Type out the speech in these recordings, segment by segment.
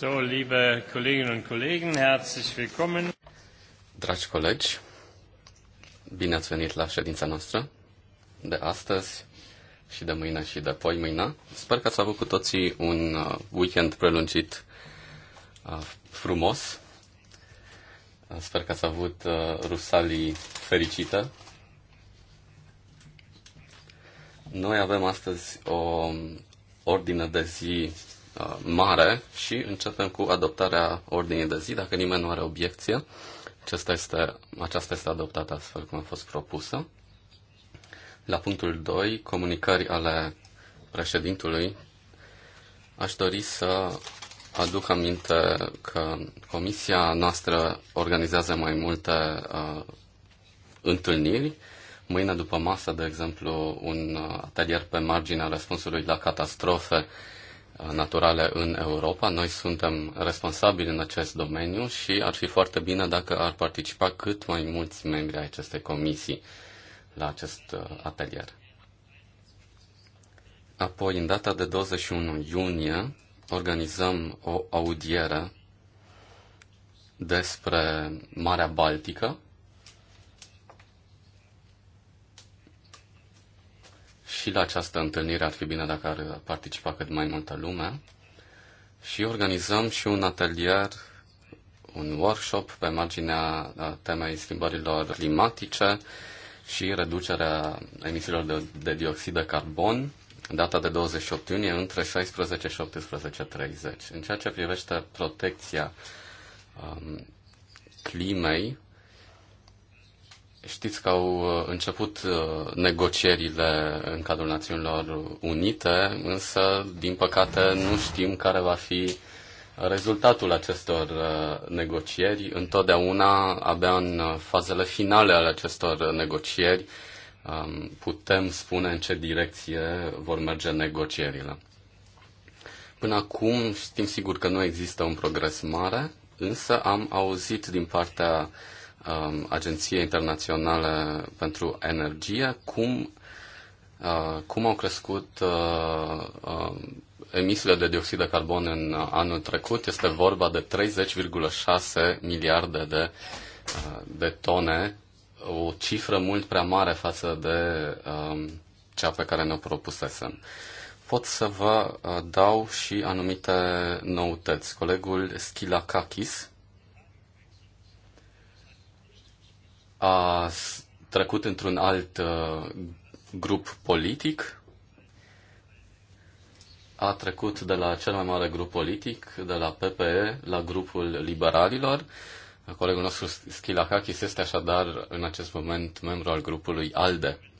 So, liebe Kolleginnen und Kollegen, herzlich willkommen. Dragi colegi, bine ați venit la ședința noastră de astăzi și de mâine și de poi mâine. Sper că ați avut cu toții un uh, weekend prelungit uh, frumos. Uh, sper că ați avut rusalii fericită. Noi avem astăzi o ordine de zi Uh, mare și începem cu adoptarea ordinii de zi. Dacă nimeni nu are obiecție, aceasta este, aceasta este adoptată astfel cum a fost propusă. La punctul 2, comunicări ale președintului, aș dori să aduc aminte că comisia noastră organizează mai multe uh, întâlniri. Mâine după masă, de exemplu, un uh, atelier pe marginea răspunsului la catastrofe uh, naturale în Europa. Noi suntem responsabili în acest domeniu și ar fi foarte bine dacă ar participa cât mai mulți membri ai acestei comisii la acest uh, atelier. Apoi, în data de 21 iunie, organizăm o audiere despre Marea Baltică și la această întâlnire ar fi bine dacă ar participa cât mai multă lume. Și organizăm și un atelier, un workshop pe marginea uh, temei schimbărilor climatice și reducerea emisiilor de, de dioxid de carbon, data de 28 iunie, între 16 și 18.30. În ceea ce privește protecția um, climei, Știți că au uh, început uh, negocierile în cadrul Națiunilor Unite, însă, din păcate, nu știm care va fi rezultatul acestor uh, negocieri. Întotdeauna, abia în fazele finale ale acestor negocieri, um, putem spune în ce direcție vor merge negocierile. Până acum știm sigur că nu există un progres mare, însă am auzit din partea uh, Um, Agenției Internaționale pentru Energie, cum, uh, cum au crescut uh, um, emisiile de dioxid de carbon în anul trecut. Este vorba de 30,6 miliarde de, uh, de tone, o cifră mult prea mare față de um, cea pe care ne-o propusesem pot să vă dau și anumite noutăți. Colegul Schilakakis a trecut într-un alt uh, grup politic, a trecut de la cel mai mare grup politic, de la PPE, la grupul liberalilor. Colegul nostru Schilakakis este așadar în acest moment membru al grupului ALDE.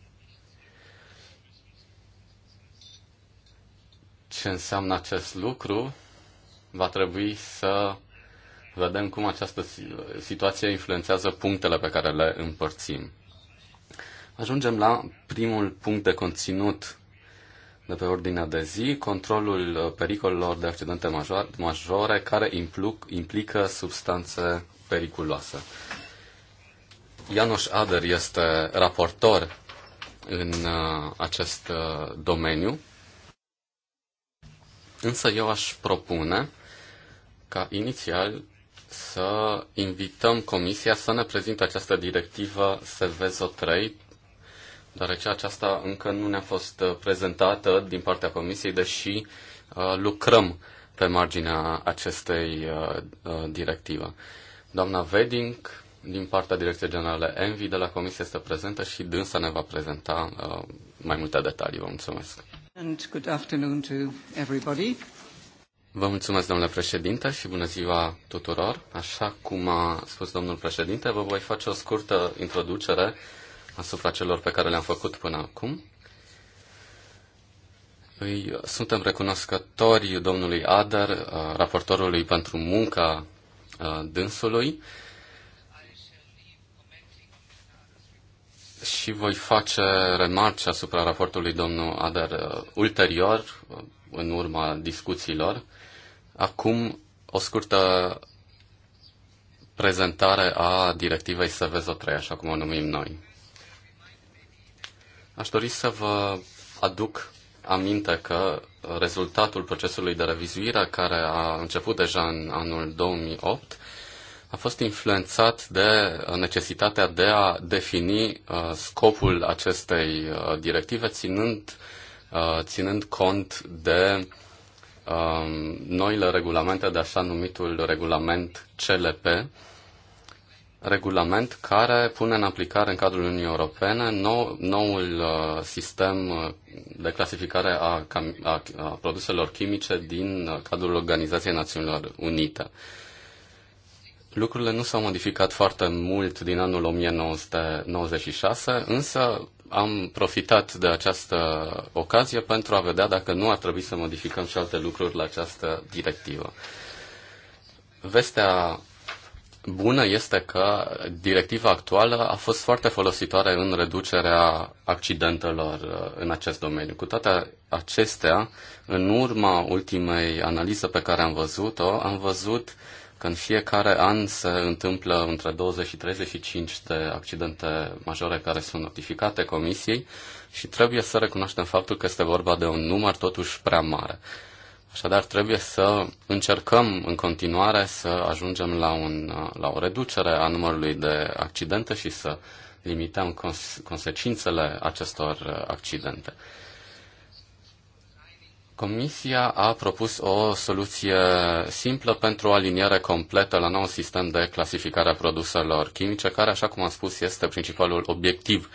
Ce înseamnă acest lucru? Va trebui să vedem cum această situație influențează punctele pe care le împărțim. Ajungem la primul punct de conținut de pe ordinea de zi, controlul uh, pericolelor de accidente majore care implică substanțe periculoase. Ianoș Ader este raportor în uh, acest uh, domeniu, însă eu aș propune ca inițial să invităm Comisia să ne prezinte această directivă Servezo 3, deoarece aceasta încă nu ne-a fost uh, prezentată din partea Comisiei, deși uh, lucrăm pe marginea acestei uh, directive. Doamna Veding, din partea Direcției Generale Envi de la Comisie, este prezentă și dânsa ne va prezenta mai multe detalii. Vă mulțumesc! And good afternoon to everybody. Vă mulțumesc, domnule președinte, și bună ziua tuturor. Așa cum a spus domnul președinte, vă voi face o scurtă introducere asupra celor pe care le-am făcut până acum. Îi suntem recunoscători domnului Ader, uh, raportorului pentru munca uh, dânsului și voi face remarci asupra raportului domnului Ader uh, ulterior, în urma discuțiilor. Acum o scurtă prezentare a directivei Sevezo 3, așa cum o numim noi. Aș dori să vă aduc aminte că rezultatul procesului de revizuire, care a început deja în anul 2008, a fost influențat de necesitatea de a defini uh, scopul acestei uh, directive, ținând, uh, ținând cont de Um, noile regulamente de așa numitul regulament CLP, regulament care pune în aplicare în cadrul Uniunii Europene nou, noul uh, sistem uh, de clasificare a, a, a produselor chimice din uh, cadrul Organizației Națiunilor Unite. Lucrurile nu s-au modificat foarte mult din anul 1996, însă am profitat de această ocazie pentru a vedea dacă nu ar trebui să modificăm și alte lucruri la această directivă. Vestea bună este că directiva actuală a fost foarte folositoare în reducerea accidentelor uh, în acest domeniu. Cu toate acestea, în urma ultimei analize pe care am văzut-o, am văzut că în fiecare an se întâmplă între 20 și 35 de accidente majore care sunt notificate comisiei și trebuie să recunoaștem faptul că este vorba de un număr totuși prea mare. Așadar, trebuie să încercăm în continuare să ajungem la, un, la o reducere a numărului de accidente și să limităm cons- consecințele acestor accidente. Comisia a propus o soluție simplă pentru o aliniere completă la nou sistem de clasificare a produselor chimice, care, așa cum am spus, este principalul obiectiv.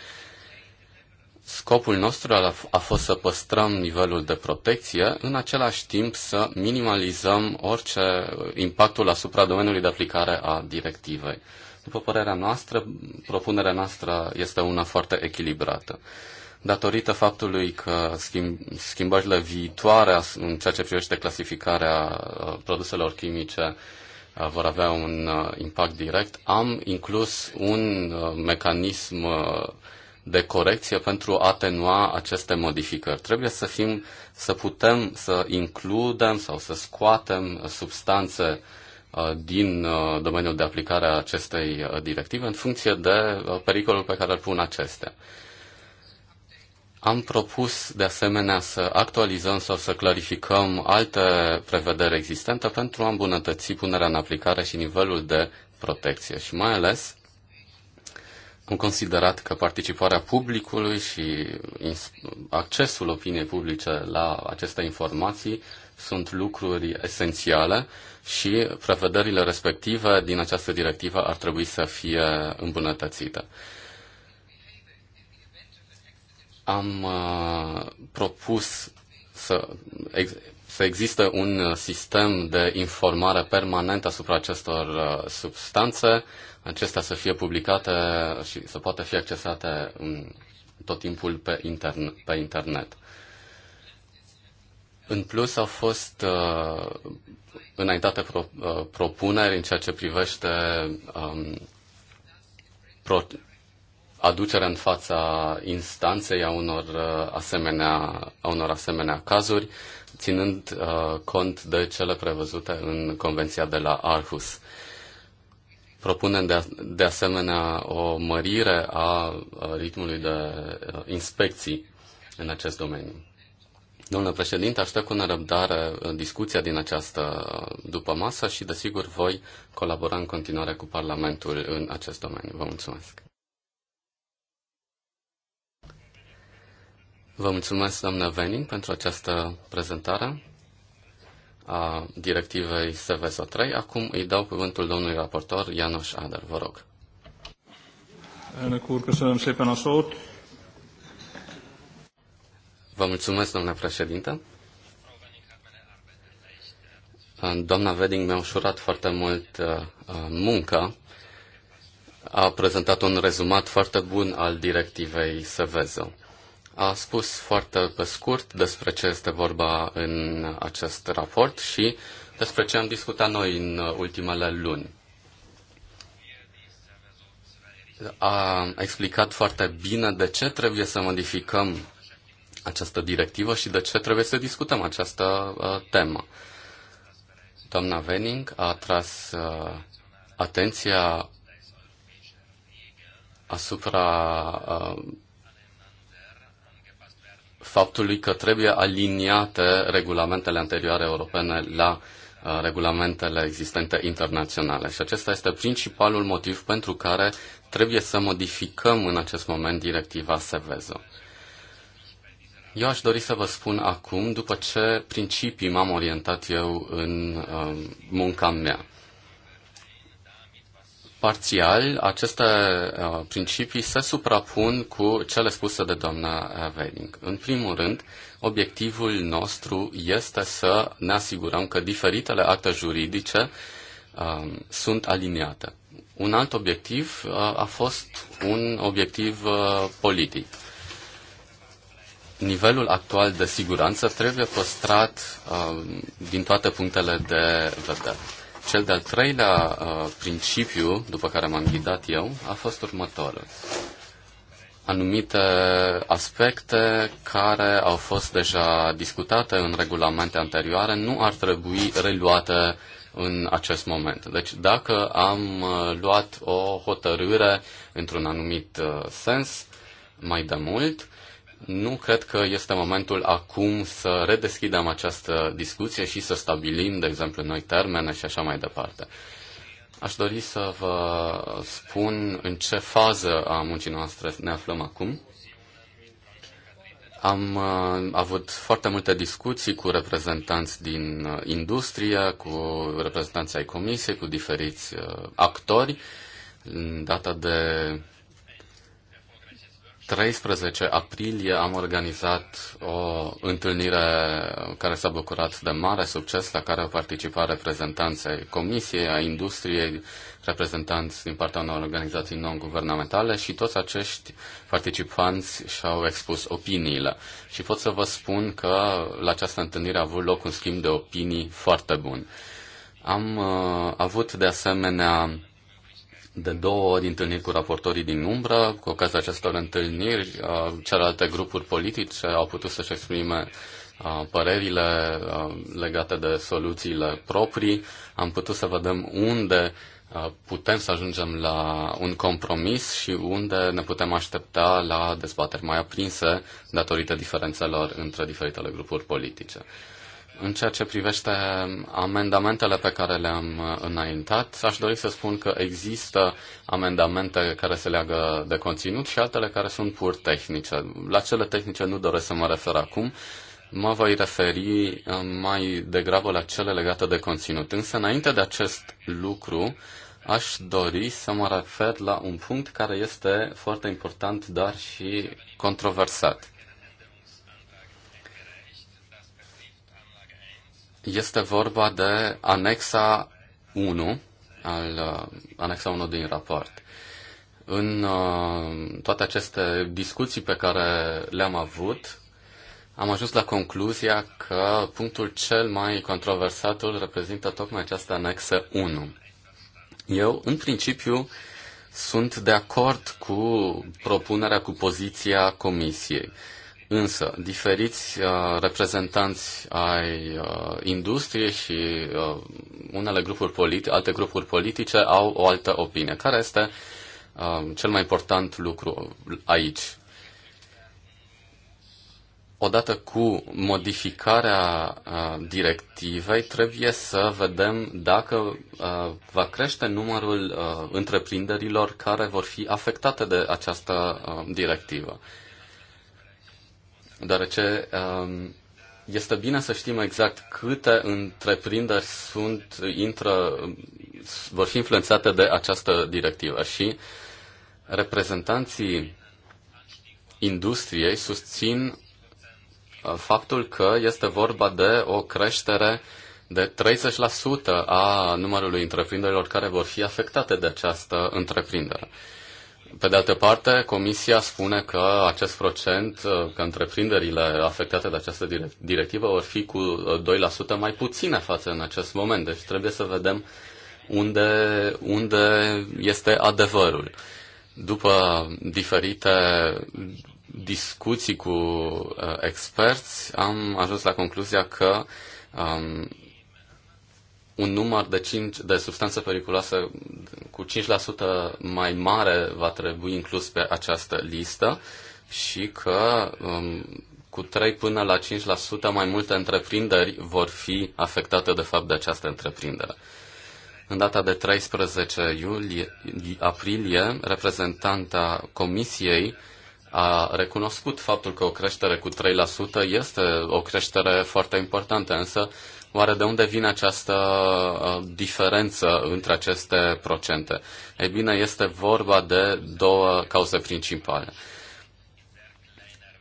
Scopul nostru a fost să păstrăm nivelul de protecție, în același timp să minimalizăm orice impactul asupra domeniului de aplicare a directivei. După părerea noastră, propunerea noastră este una foarte echilibrată datorită faptului că schimb, schimbările viitoare în ceea ce privește clasificarea uh, produselor chimice uh, vor avea un uh, impact direct, am inclus un mecanism de corecție pentru a atenua aceste modificări. Trebuie să fim, să putem să includem sau să scoatem substanțe din domeniul de aplicare a acestei directive în funcție de pericolul pe care îl pun acestea. Am propus, de asemenea, să actualizăm sau să clarificăm alte prevederi existente pentru a îmbunătăți punerea în aplicare și nivelul de protecție. Și mai ales, am considerat că participarea publicului și accesul opiniei publice la aceste informații sunt lucruri esențiale și prevederile respective din această directivă ar trebui să fie îmbunătățite am uh, propus să, ex, să existe un uh, sistem de informare permanent asupra acestor uh, substanțe, acestea să fie publicate și să poată fi accesate în tot timpul pe, interne- pe internet. În plus au fost uh, înaintate pro, uh, propuneri în ceea ce privește um, pro, aducerea în fața instanței a unor uh, asemenea, a unor asemenea cazuri, ținând uh, cont de cele prevăzute în Convenția de la Arhus. Propunem de, de asemenea o mărire a ritmului de uh, inspecții în acest domeniu. Domnule președinte, aștept cu nerăbdare uh, discuția din această după masă și, desigur, voi colabora în continuare cu Parlamentul în acest domeniu. Vă mulțumesc. Vă mulțumesc, doamnă Vening, pentru această prezentare a directivei SVSO 3. Acum îi dau cuvântul domnului raportor Ianoș Ader. Vă rog. Vă mulțumesc, domnule președinte. Doamna Veding mi-a ușurat foarte mult uh, munca. A prezentat un rezumat foarte bun al directivei Sevezo a spus foarte pe scurt despre ce este vorba în acest raport și despre ce am discutat noi în ultimele luni. A explicat foarte bine de ce trebuie să modificăm această directivă și de ce trebuie să discutăm această uh, temă. Doamna Venning a atras uh, atenția asupra uh, faptului că trebuie aliniate regulamentele anterioare europene la uh, regulamentele existente internaționale. Și acesta este principalul motiv pentru care trebuie să modificăm în acest moment directiva Sevezo. Eu aș dori să vă spun acum după ce principii m-am orientat eu în uh, munca mea. Parțial, aceste uh, principii se suprapun cu cele spuse de doamna Veding. În primul rând, obiectivul nostru este să ne asigurăm că diferitele acte juridice uh, sunt aliniate. Un alt obiectiv uh, a fost un obiectiv uh, politic. Nivelul actual de siguranță trebuie păstrat uh, din toate punctele de vedere. Cel de-al treilea uh, principiu după care m-am ghidat eu a fost următorul. Anumite aspecte care au fost deja discutate în regulamente anterioare nu ar trebui reluate în acest moment. Deci dacă am uh, luat o hotărâre într-un anumit uh, sens mai de mult, nu cred că este momentul acum să redeschidem această discuție și să stabilim, de exemplu, noi termene și așa mai departe. Aș dori să vă spun în ce fază a muncii noastre ne aflăm acum. Am uh, avut foarte multe discuții cu reprezentanți din uh, industrie, cu reprezentanții ai comisiei, cu diferiți uh, actori. În data de 13 aprilie am organizat o întâlnire care s-a bucurat de mare succes, la care au participat reprezentanței Comisiei, a industriei, reprezentanți din partea unor organizații non-guvernamentale și toți acești participanți și-au expus opiniile. Și pot să vă spun că la această întâlnire a avut loc un schimb de opinii foarte bun. Am uh, avut de asemenea de două ori întâlniri cu raportorii din umbră. Cu ocazia acestor întâlniri, uh, celelalte grupuri politice au putut să-și exprime uh, părerile uh, legate de soluțiile proprii. Am putut să vedem unde putem să ajungem la un compromis și unde ne putem aștepta la dezbateri mai aprinse datorită diferențelor între diferitele grupuri politice. În ceea ce privește amendamentele pe care le-am înaintat, aș dori să spun că există amendamente care se leagă de conținut și altele care sunt pur tehnice. La cele tehnice nu doresc să mă refer acum, mă voi referi uh, mai degrabă la cele legate de conținut. Însă, înainte de acest lucru, aș dori să mă refer la un punct care este foarte important, dar și controversat. Este vorba de anexa 1, al, uh, anexa 1 din raport. În uh, toate aceste discuții pe care le-am avut, am ajuns la concluzia că punctul cel mai controversat îl reprezintă tocmai această anexă 1. Eu, în principiu, sunt de acord cu propunerea, cu poziția Comisiei. Uh, Însă, diferiți uh, reprezentanți ai uh, industriei și uh, unele grupuri politice, alte grupuri politice au o altă opinie. Care este uh, cel mai important lucru aici? Odată cu modificarea uh, directivei, trebuie să vedem dacă uh, va crește numărul uh, întreprinderilor care vor fi afectate de această uh, directivă. Uh, deoarece um, este bine să știm exact câte întreprinderi sunt, intră, vor fi influențate de această directivă și reprezentanții industriei susțin uh, faptul că este vorba de o creștere de 30% a numărului întreprinderilor care vor fi afectate de această întreprindere. Pe de altă parte, Comisia spune că acest procent, uh, că întreprinderile afectate de această directivă vor fi cu 2% uh, mai puține față în acest moment. Deci trebuie să vedem unde, unde este adevărul. După diferite discuții cu uh, experți, am ajuns la concluzia că um, un număr de, 5, de substanțe periculoase cu 5% mai mare va trebui inclus pe această listă și că um, cu 3 până la 5% mai multe întreprinderi vor fi afectate de fapt de această întreprindere. În data de 13 iulie, aprilie, reprezentanta Comisiei a recunoscut faptul că o creștere cu 3% este o creștere foarte importantă, însă Oare de unde vine această uh, diferență între aceste procente? Ei bine, este vorba de două cauze principale.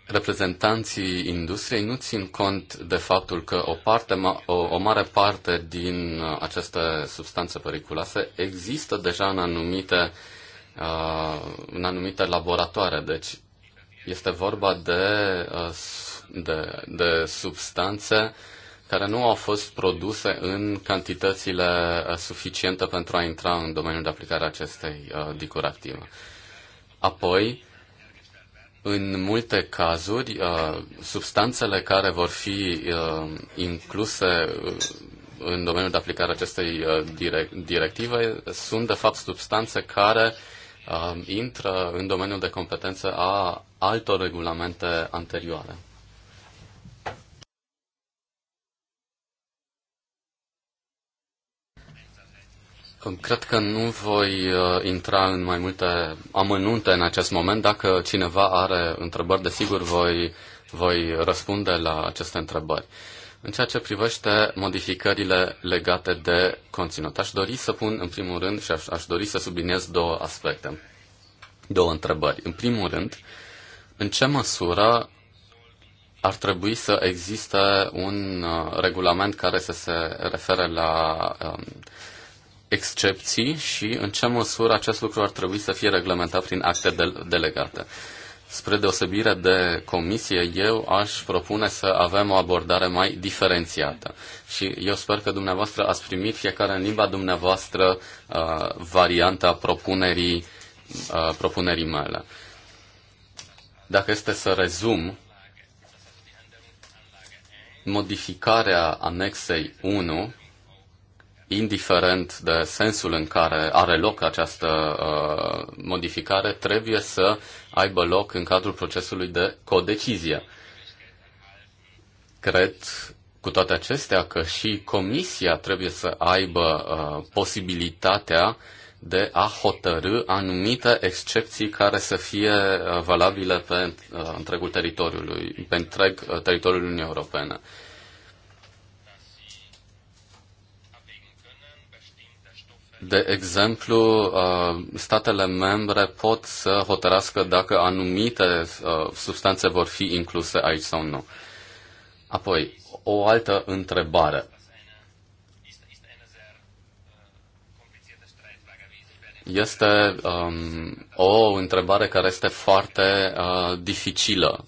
Reprezentanții industriei nu țin cont de faptul că o, parte, o, o mare parte din uh, aceste substanțe periculoase există deja în anumite, uh, în anumite laboratoare. Deci este vorba de, de, de substanțe uh, care nu au fost produse în cantitățile uh, suficiente pentru a intra în domeniul de aplicare a acestei uh, active. Apoi, în multe cazuri, uh, substanțele care vor fi incluse în domeniul de aplicare a acestei directive sunt, de fapt, substanțe care intră în domeniul de competență a altor regulamente anterioare. Cred că nu voi uh, intra în mai multe amănunte în acest moment. Dacă cineva are întrebări, desigur voi, voi răspunde la aceste întrebări. În ceea ce privește modificările legate de conținut, aș dori să pun în primul rând și aș, aș dori să subliniez două aspecte, două întrebări. În primul rând, în ce măsură ar trebui să existe un uh, regulament care să se refere la uh, excepții și în ce măsură acest lucru ar trebui să fie reglementat prin acte de- delegate. Spre deosebire de comisie, eu aș propune să avem o abordare mai diferențiată. Și eu sper că dumneavoastră ați primit fiecare în limba dumneavoastră uh, varianta propunerii, uh, propunerii mele. Dacă este să rezum, modificarea anexei 1 indiferent de sensul în care are loc această uh, modificare, trebuie să aibă loc în cadrul procesului de codecizie. Cred, cu toate acestea, că și Comisia trebuie să aibă uh, posibilitatea de a hotărâ anumite excepții care să fie uh, valabile pe uh, întregul teritoriului, pe întreg uh, teritoriul Uniunii Europene. Uh, De exemplu, uh, statele membre pot să hotărască dacă anumite uh, substanțe vor fi incluse aici sau nu. Apoi, o altă întrebare. Este um, o întrebare care este foarte uh, dificilă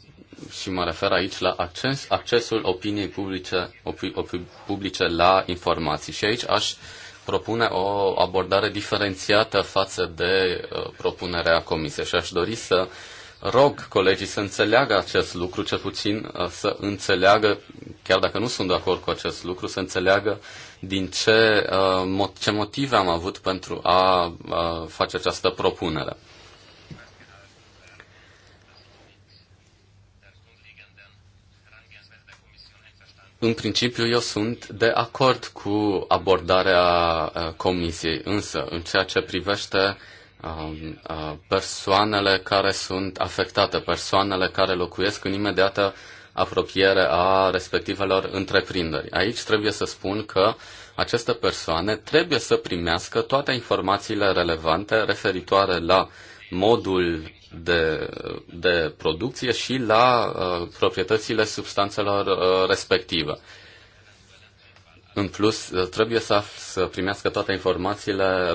și mă refer aici la acces, accesul opiniei publice, opi, opi, publice la informații. Și aici aș uh, propune o abordare diferențiată față de uh, propunerea Comisiei și aș dori să rog colegii să înțeleagă acest lucru, cel puțin uh, să înțeleagă, chiar dacă nu sunt de acord cu acest lucru, să înțeleagă din ce, uh, ce motive am avut pentru a face această propunere. În principiu, eu sunt de acord cu abordarea uh, comisiei, însă, în ceea ce privește um, uh, persoanele care sunt afectate, persoanele care locuiesc în imediată apropiere a respectivelor întreprinderi. Aici trebuie să spun că aceste persoane trebuie să primească toate informațiile relevante referitoare la uh, modul de, de producție și la uh, proprietățile substanțelor uh, respective. În plus, uh, trebuie să, să primească toate informațiile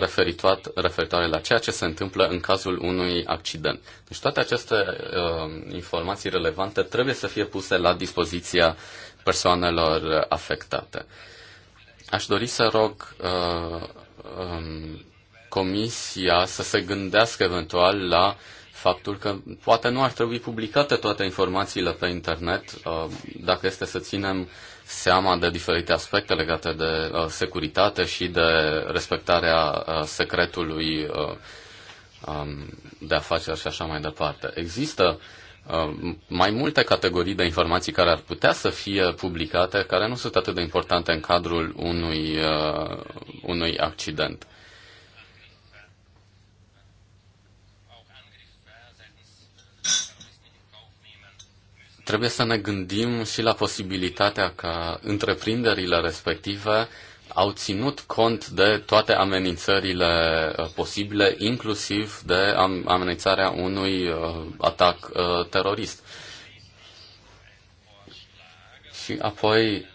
referitoare la ceea ce se întâmplă în cazul unui accident. Deci toate aceste uh, informații relevante trebuie să fie puse la dispoziția persoanelor afectate. Aș dori să rog uh, um, Comisia să se gândească eventual la faptul că poate nu ar trebui publicate toate informațiile pe internet uh, dacă este să ținem seama de diferite aspecte legate de uh, securitate și de respectarea uh, secretului um, de afaceri și așa mai departe. Există mai multe categorii de informații care ar putea să fie publicate, care nu sunt atât de importante în cadrul unui, unui accident. trebuie să ne gândim și la posibilitatea ca întreprinderile respective au ținut cont de toate amenințările uh, posibile, inclusiv de amenințarea unui uh, atac uh, terorist. Și apoi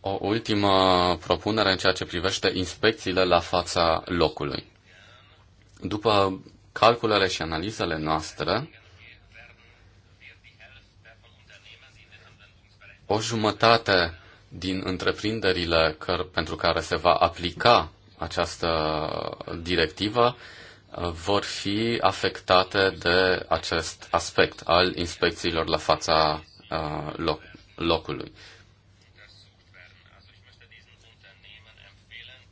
o ultimă propunere în ceea ce privește inspecțiile la fața locului. După calculele și analizele noastre, o jumătate din întreprinderile pentru care se va aplica această directivă vor fi afectate de acest aspect al inspecțiilor la fața uh, loc, locului.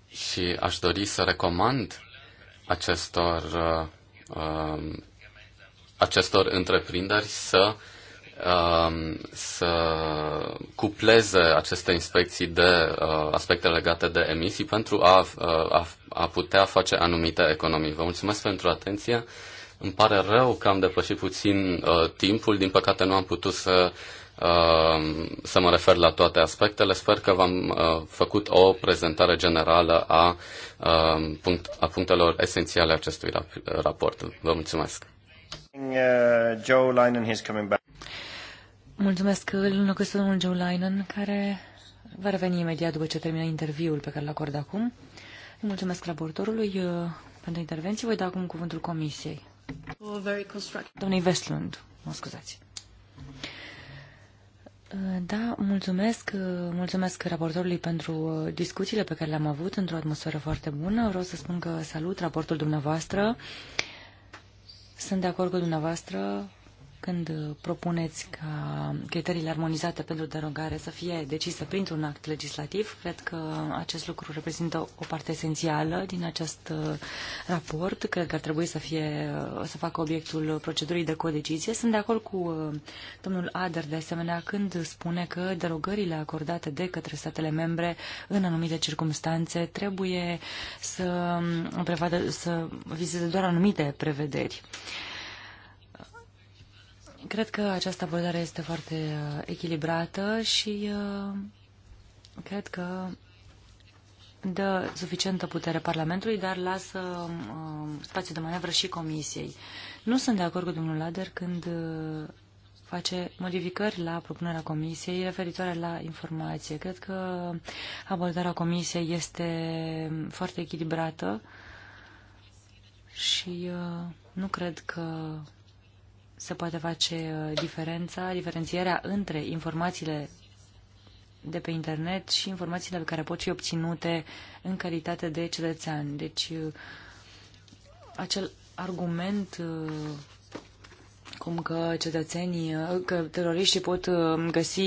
Și aș dori să recomand acestor, uh, um, acestor întreprinderi să uh, Um, să cupleze aceste inspecții de uh, aspecte legate de emisii pentru a, uh, a, a putea face anumite economii. Vă mulțumesc pentru atenție. Îmi pare rău că am depășit puțin uh, timpul. Din păcate nu am putut să, uh, să mă refer la toate aspectele. Sper că v-am uh, făcut o prezentare generală a, uh, punct, a punctelor esențiale acestui rap- raport. Vă mulțumesc. Uh, Joe Mulțumesc, îl înlocuiesc domnul Joe Linen, care va reveni imediat după ce termină interviul pe care l acord acum. Îi mulțumesc raportorului uh, pentru intervenție. Voi da acum cuvântul comisiei. Domnului Westlund, mă scuzați. Uh, da, mulțumesc. Uh, mulțumesc raportorului pentru discuțiile pe care le-am avut într-o atmosferă foarte bună. Vreau să spun că salut raportul dumneavoastră. Sunt de acord cu dumneavoastră când propuneți ca criteriile armonizate pentru derogare să fie decise printr-un act legislativ, cred că acest lucru reprezintă o parte esențială din acest uh, raport. Cred că ar trebui să, fie, uh, să facă obiectul procedurii de codecizie. Sunt de acord cu uh, domnul Ader, de asemenea, când spune că derogările acordate de către statele membre în anumite circunstanțe trebuie să, um, prevadă, să vizeze doar anumite prevederi. Cred că această abordare este foarte uh, echilibrată și uh, cred că dă suficientă putere Parlamentului, dar lasă uh, spațiu de manevră și Comisiei. Nu sunt de acord cu domnul Lader când face modificări la propunerea Comisiei referitoare la informație. Cred că abordarea Comisiei este foarte echilibrată și uh, nu cred că se poate face uh, diferența, diferențierea între informațiile de pe internet și informațiile pe care pot fi obținute în calitate de cetățean. Deci, uh, acel argument uh, cum că cetățenii, că teroriștii pot găsi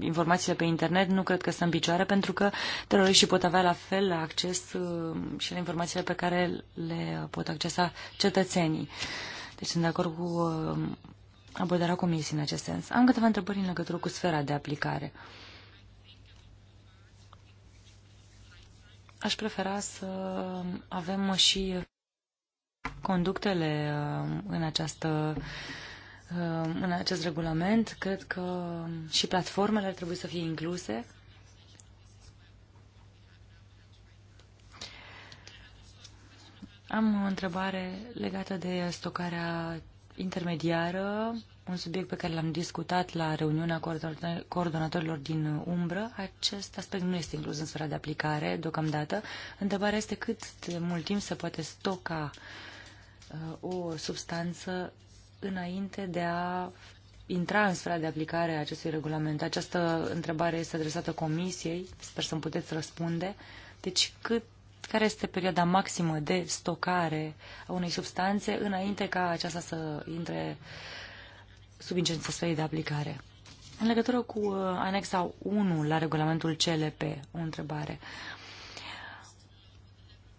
informațiile pe internet, nu cred că sunt în picioare, pentru că teroriștii pot avea la fel acces și la informațiile pe care le pot accesa cetățenii. Deci sunt de acord cu uh, abordarea comisiei în acest sens. Am câteva întrebări în legătură cu sfera de aplicare. Aș prefera să avem și conductele uh, în această uh, în acest regulament. Cred că și platformele ar trebui să fie incluse. Am o întrebare legată de stocarea intermediară, un subiect pe care l-am discutat la reuniunea coordonatorilor din umbră. Acest aspect nu este inclus în sfera de aplicare deocamdată. Întrebarea este cât de mult timp se poate stoca uh, o substanță înainte de a intra în sfera de aplicare a acestui regulament. Această întrebare este adresată Comisiei, sper să-mi puteți răspunde. Deci cât care este perioada maximă de stocare a unei substanțe înainte ca aceasta să intre sub incență de aplicare. În legătură cu uh, anexa 1 la regulamentul CLP, o întrebare.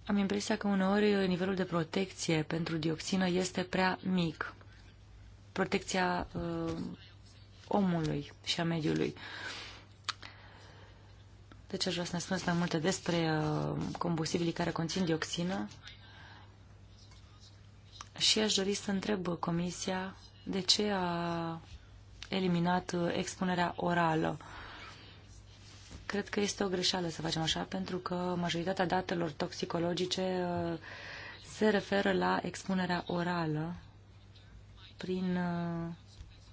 Am impresia că uneori nivelul de protecție pentru dioxină este prea mic. Protecția uh, omului și a mediului. Uh, deci aș vrea să ne spuneți mai multe despre uh, combustibilii care conțin dioxină și aș dori să întreb Comisia de ce a eliminat uh, expunerea orală. Cred că este o greșeală să facem așa, pentru că majoritatea datelor toxicologice uh, se referă la expunerea orală prin,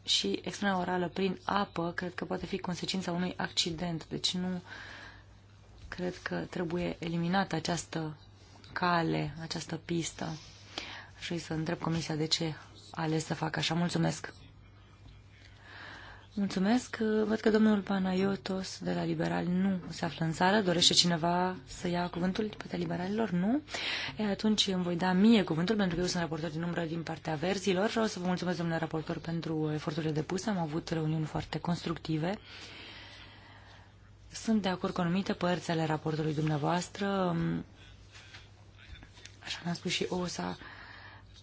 și expunerea orală prin apă, cred că poate fi consecința unui accident, deci nu uh, Cred că trebuie eliminată această cale, această pistă. Și să întreb comisia de ce a ales să facă așa. Mulțumesc! Mulțumesc. Văd că domnul Panayotos de la Liberal nu se află în țară. Dorește cineva să ia cuvântul din partea liberalilor? Nu? E, atunci îmi voi da mie cuvântul, pentru că eu sunt raportor din umbră din partea verzilor. Vreau să vă mulțumesc, domnule raportor, pentru eforturile depuse. Am avut reuniuni foarte constructive. Sunt de acord cu anumite părți ale raportului dumneavoastră. Așa mi-a spus și OSA.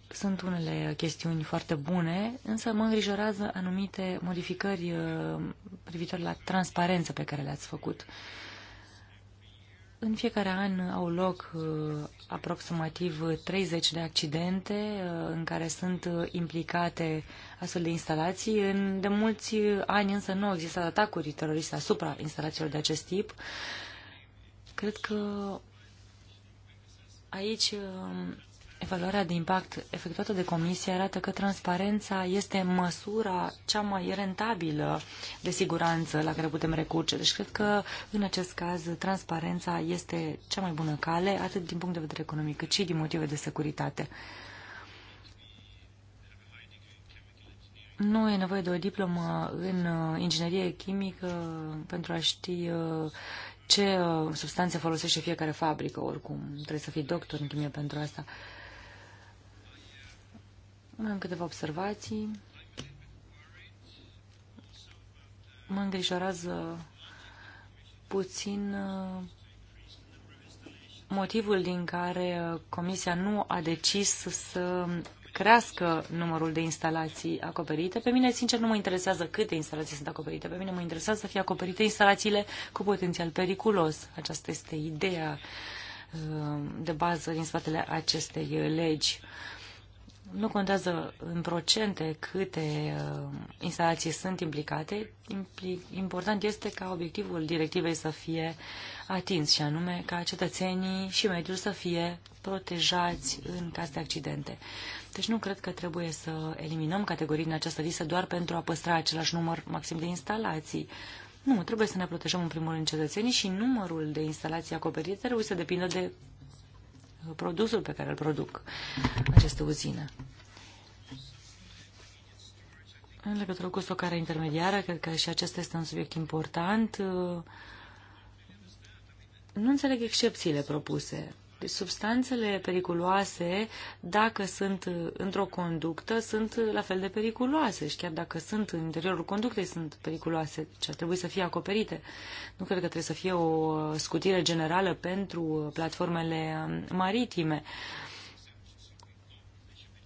Sunt unele chestiuni foarte bune, însă mă îngrijorează anumite modificări uh, privitoare la transparență pe care le-ați făcut. Uh, în fiecare an au loc uh, aproximativ 30 de accidente uh, în care sunt uh, implicate astfel de instalații. De mulți ani însă nu au existat atacuri teroriste asupra instalațiilor de acest tip. Cred că aici um, Evaluarea de impact efectuată de comisie arată că transparența este măsura cea mai rentabilă de siguranță la care putem recurge. Deci cred că în acest caz transparența este cea mai bună cale, atât din punct de vedere economic, cât și din motive de securitate. Nu e nevoie de o diplomă în uh, inginerie chimică pentru a ști uh, ce uh, substanțe folosește fiecare fabrică, oricum. Trebuie să fii doctor în chimie pentru asta. Mai am câteva observații. Mă îngrijorează puțin uh, motivul din care uh, Comisia nu a decis să crească numărul de instalații acoperite. Pe mine, sincer, nu mă interesează câte instalații sunt acoperite. Pe mine mă interesează să fie acoperite instalațiile cu potențial periculos. Aceasta este ideea uh, de bază din spatele acestei legi. Nu contează în procente câte uh, instalații sunt implicate. Important este ca obiectivul directivei să fie atins și anume ca cetățenii și mediul să fie protejați în caz de accidente. Deci nu cred că trebuie să eliminăm categorii din această listă doar pentru a păstra același număr maxim de instalații. Nu, trebuie să ne protejăm în primul rând cetățenii și numărul de instalații acoperite trebuie să depindă de produsul pe care îl produc această uzină. În legătură cu stocarea intermediară, cred că și acesta este un subiect important. Nu înțeleg excepțiile propuse substanțele periculoase, dacă sunt într-o conductă, sunt la fel de periculoase și chiar dacă sunt în interiorul conductei, sunt periculoase și ar trebui să fie acoperite. Nu cred că trebuie să fie o scutire generală pentru platformele maritime.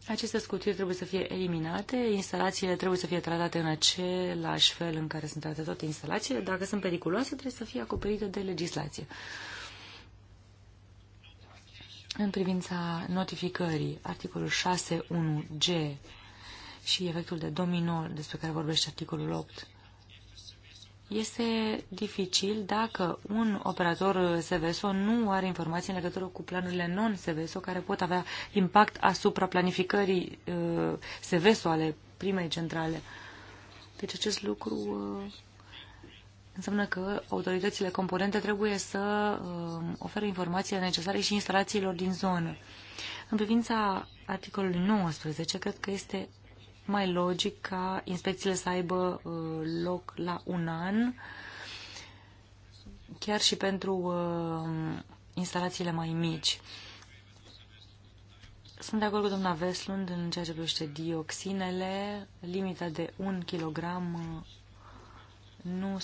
Aceste scutiri trebuie să fie eliminate, instalațiile trebuie să fie tratate în același fel în care sunt tratate toate instalațiile. Dacă sunt periculoase, trebuie să fie acoperite de legislație în privința notificării, articolul 6.1.G și efectul de domino despre care vorbește articolul 8, este dificil dacă un operator SVSO nu are informații în legătură cu planurile non-SVSO care pot avea impact asupra planificării uh, SVSO ale primei centrale. Deci acest lucru uh, înseamnă că autoritățile componente trebuie să um, ofere informațiile necesare și instalațiilor din zonă. În privința articolului 19, cred că este mai logic ca inspecțiile să aibă uh, loc la un an, chiar și pentru uh, instalațiile mai mici. Sunt de acord cu doamna Veslund în ceea ce privește dioxinele. Limita de 1 kg uh, nu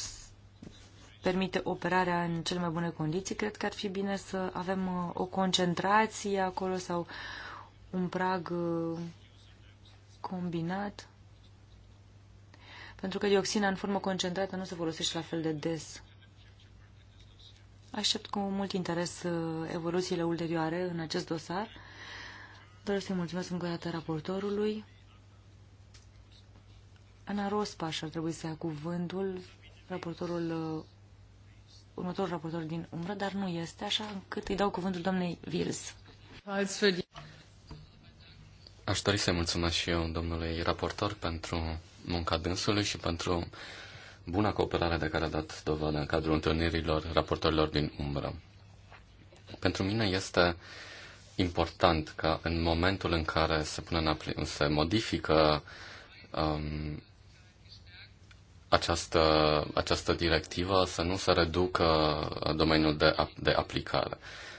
permite operarea în cele mai bune condiții, cred că ar fi bine să avem uh, o concentrație acolo sau un prag uh, combinat. Pentru că dioxina în formă concentrată nu se folosește la fel de des. Aștept cu mult interes uh, evoluțiile ulterioare în acest dosar. Doresc să-i mulțumesc încă o dată raportorului. Ana Rospaș ar trebui să ia cuvântul, raportorul următorul raportor din umbră, dar nu este, așa încât îi dau cuvântul doamnei Vils. Aș dori să mulțumesc și eu domnului raportor pentru munca dânsului și pentru buna cooperare de care a dat dovadă în cadrul întâlnirilor raportorilor din umbră. Pentru mine este important că în momentul în care se, pune în apl- se modifică um, această, această directivă să nu se reducă domeniul de, de aplicare.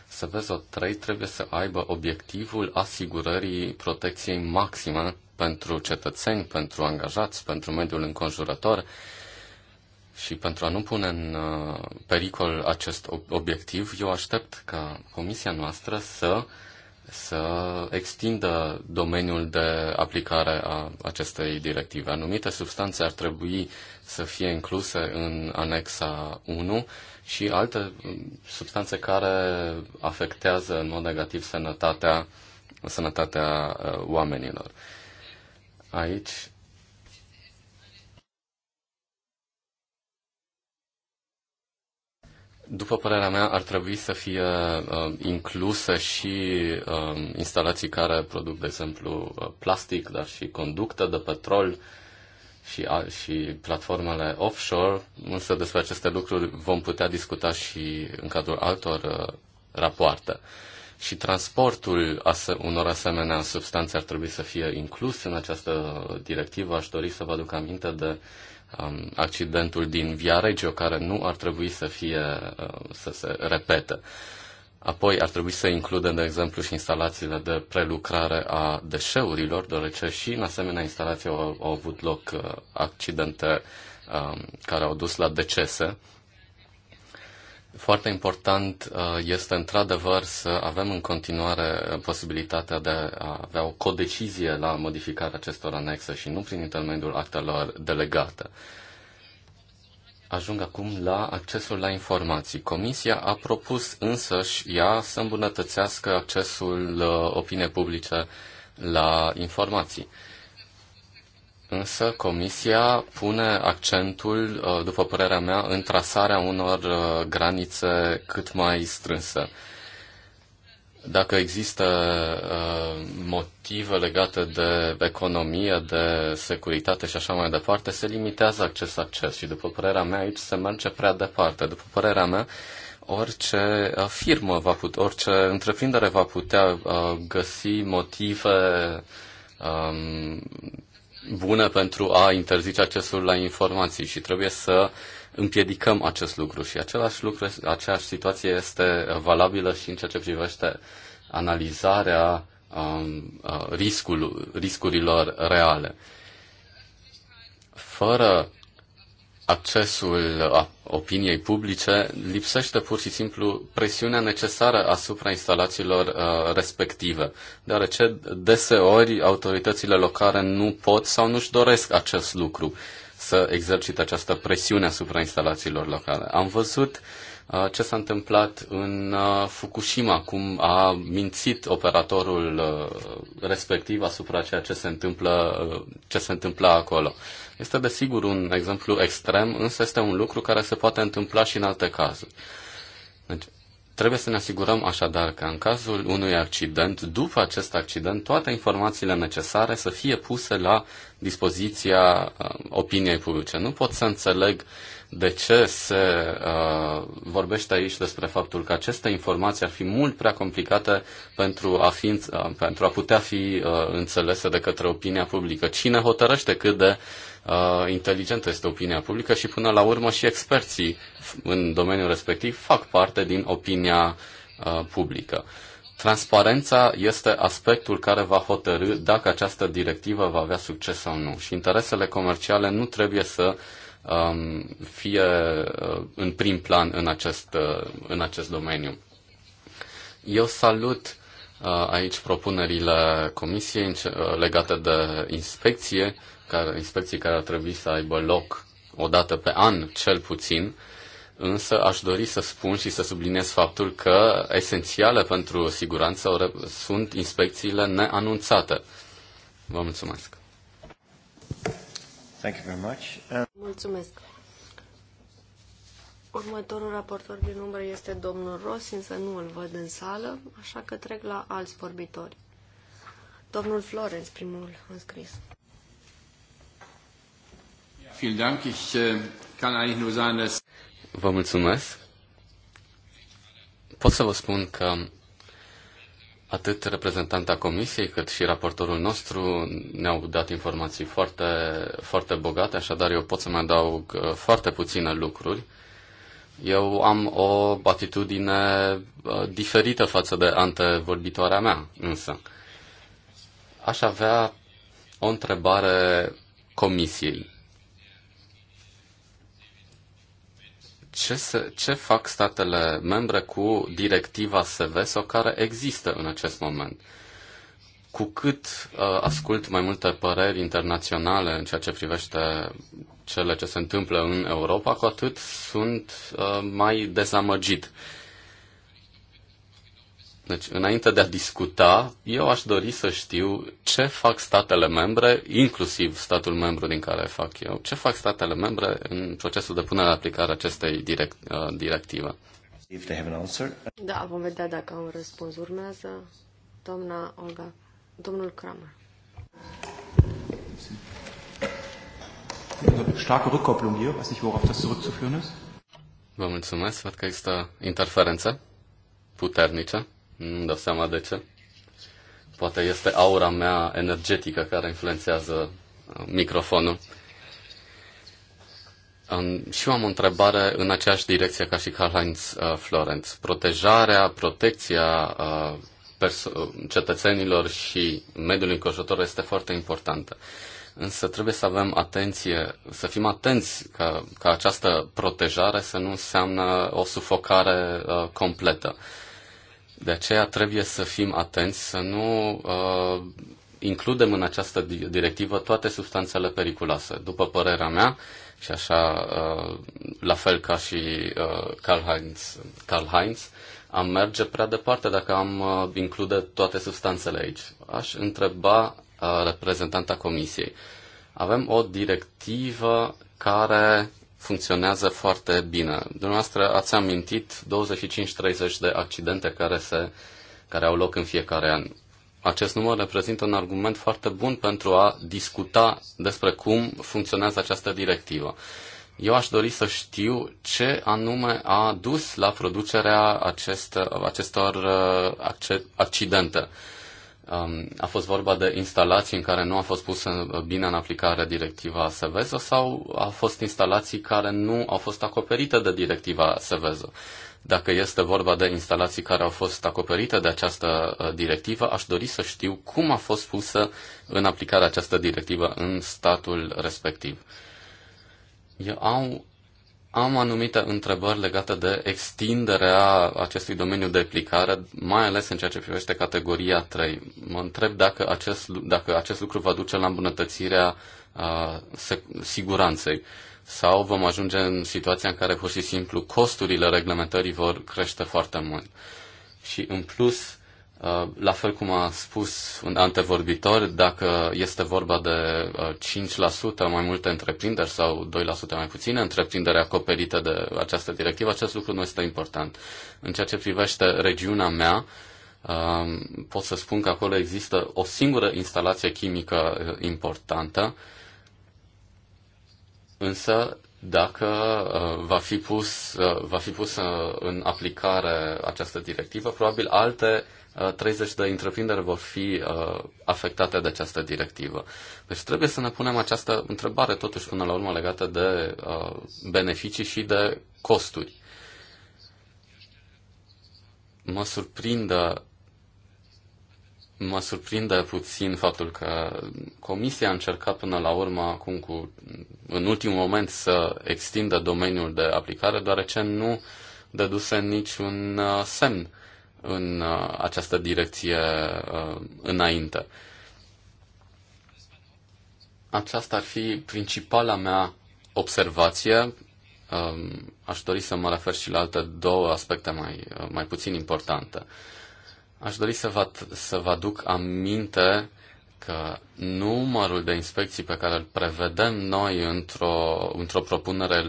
Seveso 3 trebuie să aibă obiectivul asigurării protecției maxime pentru cetățeni, pentru angajați, pentru mediul înconjurător și pentru a nu pune în uh, pericol acest obiectiv, eu aștept ca comisia noastră să uh, să extindă domeniul de aplicare a acestei directive. Anumite substanțe ar trebui să fie incluse în anexa 1 și alte mm, substanțe care afectează în mod negativ sănătatea, sănătatea uh, oamenilor. Aici După părerea mea, ar trebui să fie uh, incluse și uh, instalații care produc, de exemplu, uh, plastic, dar și conductă de petrol și, uh, și platformele offshore. Însă despre aceste lucruri vom putea discuta și în cadrul altor uh, rapoarte. Și transportul ase- unor asemenea substanțe ar trebui să fie inclus în această directivă. Aș dori să vă aduc aminte de uh, um, accidentul din Via Regio, care nu ar trebui să fie uh, să se repete. Apoi ar trebui să includem, de exemplu, și instalațiile de prelucrare a deșeurilor, deoarece și în asemenea instalații au, au avut loc uh, accidente um, care au dus la decese foarte important uh, este într-adevăr să avem în continuare uh, posibilitatea de a avea o codecizie la modificarea acestor anexe și nu prin intermediul actelor delegate. Ajung acum la accesul la informații. Comisia a propus însăși ea să îmbunătățească accesul uh, opiniei publice la informații. Însă Comisia pune accentul, uh, după părerea mea, în trasarea unor uh, granițe cât mai strânse. Dacă există uh, motive legate de economie, de securitate și așa mai departe, se limitează acces acces și, după părerea mea, aici se merge prea departe. După părerea mea, orice firmă va putea, orice întreprindere va putea găsi motive um, bune pentru a interzice accesul la informații și trebuie să împiedicăm acest lucru și același lucru, aceeași situație este valabilă și în ceea ce privește analizarea um, uh, riscul, riscurilor reale. Fără accesul opiniei publice, lipsește pur și simplu presiunea necesară asupra instalațiilor uh, respective, deoarece deseori autoritățile locale nu pot sau nu-și doresc acest lucru, să exercite această presiune asupra instalațiilor locale. Am văzut uh, ce s-a întâmplat în uh, Fukushima, cum a mințit operatorul uh, respectiv asupra ceea ce se întâmplă, uh, ce se întâmplă acolo. Este desigur un exemplu extrem, însă este un lucru care se poate întâmpla și în alte cazuri. Deci, trebuie să ne asigurăm așadar că în cazul unui accident, după acest accident, toate informațiile necesare să fie puse la dispoziția uh, opiniei publice. Nu pot să înțeleg de ce se uh, vorbește aici despre faptul că aceste informații ar fi mult prea complicate pentru a, fi, uh, pentru a putea fi uh, înțelese de către opinia publică. Cine hotărăște cât de uh, uh, inteligentă este opinia publică și până la urmă și experții în domeniul respectiv fac parte din opinia uh, publică. Transparența este aspectul care va hotărâ dacă această directivă va avea succes sau nu și interesele comerciale nu trebuie să um, fie uh, în prim plan în acest, uh, în acest domeniu. Eu salut uh, aici propunerile Comisiei uh, legate de inspecție care, inspecții care ar trebui să aibă loc o dată pe an, cel puțin, însă aș dori să spun și să subliniez faptul că esențiale pentru siguranță sunt inspecțiile neanunțate. Vă mulțumesc. Thank you very much. Um, mulțumesc. Următorul raportor din umbră este domnul Ross, însă nu îl văd în sală, așa că trec la alți vorbitori. Domnul Florenț, primul înscris vielen Dank. Ich äh, kann eigentlich nur sagen, dass... Vă mulțumesc. Pot să vă spun că atât reprezentanta comisiei cât și raportorul nostru ne-au dat informații foarte, foarte bogate, așadar eu pot să mai adaug uh, foarte puține lucruri. Eu am o atitudine uh, diferită față de antevorbitoarea mea, însă. Aș avea o întrebare comisiei. ce, se, ce fac statele membre cu directiva SVSO sau care există în acest moment? Cu cât uh, ascult mai multe păreri internaționale în ceea ce privește cele ce se întâmplă în Europa, cu atât sunt uh, mai dezamăgit. Uh, deci, înainte de a discuta, eu aș dori să știu ce fac statele membre, inclusiv statul membru din care fac eu, ce fac statele membre în procesul de punere în aplicare acestei direct, uh, directive. If they have an answer. Da, vom vedea dacă au un răspuns. Urmează doamna Olga, domnul Kramer. Starke Rückkopplung hier, weiß nicht, worauf das zurückzuführen ist. Vă mulțumesc, văd că există interferențe puternice nu dau seama de ce. Poate este aura mea energetică care influențează uh, microfonul. Și eu am o întrebare în aceeași direcție ca și Karl-Heinz uh, Florenz. Protejarea, protecția uh, cetățenilor și mediul înconjurător este foarte importantă. Însă trebuie să avem atenție, să fim atenți ca, ca această protejare să nu înseamnă o sufocare uh, completă. Uh, de aceea trebuie să fim atenți să nu uh, includem în această directivă toate substanțele periculoase. După părerea mea, și așa, uh, la fel ca și uh, Karl, Heinz, Karl Heinz, am merge prea departe dacă am uh, include toate substanțele aici. Aș întreba uh, reprezentanta Comisiei. Avem o directivă care funcționează foarte bine. Dumneavoastră ați amintit 25-30 de accidente care, se, care au loc în fiecare an. Acest număr reprezintă un argument foarte bun pentru a discuta despre cum funcționează această directivă. Eu aș dori să știu ce anume a dus la producerea acest, acestor uh, accidente. Um, a fost vorba de instalații în care nu a fost pusă bine în aplicare directiva Seveso sau a fost instalații care nu au fost acoperite de directiva Seveso? Dacă este vorba de instalații care au fost acoperite de această uh, directivă, aș dori să știu cum a fost pusă în aplicare această directivă în statul respectiv. Eu am am anumite întrebări legate de extinderea acestui domeniu de aplicare, mai ales în ceea ce privește categoria 3. Mă întreb dacă acest, dacă acest lucru va duce la îmbunătățirea a, siguranței sau vom ajunge în situația în care pur și simplu costurile reglementării vor crește foarte mult. Și în plus, Uh, la fel cum a spus un antevorbitor, dacă este vorba de 5% uh, mai multe întreprinderi sau 2% mai puține întreprinderi acoperite de această directivă, acest lucru nu este important. În ceea ce privește regiunea mea, uh, pot să spun că acolo există o singură instalație chimică importantă, însă dacă va fi pus, va fi pus în aplicare această directivă, probabil alte 30 uh, de întreprinderi vor fi uh, afectate de această directivă. Deci trebuie să ne punem această întrebare totuși până la urmă legată de uh, beneficii și de costuri. Mă surprinde mă surprinde puțin faptul că Comisia a încercat până la urmă, acum cu, în ultimul moment, să extindă domeniul de aplicare, deoarece nu dăduse niciun semn în uh, această direcție uh, înainte. Aceasta ar fi principala mea observație. Um, aș dori să mă refer și la alte două aspecte mai, uh, mai puțin importante. Aș dori să vă, să vă aduc aminte că numărul de inspecții pe care îl prevedem noi într-o, într-o propunere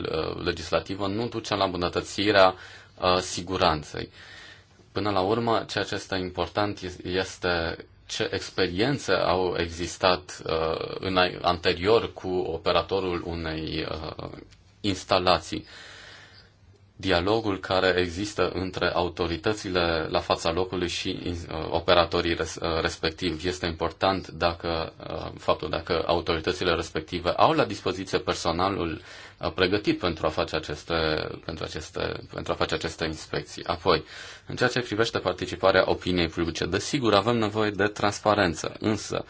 legislativă nu duce la îmbunătățirea siguranței. Uh, Până la urmă, ceea ce este important este ce experiențe au existat uh, în anterior cu operatorul unei uh, instalații. Uh, dialogul care există între autoritățile la fața locului și uh, operatorii res, uh, respectivi. Este important dacă uh, faptul dacă autoritățile respective au la dispoziție personalul uh, pregătit pentru a face aceste, pentru aceste, pentru a face aceste inspecții. Apoi, în ceea ce privește participarea opiniei publice, desigur avem nevoie de transparență, însă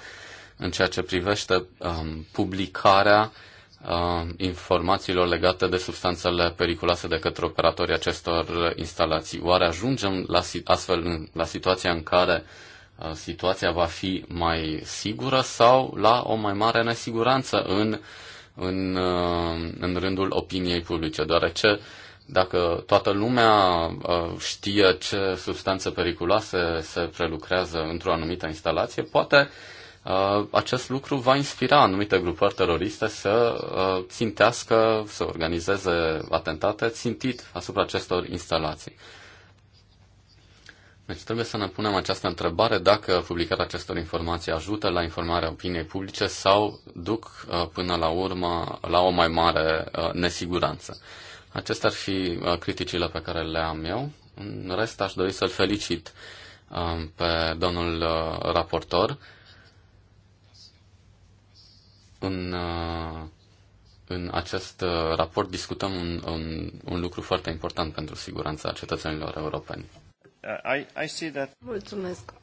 în ceea ce privește um, publicarea uh, uh, informațiilor legate de substanțele periculoase de către operatorii acestor instalații. Oare ajungem la, astfel la situația în care situația va fi mai sigură sau la o mai mare nesiguranță în, în, în rândul opiniei publice, deoarece dacă toată lumea știe ce substanțe periculoase se prelucrează într-o anumită instalație, poate uh, Uh, acest lucru va inspira anumite grupări teroriste să uh, țintească, să organizeze atentate țintit asupra acestor instalații. Deci trebuie să ne punem această întrebare dacă publicarea acestor informații ajută la informarea opiniei publice sau duc uh, până la urmă la o mai mare nesiguranță. Acestea ar fi criticile pe care le am eu. În rest, aș dori să-l felicit pe domnul raportor în, uh, în acest uh, raport discutăm un, un, un lucru foarte important pentru siguranța cetățenilor europeni. Uh, I, I see that... Mulțumesc.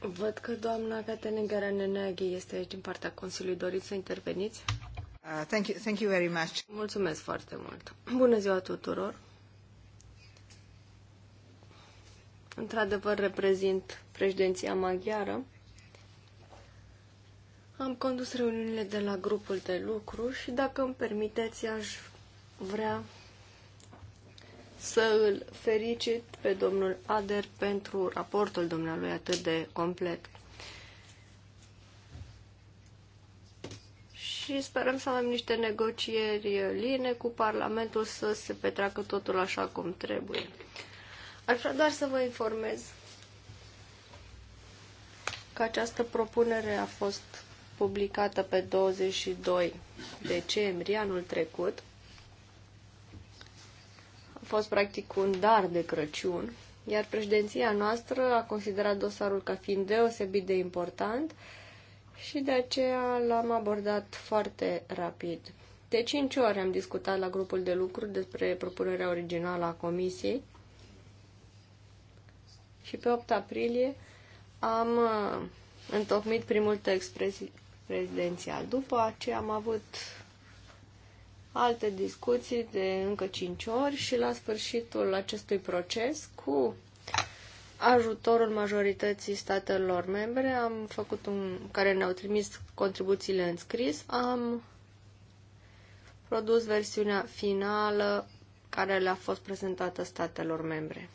Văd că doamna Caterina Garanenaghi este aici din partea Consiliului. Doriți să interveniți? Uh, thank you, thank you very much. Mulțumesc foarte mult. Bună ziua tuturor. Într-adevăr, reprezint președinția maghiară am condus reuniunile de la grupul de lucru și, dacă îmi permiteți, aș vrea să îl fericit pe domnul Ader pentru raportul dumnealui atât de complet. Și sperăm să avem niște negocieri line cu Parlamentul să se petreacă totul așa cum trebuie. Aș vrea doar să vă informez că această propunere a fost publicată pe 22 decembrie anul trecut. A fost practic un dar de Crăciun, iar președinția noastră a considerat dosarul ca fiind deosebit de important și de aceea l-am abordat foarte rapid. De 5 ore am discutat la grupul de lucru despre propunerea originală a comisiei și pe 8 aprilie am uh, întocmit primul text prezidențial. După aceea am avut alte discuții de încă 5 ori și la sfârșitul acestui proces, cu ajutorul majorității statelor membre, am făcut un, care ne-au trimis contribuțiile în scris, am produs versiunea finală care le-a fost prezentată statelor membre.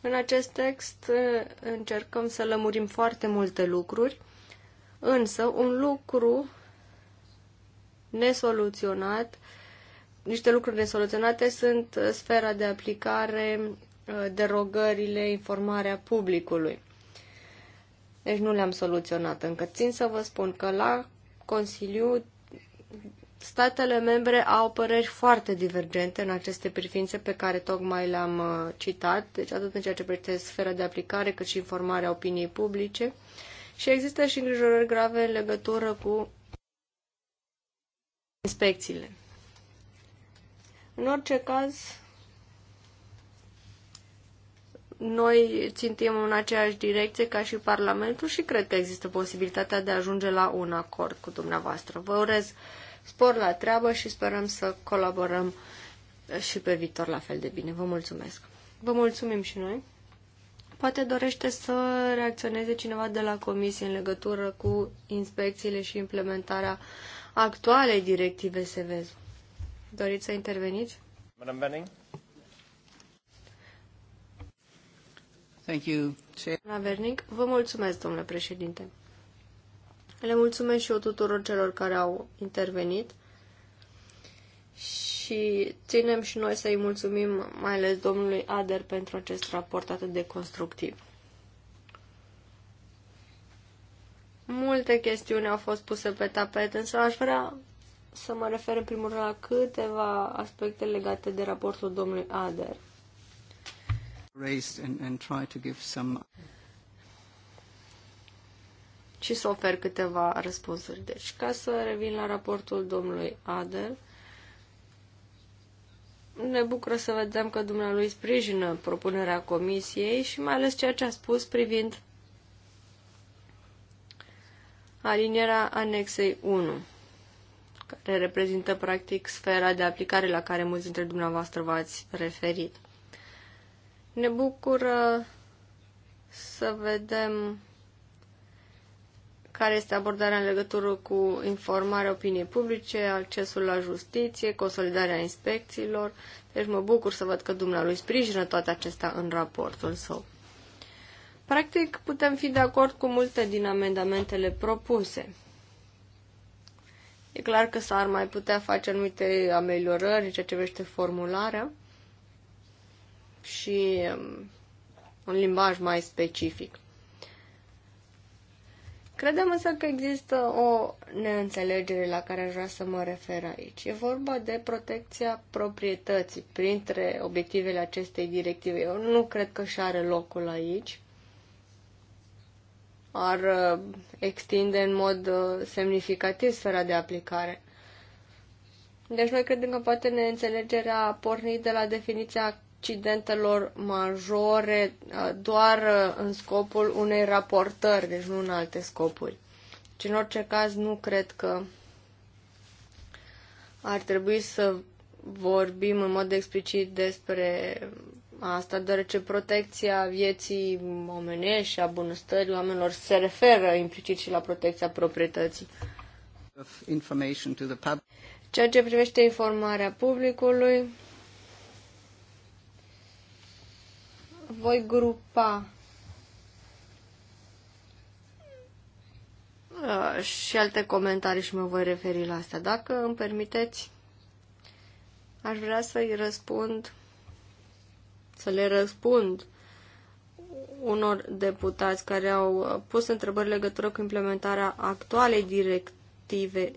În acest text eh, încercăm să lămurim foarte multe lucruri Însă, un lucru nesoluționat, niște lucruri nesoluționate sunt sfera de aplicare, uh, derogările, informarea publicului. Deci nu le-am soluționat încă. Țin să vă spun că la Consiliu statele membre au păreri foarte divergente în aceste privințe pe care tocmai le-am uh, citat, deci atât în ceea ce privește sfera de aplicare, cât și informarea opiniei publice. Și există și îngrijorări grave în legătură cu inspecțiile. În orice caz, noi țintim în aceeași direcție ca și Parlamentul și cred că există posibilitatea de a ajunge la un acord cu dumneavoastră. Vă urez spor la treabă și sperăm să colaborăm și pe viitor la fel de bine. Vă mulțumesc! Vă mulțumim și noi! Poate dorește să reacționeze cineva de la comisie în legătură cu inspecțiile și implementarea actualei directive SEVEZ. Doriți să interveniți? Madam Benning. Thank you, Vernic, vă mulțumesc, domnule președinte. Le mulțumesc și eu tuturor celor care au intervenit și ținem și noi să-i mulțumim mai ales domnului Ader pentru acest raport atât de constructiv. Multe chestiuni au fost puse pe tapet, însă aș vrea să mă refer în primul rând la câteva aspecte legate de raportul domnului Ader. Și să ofer câteva răspunsuri. Deci, ca să revin la raportul domnului Ader, ne bucură să vedem că dumnealui sprijină propunerea comisiei și mai ales ceea ce a spus privind alinierea anexei 1, care reprezintă practic sfera de aplicare la care mulți dintre dumneavoastră v-ați referit. Ne bucură să vedem care este abordarea în legătură cu informarea opiniei publice, accesul la justiție, consolidarea inspecțiilor. Deci mă bucur să văd că dumnealui sprijină toate acestea în raportul său. Practic, putem fi de acord cu multe din amendamentele propuse. E clar că s-ar mai putea face anumite ameliorări în ceea ce vește formularea și um, un limbaj mai specific. Credem însă că există o neînțelegere la care aș vrea să mă refer aici. E vorba de protecția proprietății printre obiectivele acestei directive. Eu nu cred că și are locul aici. Ar uh, extinde în mod uh, semnificativ sfera de aplicare. Deci noi credem că poate neînțelegerea a pornit de la definiția incidentelor majore uh, doar uh, în scopul unei raportări, deci nu în alte scopuri. Și deci, în orice caz, nu cred că ar trebui să vorbim în mod explicit despre asta, deoarece protecția vieții omenești și a bunăstării oamenilor se referă implicit și la protecția proprietății. Ceea ce privește informarea publicului, voi grupa și alte comentarii și mă voi referi la asta. Dacă îmi permiteți, aș vrea să-i răspund, să le răspund unor deputați care au pus întrebări legătură cu implementarea actualei directive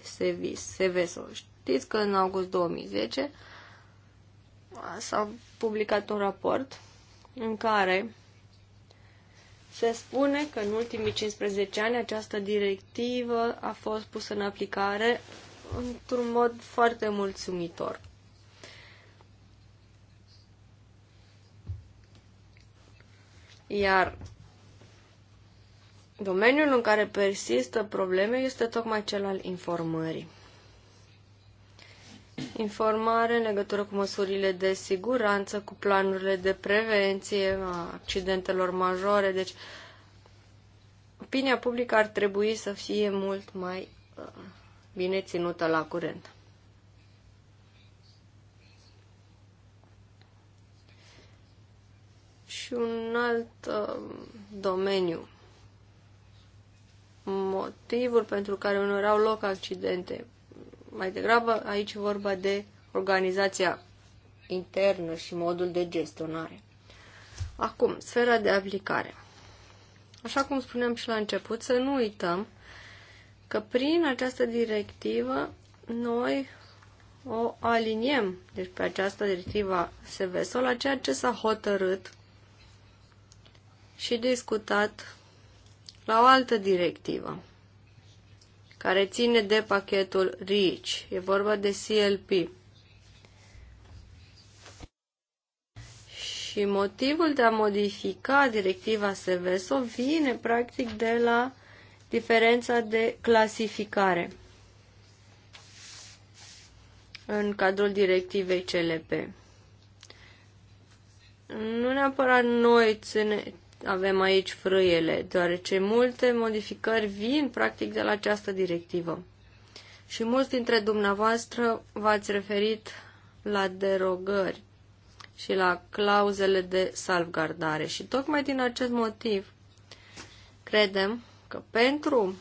SEVESO. Știți că în august 2010 s-a publicat un raport în care se spune că în ultimii 15 ani această directivă a fost pusă în aplicare într-un mod foarte mulțumitor. Iar domeniul în care persistă probleme este tocmai cel al informării informare în legătură cu măsurile de siguranță, cu planurile de prevenție a accidentelor majore. Deci, opinia publică ar trebui să fie mult mai uh, bine ținută la curent. Și un alt uh, domeniu motivul pentru care uneori au loc accidente mai degrabă aici vorba de organizația internă și modul de gestionare. Acum, sfera de aplicare. Așa cum spuneam și la început, să nu uităm că prin această directivă noi o aliniem, deci pe această directivă SVSO, la ceea ce s-a hotărât și discutat la o altă directivă care ține de pachetul REACH. E vorba de CLP. Și motivul de a modifica directiva SVSO vine practic de la diferența de clasificare în cadrul directivei CLP. Nu neapărat noi avem aici frâiele, deoarece multe modificări vin practic de la această directivă. Și mulți dintre dumneavoastră v-ați referit la derogări și la clauzele de salvgardare. Și tocmai din acest motiv credem că pentru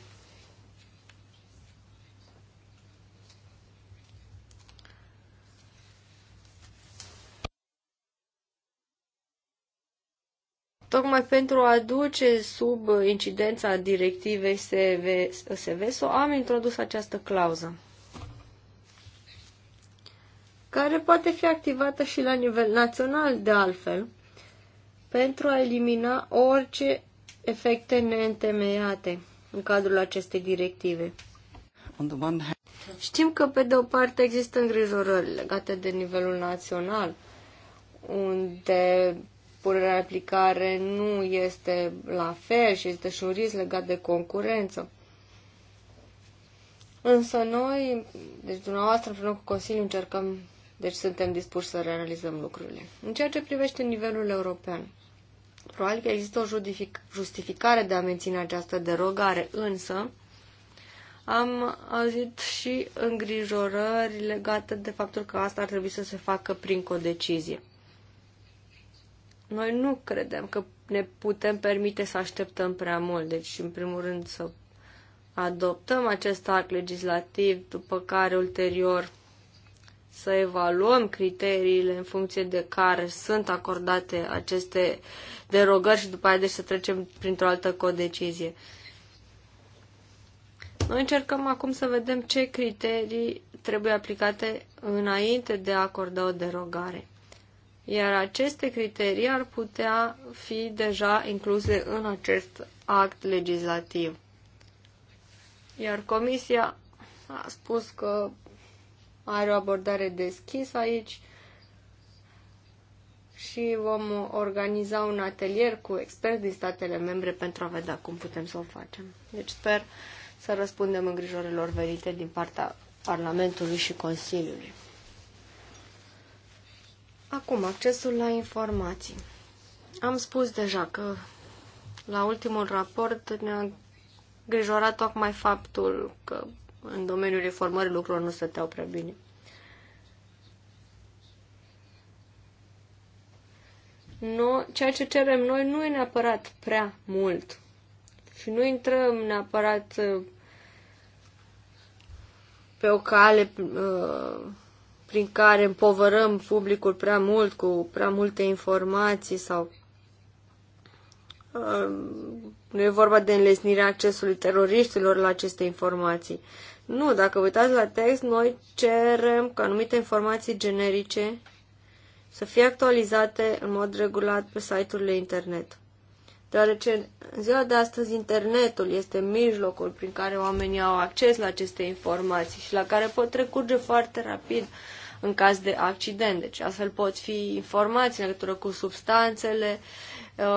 tocmai pentru a duce sub incidența directivei SEVESO, am introdus această clauză care poate fi activată și la nivel național, de altfel, pentru a elimina orice efecte neîntemeiate în cadrul acestei directive. Știm că, pe de o parte, există îngrijorări legate de nivelul național, unde punerea în aplicare nu este la fel și este și un risc legat de concurență. Însă noi, deci dumneavoastră împreună cu Consiliul încercăm, deci suntem dispuși să realizăm lucrurile. În ceea ce privește nivelul european, probabil că există o justificare de a menține această derogare, însă am auzit și îngrijorări legate de faptul că asta ar trebui să se facă prin codecizie. Noi nu credem că ne putem permite să așteptăm prea mult, deci în primul rând să adoptăm acest act legislativ, după care ulterior să evaluăm criteriile în funcție de care sunt acordate aceste derogări și după aia deci să trecem printr-o altă codecizie. Noi încercăm acum să vedem ce criterii trebuie aplicate înainte de a acorda o derogare. Iar aceste criterii ar putea fi deja incluse în acest act legislativ. Iar Comisia a spus că are o abordare deschisă aici și vom organiza un atelier cu experți din statele membre pentru a vedea cum putem să o facem. Deci sper să răspundem îngrijorilor venite din partea Parlamentului și Consiliului. Acum, accesul la informații. Am spus deja că la ultimul raport ne-a grijorat tocmai faptul că în domeniul reformării lucrurile nu stăteau prea bine. No, ceea ce cerem noi nu e neapărat prea mult. Și nu intrăm neapărat uh, pe o cale uh, prin care împovărăm publicul prea mult cu prea multe informații sau uh, nu e vorba de înlesnirea accesului teroriștilor la aceste informații. Nu, dacă uitați la text, noi cerem ca anumite informații generice să fie actualizate în mod regulat pe site-urile internet. Deoarece în ziua de astăzi internetul este mijlocul prin care oamenii au acces la aceste informații și la care pot recurge foarte rapid în caz de accident. Deci astfel pot fi informații în legătură cu substanțele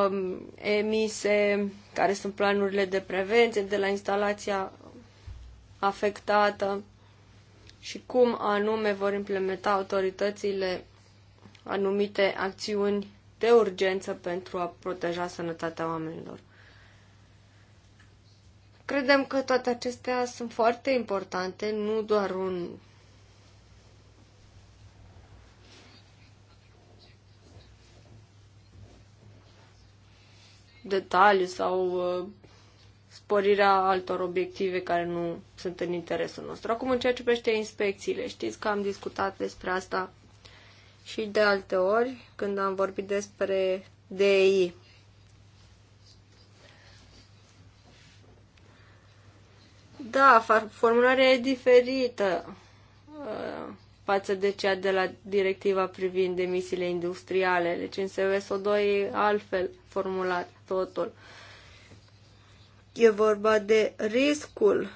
um, emise, care sunt planurile de prevenție de la instalația afectată și cum anume vor implementa autoritățile anumite acțiuni de urgență pentru a proteja sănătatea oamenilor. Credem că toate acestea sunt foarte importante, nu doar un detalii sau uh, sporirea altor obiective care nu sunt în interesul nostru. Acum, în ceea ce privește inspecțiile, știți că am discutat despre asta și de alte ori când am vorbit despre DEI. Da, formularea e diferită. Uh, față de cea de la directiva privind emisiile industriale. Deci în SVSO2 e altfel formulat totul. E vorba de riscul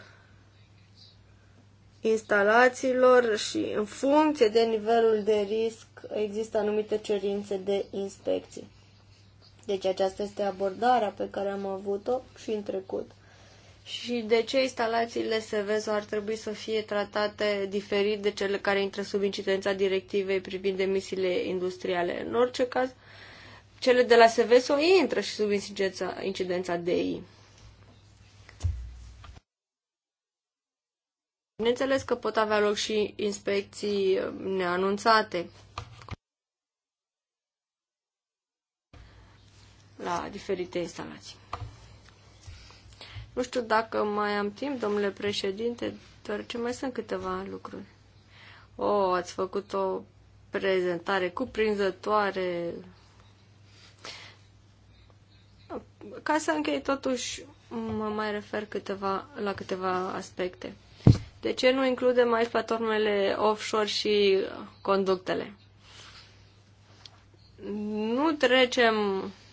instalațiilor și în funcție de nivelul de risc există anumite cerințe de inspecții. Deci aceasta este abordarea pe care am avut-o și în trecut și de ce instalațiile Seveso ar trebui să fie tratate diferit de cele care intră sub incidența directivei privind emisiile industriale. În orice caz, cele de la Seveso intră și sub incidența, incidența DI. Bineînțeles că pot avea loc și inspecții neanunțate la diferite instalații. Nu știu dacă mai am timp, domnule președinte, ce mai sunt câteva lucruri. O, oh, ați făcut o prezentare cuprinzătoare. Ca să închei, totuși, mă mai refer câteva, la câteva aspecte. De ce nu includem aici platformele offshore și conductele? Nu trecem,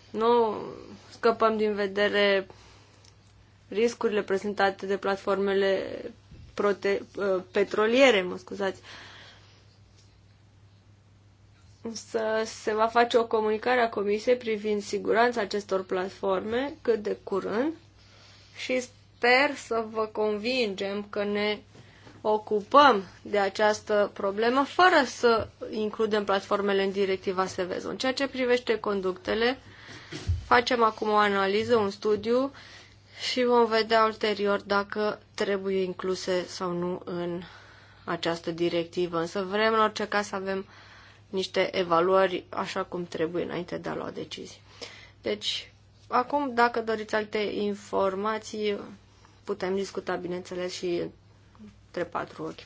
nu scăpăm din vedere riscurile prezentate de platformele prote- uh, petroliere, mă scuzați. Să se va face o comunicare a Comisiei privind siguranța acestor platforme cât de curând și sper să vă convingem că ne ocupăm de această problemă fără să includem platformele în directiva Sevezon. În ceea ce privește conductele, facem acum o analiză, un studiu și vom vedea ulterior dacă trebuie incluse sau nu în această directivă. Însă vrem în orice caz să avem niște evaluări așa cum trebuie înainte de a lua decizii. Deci, acum, dacă doriți alte informații, putem discuta, bineînțeles, și între patru ochi.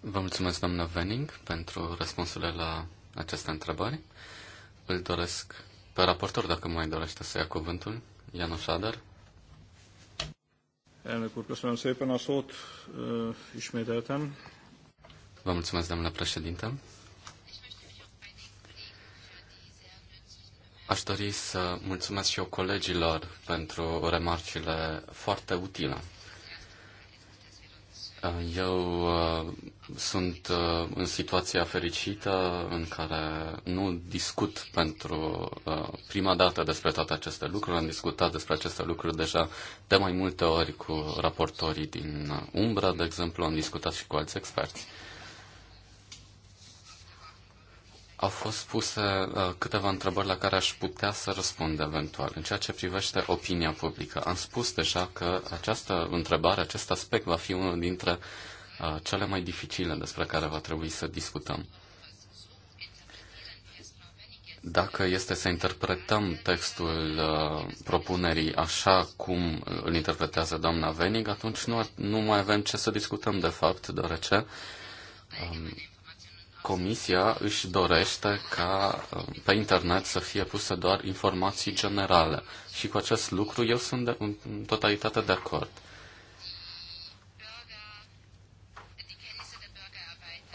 Vă mulțumesc, doamnă Venning, pentru răspunsurile la această întrebare. Îl doresc pe raportor, dacă mai dorește să ia cuvântul. Janos Adar. Vă mulțumesc, doamnă președinte. Aș dori să mulțumesc și eu colegilor pentru remarcile foarte utile eu uh, sunt uh, în situația fericită în care nu discut pentru uh, prima dată despre toate aceste lucruri. Am discutat despre aceste lucruri deja de mai multe ori cu raportorii din Umbra, de exemplu, am discutat și cu alți experți. Au fost puse uh, câteva întrebări la care aș putea să răspund eventual. În ceea ce privește opinia publică, am spus deja că această întrebare, acest aspect va fi unul dintre uh, cele mai dificile despre care va trebui să discutăm. Dacă este să interpretăm textul uh, propunerii așa cum îl interpretează doamna Venig, atunci nu, nu mai avem ce să discutăm de fapt, deoarece um, Comisia își dorește ca uh, pe internet să fie puse doar informații generale și cu acest lucru eu sunt de, în totalitate de acord.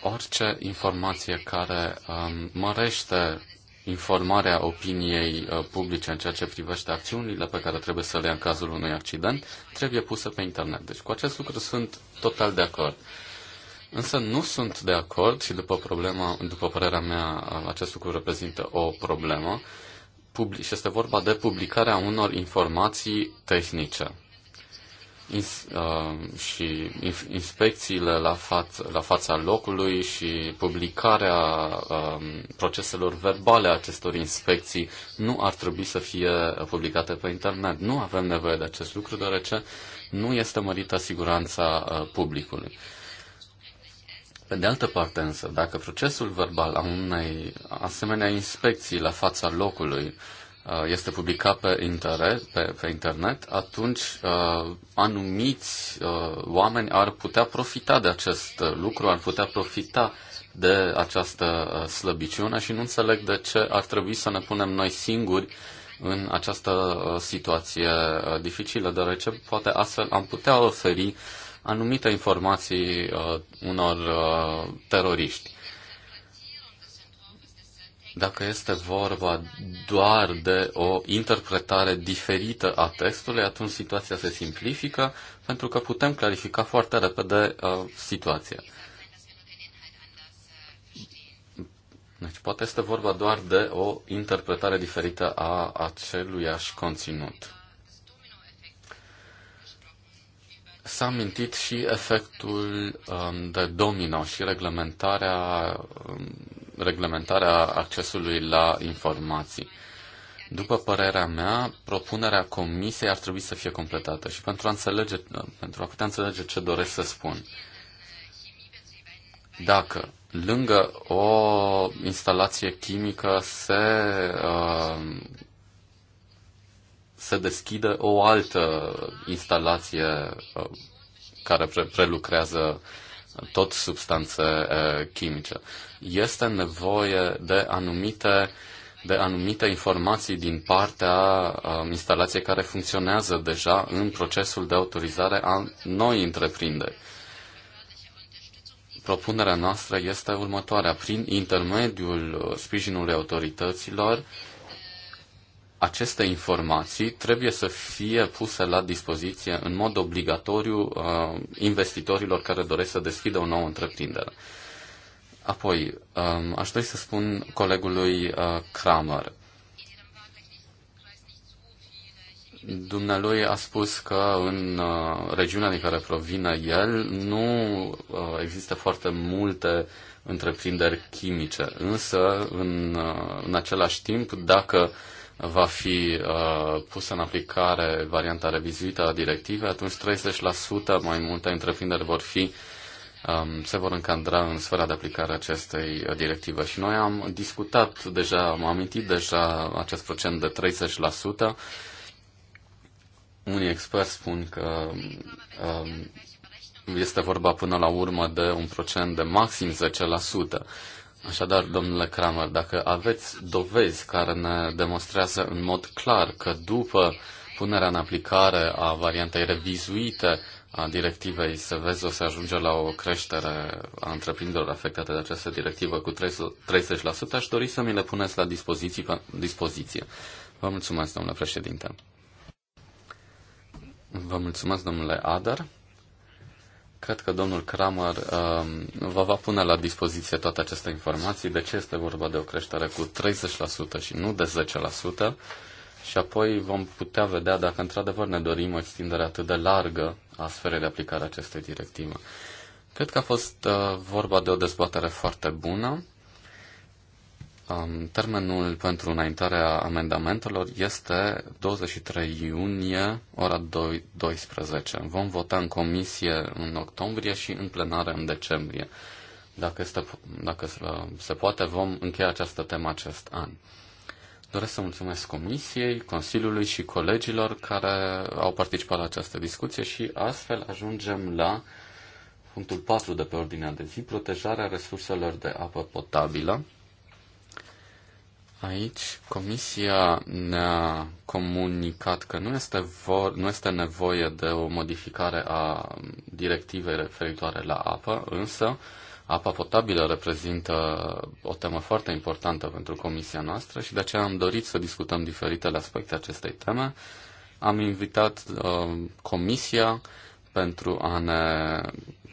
Orice informație care um, mărește informarea opiniei uh, publice în ceea ce privește acțiunile pe care trebuie să le ia în cazul unui accident trebuie pusă pe internet. Deci cu acest lucru sunt total de acord. Însă nu sunt de acord și după, problema, după părerea mea acest lucru reprezintă o problemă public, și este vorba de publicarea unor informații tehnice. Ins, uh, și inspecțiile la, faț, la fața locului și publicarea uh, proceselor verbale a acestor inspecții nu ar trebui să fie publicate pe internet. Nu avem nevoie de acest lucru, deoarece nu este mărită siguranța uh, publicului. Uh, pe de altă parte însă, dacă procesul verbal a unei asemenea inspecții la fața locului uh, este publicat pe, internet, pe, pe internet, atunci uh, anumiți uh, oameni ar putea profita de acest uh, lucru, ar putea profita de această uh, slăbiciune și nu înțeleg de ce ar trebui să ne punem noi singuri în această uh, situație uh, dificilă, deoarece poate astfel am putea oferi uh, anumite informații uh, unor uh, teroriști. Dacă este vorba doar de o interpretare diferită a textului, atunci situația se simplifică pentru că putem clarifica foarte repede uh, situația. Deci poate este vorba doar de o interpretare diferită a aceluiași conținut. S-a amintit și efectul um, de domino și reglementarea, um, reglementarea accesului la informații. După părerea mea, propunerea comisiei ar trebui să fie completată și pentru a, înțelege, uh, pentru a putea înțelege ce doresc să spun. Dacă lângă o instalație chimică se uh, se deschide o altă instalație uh, care pre- prelucrează tot substanțe uh, chimice. Este nevoie de anumite de anumite informații din partea uh, instalației care funcționează deja în procesul de autorizare a noi întreprinderi. Propunerea noastră este următoarea. Prin intermediul sprijinului autorităților, uh, aceste informații trebuie să fie puse la dispoziție în mod obligatoriu uh, investitorilor care doresc să deschidă o nouă întreprindere. Apoi, um, aș dori să spun colegului uh, Kramer. Dumnealui a spus că în uh, regiunea din care provine el nu există foarte multe întreprinderi chimice, însă în, în același timp, dacă uh, va fi uh, pusă în aplicare varianta revizuită a directivei, atunci 30% mai multe întreprinderi vor fi um, se vor încadra în sfera de aplicare a acestei uh, directive. Și noi am discutat deja, am amintit deja acest procent de 30%. Unii experți spun că um, este vorba până la urmă de un procent de maxim Așadar, domnule Kramer, dacă aveți dovezi care ne demonstrează în mod clar că după punerea în aplicare a variantei revizuite a directivei o să ajunge la o creștere a întreprinderilor afectate de această directivă cu 30%, aș dori să mi le puneți la dispoziție. dispoziție. Vă mulțumesc, domnule președinte. Vă mulțumesc, domnule Adar. Cred că domnul Kramer um, vă va pune la dispoziție toate aceste informații, de ce este vorba de o creștere cu 30% și nu de 10%, și apoi vom putea vedea dacă într-adevăr ne dorim o extindere atât de largă a sferei de aplicare a acestei directive. Cred că a fost uh, vorba de o dezbatere foarte bună termenul pentru înaintarea amendamentelor este 23 iunie, ora 2, 12. Vom vota în comisie în octombrie și în plenare în decembrie. Dacă, este, dacă se poate, vom încheia această temă acest an. Doresc să mulțumesc Comisiei, Consiliului și colegilor care au participat la această discuție și astfel ajungem la punctul 4 de pe ordinea de zi, protejarea resurselor de apă potabilă. Aici Comisia ne-a comunicat că nu este, vor, nu este nevoie de o modificare a directivei referitoare la apă, însă apa potabilă reprezintă o temă foarte importantă pentru Comisia noastră și de aceea am dorit să discutăm diferitele aspecte acestei teme. Am invitat uh, Comisia pentru a ne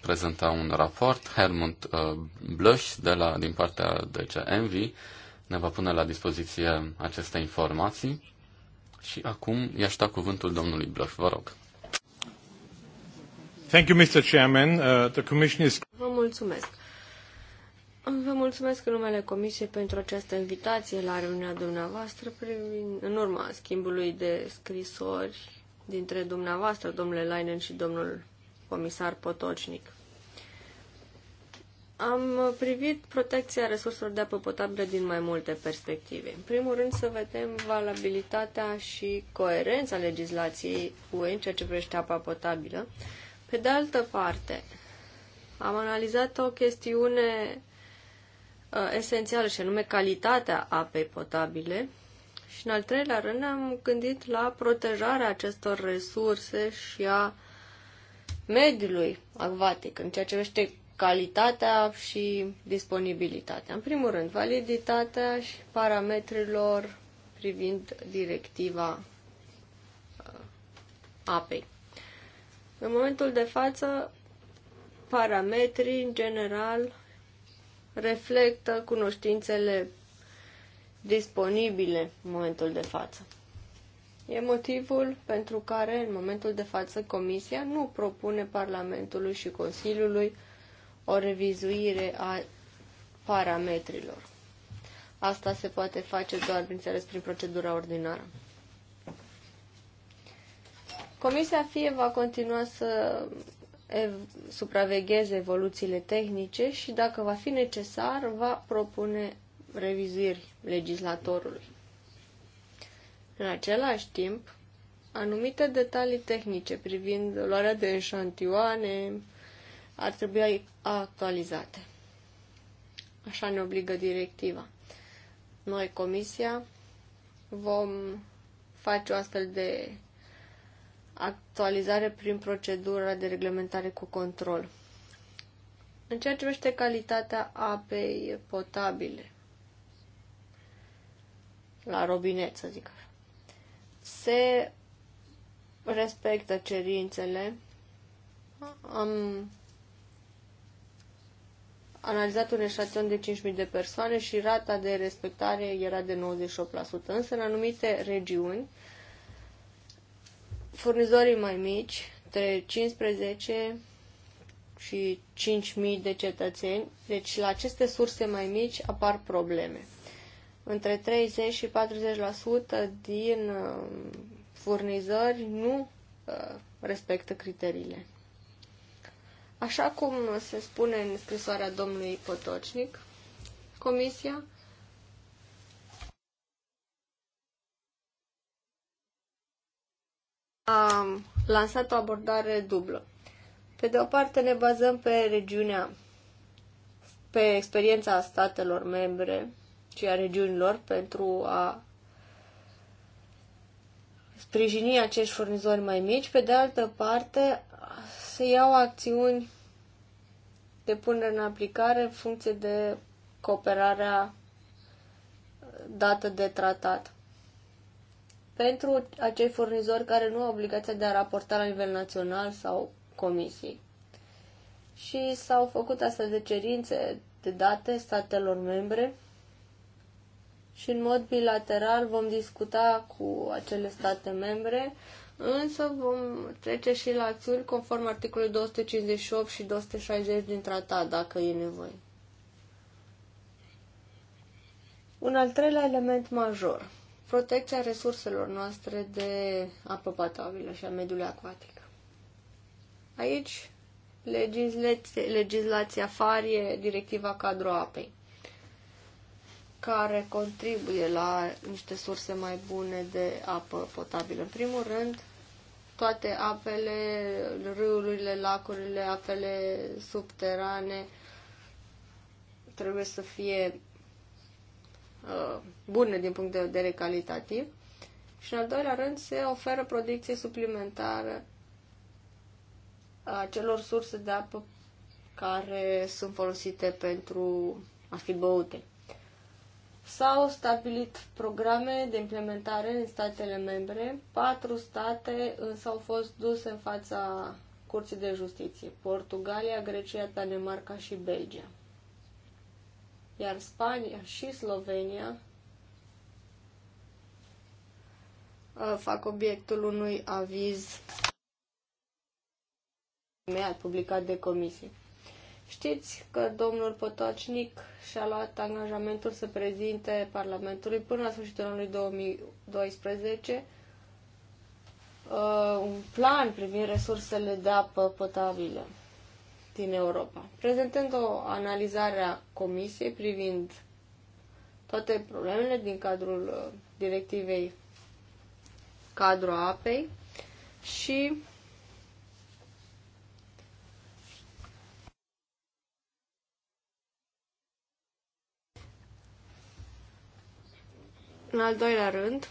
prezenta un raport, Hermund uh, Blush de la, din partea DCMV, ne va pune la dispoziție aceste informații. Și acum i-aș da cuvântul domnului Bluff, vă rog. Thank you, Mr. Chairman. Uh, the commission is... Vă mulțumesc. Vă mulțumesc în numele Comisiei pentru această invitație la reuniunea dumneavoastră privind, în urma schimbului de scrisori dintre dumneavoastră, domnule Leinen și domnul comisar Potocnic. Am privit protecția resurselor de apă potabilă din mai multe perspective. În primul rând să vedem valabilitatea și coerența legislației UE în ceea ce privește apa potabilă. Pe de altă parte, am analizat o chestiune uh, esențială și anume calitatea apei potabile și în al treilea rând am gândit la protejarea acestor resurse și a mediului acvatic în ceea ce privește calitatea și disponibilitatea. În primul rând, validitatea și parametrilor privind directiva uh, apei. În momentul de față, parametrii, în general, reflectă cunoștințele disponibile în momentul de față. E motivul pentru care, în momentul de față, Comisia nu propune Parlamentului și Consiliului o revizuire a parametrilor. Asta se poate face doar, bineînțeles, prin procedura ordinară. Comisia FIE va continua să ev- supravegheze evoluțiile tehnice și, dacă va fi necesar, va propune revizuiri legislatorului. În același timp, anumite detalii tehnice privind luarea de înșantioane, ar trebui actualizate. Așa ne obligă directiva. Noi, Comisia, vom face o astfel de actualizare prin procedura de reglementare cu control. În ceea ce vește calitatea apei potabile, la robinet, să zic așa, se respectă cerințele. Am analizat un eșațion de 5.000 de persoane și rata de respectare era de 98%. Însă, în anumite regiuni, furnizorii mai mici, între 15 și 5.000 de cetățeni, deci la aceste surse mai mici apar probleme. Între 30 și 40% din uh, furnizări nu uh, respectă criteriile. Așa cum se spune în scrisoarea domnului Potocnic, Comisia a lansat o abordare dublă. Pe de o parte ne bazăm pe regiunea, pe experiența statelor membre și a regiunilor pentru a sprijini acești furnizori mai mici. Pe de altă parte se iau acțiuni de punere în aplicare în funcție de cooperarea dată de tratat. Pentru acei furnizori care nu au obligația de a raporta la nivel național sau comisii. Și s-au făcut astfel de cerințe de date statelor membre și în mod bilateral vom discuta cu acele state membre însă vom trece și la acțiuni conform articolului 258 și 260 din tratat, dacă e nevoie. Un al treilea element major, protecția resurselor noastre de apă potabilă și a mediului acvatic. Aici, legislația, legislația farie, directiva cadru apei, care contribuie la niște surse mai bune de apă potabilă. În primul rând, toate apele, râurile, lacurile, apele subterane trebuie să fie uh, bune din punct de vedere calitativ. Și în al doilea rând se oferă protecție suplimentară a celor surse de apă care sunt folosite pentru a fi băute. S-au stabilit programe de implementare în statele membre. Patru state însă au fost duse în fața Curții de Justiție. Portugalia, Grecia, Danemarca și Belgia. Iar Spania și Slovenia uh, fac obiectul unui aviz publicat de comisie. Știți că domnul Potocnic și-a luat angajamentul să prezinte Parlamentului până la sfârșitul anului 2012 uh, un plan privind resursele de apă potabilă din Europa, prezentând o analizare a Comisiei privind toate problemele din cadrul uh, directivei cadrul apei și În al doilea rând,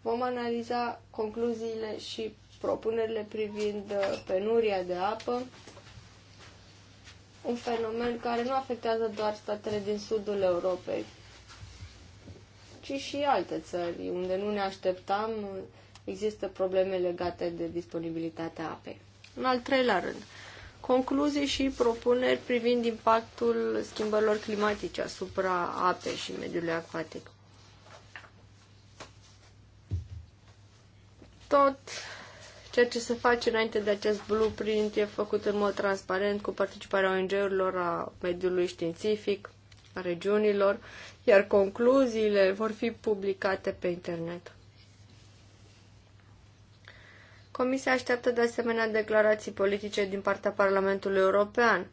vom analiza concluziile și propunerile privind uh, penuria de apă, un fenomen care nu afectează doar statele din sudul Europei, ci și alte țări unde nu ne așteptam există probleme legate de disponibilitatea apei. În al treilea rând, concluzii și propuneri privind impactul schimbărilor climatice asupra apei și mediului acvatic. Tot ceea ce se face înainte de acest blueprint e făcut în mod transparent cu participarea ONG-urilor, a mediului științific, a regiunilor, iar concluziile vor fi publicate pe internet. Comisia așteaptă de asemenea declarații politice din partea Parlamentului European,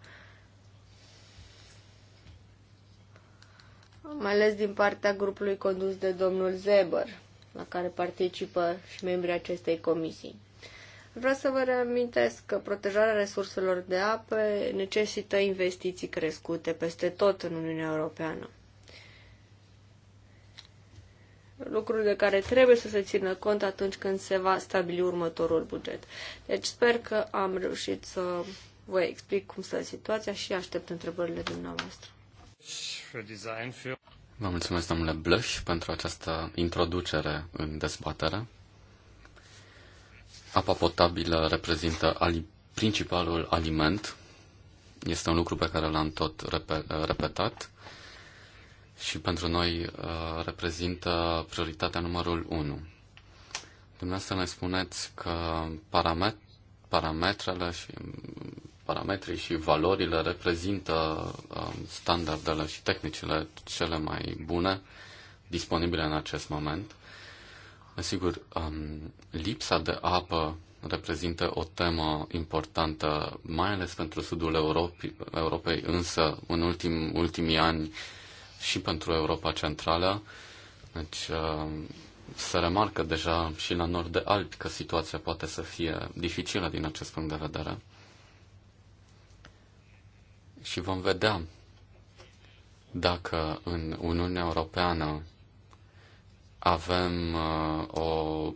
mai ales din partea grupului condus de domnul Zeber, la care participă și membrii acestei comisii. Vreau să vă reamintesc că protejarea resurselor de apă necesită investiții crescute peste tot în Uniunea Europeană lucruri de care trebuie să se țină cont atunci când se va stabili următorul buget. Deci sper că am reușit să vă explic cum stă situația și aștept întrebările dumneavoastră. Vă mulțumesc, domnule Blăș, pentru această introducere în dezbatere. Apa potabilă reprezintă ali- principalul aliment. Este un lucru pe care l-am tot repetat și pentru noi uh, reprezintă prioritatea numărul 1. Dumneavoastră ne spuneți că paramet- parametrele și mm, parametrii și valorile reprezintă uh, standardele și tehnicile cele mai bune disponibile în acest moment. Sigur, um, lipsa de apă reprezintă o temă importantă, mai ales pentru sudul Europei, Europei însă în ultim, ultimii ani uh, și pentru Europa Centrală. Deci uh, se remarcă deja și la nord de Alpi că situația poate să fie dificilă din acest punct de vedere. Și vom vedea dacă în Uniunea Europeană avem uh, o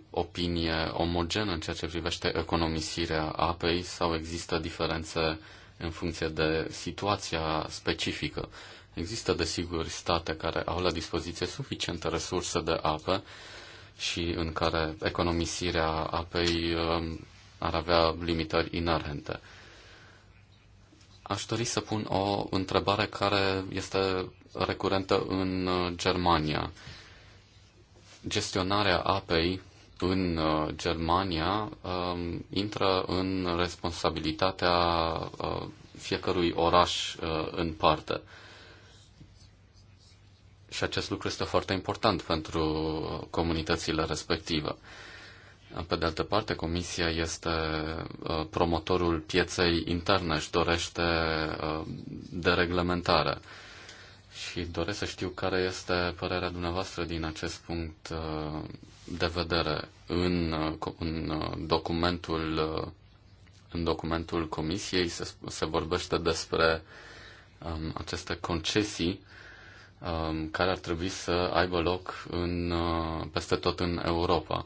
opinie omogenă în ceea ce privește economisirea apei sau există diferențe în funcție de situația specifică. Există, desigur, state care au la dispoziție suficiente resurse de apă și în care economisirea apei um, ar avea limitări inerente. Aș dori să pun o întrebare care este recurentă în uh, Germania. Gestionarea apei în uh, Germania um, intră în responsabilitatea uh, fiecărui oraș în parte. Și acest lucru este foarte important pentru comunitățile respective. Pe de altă parte, Comisia este uh, promotorul pieței interne și dorește uh, dereglementare. Și doresc să știu care este părerea dumneavoastră din acest punct uh, de vedere în, în documentul în documentul Comisiei se, se vorbește despre um, aceste concesii Um, care ar trebui să aibă loc în, uh, peste tot în Europa.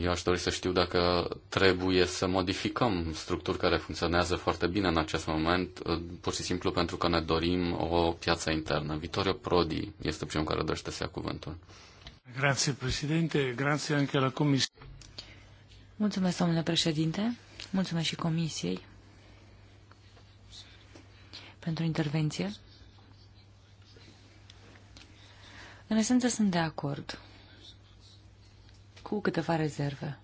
Eu aș dori să știu dacă trebuie să modificăm structuri care funcționează foarte bine în acest moment, uh, pur și simplu pentru că ne dorim o piață internă. Vittorio Prodi este primul care dorește să ia cuvântul. Grazie, președinte. Grazie anche la comisie. Mulțumesc, domnule președinte. Mulțumesc și comisiei pentru intervenție. În esență sunt de acord cu câteva rezerve.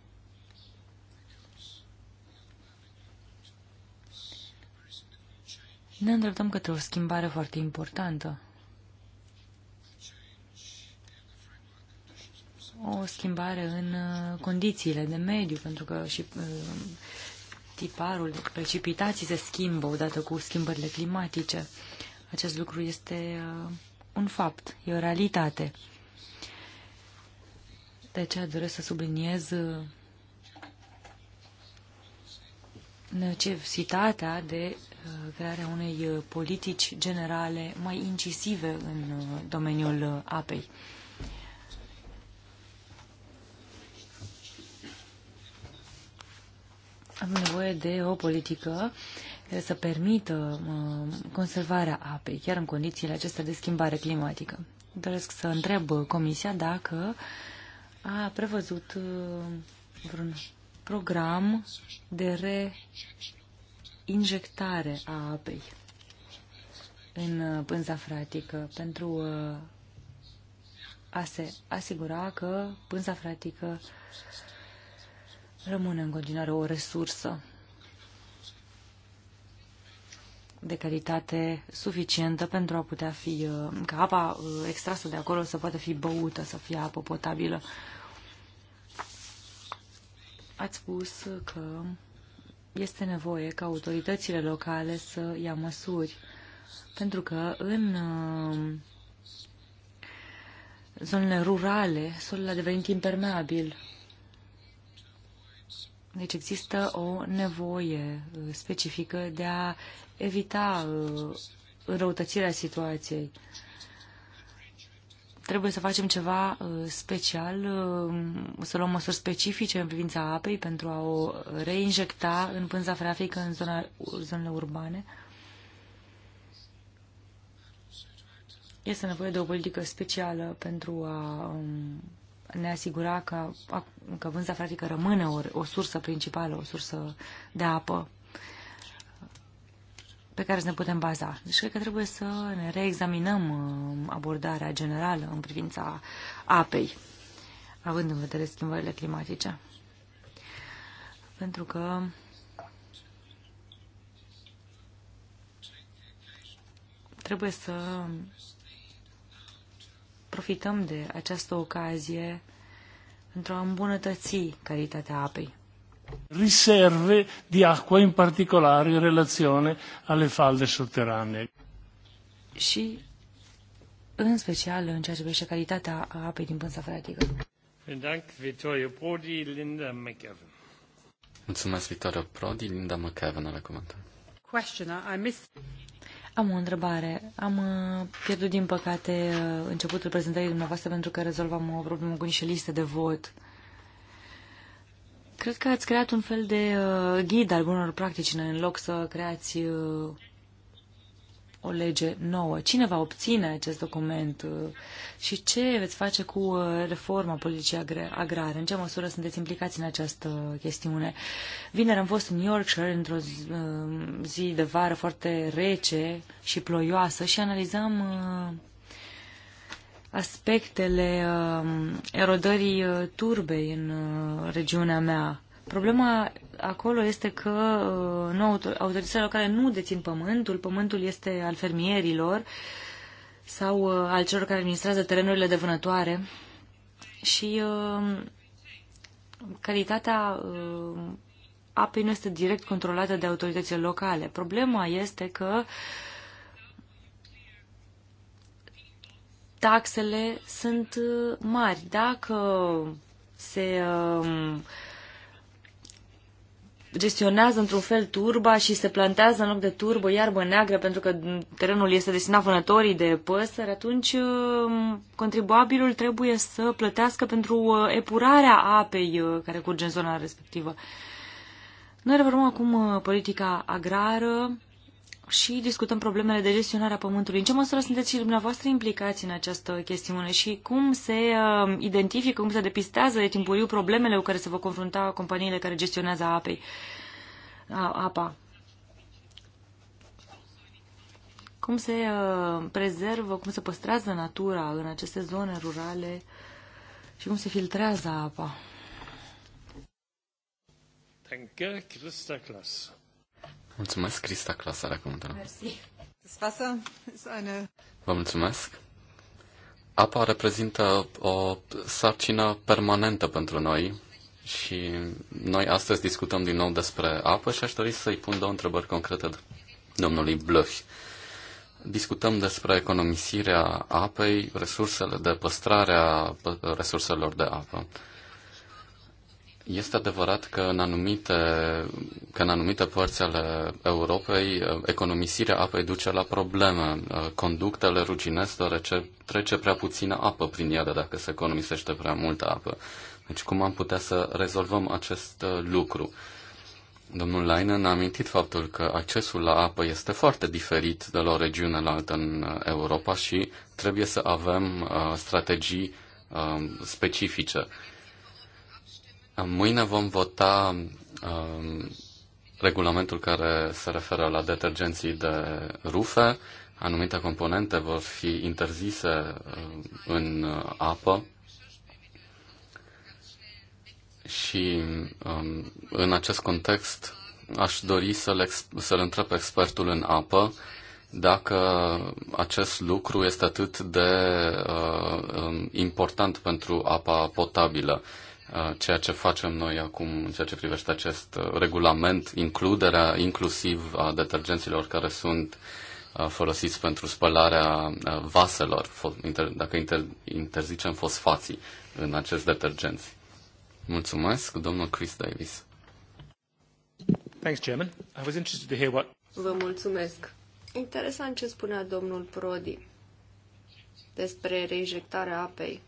Ne îndreptăm către o schimbare foarte importantă. O schimbare în uh, condițiile de mediu, pentru că și uh, tiparul, precipitații se schimbă odată cu schimbările climatice. Acest lucru este uh, un fapt, e o realitate. De aceea doresc să subliniez uh, necesitatea de uh, crearea unei uh, politici generale mai incisive în domeniul apei. Am nevoie de o politică uh, care să permită conservarea apei, chiar în condițiile acestea de schimbare climatică. Doresc să întreb Comisia dacă a prevăzut uh, vreun program de reinjectare a apei în uh, pânza fratică pentru uh, a se asigura că pânza fratică rămâne în continuare o resursă de calitate suficientă pentru a putea fi, uh, ca apa uh, extrasă de acolo să poată fi băută, să fie apă potabilă. Ați spus că este nevoie ca autoritățile locale să ia măsuri, pentru că în uh, zonele rurale solul a devenit impermeabil. Deci există o nevoie specifică de a evita uh, înrăutățirea situației. Trebuie să facem ceva uh, special, uh, să luăm măsuri specifice în privința apei pentru a o reinjecta în pânza freatică în zona, zonele urbane. Este nevoie de o politică specială pentru a um, ne asigura că, că vânza freatică rămâne o, o sursă principală, o sursă de apă pe care să ne putem baza. Deci cred că trebuie să ne reexaminăm uh, abordarea generală în privința apei, având în vedere schimbările climatice. Pentru că trebuie să profităm de această ocazie pentru a îmbunătăți calitatea apei riserve di acqua, in particolare in relazione alle falde sotterranee. Și în special în ceea ce privește calitatea apei din pânza freatică. Mulțumesc, Victoria Prodi, Linda McEvan, la comentarii. Am o întrebare. Am uh, pierdut, din păcate, uh, începutul prezentării dumneavoastră pentru că rezolvam o problemă cu niște liste de vot. Cred că ați creat un fel de uh, ghid al bunor practici în loc să creați uh, o lege nouă. Cine va obține acest document uh, și ce veți face cu uh, reforma politicii agr agrare? În ce măsură sunteți implicați în această chestiune? Vineri am fost în Yorkshire într-o zi, uh, zi de vară foarte rece și ploioasă și analizam uh, aspectele um, erodării uh, turbei în uh, regiunea mea. Problema acolo este că uh, autoritățile locale nu dețin pământul, pământul este al fermierilor sau uh, al celor care administrează terenurile de vânătoare și um, calitatea apei nu este direct controlată de autoritățile locale. Problema este că uh, taxele sunt uh, mari. Dacă se um, gestionează într-un fel turba și se plantează în loc de turbă iarbă neagră pentru că terenul este destinat vânătorii de păsări, atunci um, contribuabilul trebuie să plătească pentru uh, epurarea apei uh, care curge în zona respectivă. Noi reformăm acum politica agrară și discutăm problemele de gestionare a pământului. În ce măsură sunteți și dumneavoastră implicați în această chestiune și cum se uh, identifică, cum se depistează de timpuriu problemele cu care se vor confrunta companiile care gestionează apei, a, apa? Cum se uh, prezervă, cum se păstrează natura în aceste zone rurale și cum se filtrează apa? Thank Christa Klaas. Mulțumesc, Crista Clasa, la comentariu. Vă mulțumesc. Apa reprezintă o sarcină permanentă pentru noi și noi astăzi discutăm din nou despre apă și aș dori să-i pun două întrebări concrete domnului Blöch. Discutăm despre economisirea apei, resursele de păstrare a resurselor de apă. Este adevărat că în anumite, că în anumite părți ale Europei uh, economisirea apei duce la probleme. Uh, conductele ruginesc deoarece trece prea puțină apă prin ele dacă se economisește prea multă apă. Deci cum am putea să rezolvăm acest uh, lucru? Domnul Leinen a amintit faptul că accesul la apă este foarte diferit de la o regiune la altă în Europa și trebuie să avem uh, strategii uh, specifice. Uh, Mâine vom vota um, regulamentul care se referă la detergenții de rufe. Anumite componente vor fi interzise um, în apă și um, în acest context aș dori să-l, să-l întreb expertul în apă dacă acest lucru este atât de uh, um, important pentru apa potabilă. Uh, Uh, ceea ce facem noi acum în ceea ce privește acest uh, regulament, includerea inclusiv a detergenților care sunt uh, folosiți pentru spălarea vaselor, dacă interzicem fosfații în acest detergenți. Mulțumesc, domnul Chris Davis. Thanks, Chairman. I was interested to hear what... Vă mulțumesc. Interesant ce spunea domnul Prodi despre reinjectarea apei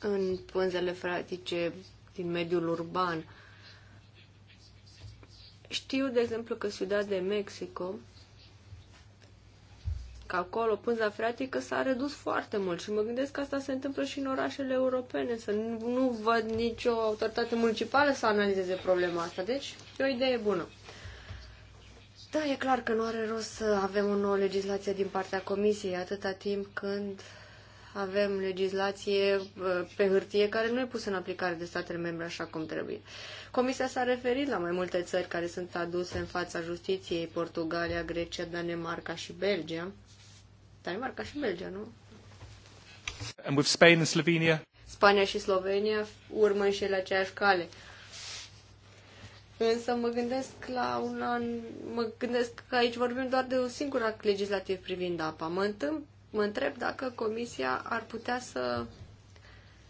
în pânzele fratice din mediul urban. Știu, de exemplu, că Ciudad de Mexico, că acolo pânza fratică s-a redus foarte mult și mă gândesc că asta se întâmplă și în orașele europene, să nu, nu văd nicio autoritate municipală să analizeze problema asta. Deci, e o idee bună. Da, e clar că nu are rost să avem o nouă legislație din partea Comisiei atâta timp când avem legislație uh, pe hârtie care nu e pusă în aplicare de statele membre așa cum trebuie. Comisia s-a referit la mai multe țări care sunt aduse în fața justiției, Portugalia, Grecia, Danemarca și Belgia. Danemarca și Belgia, nu? And with Spain and Slovenia? Spania și Slovenia urmă și ele aceeași cale. Însă mă gândesc la un an, mă gândesc că aici vorbim doar de un singur act legislativ privind apa. Mă întâmplă Mă întreb dacă Comisia ar putea să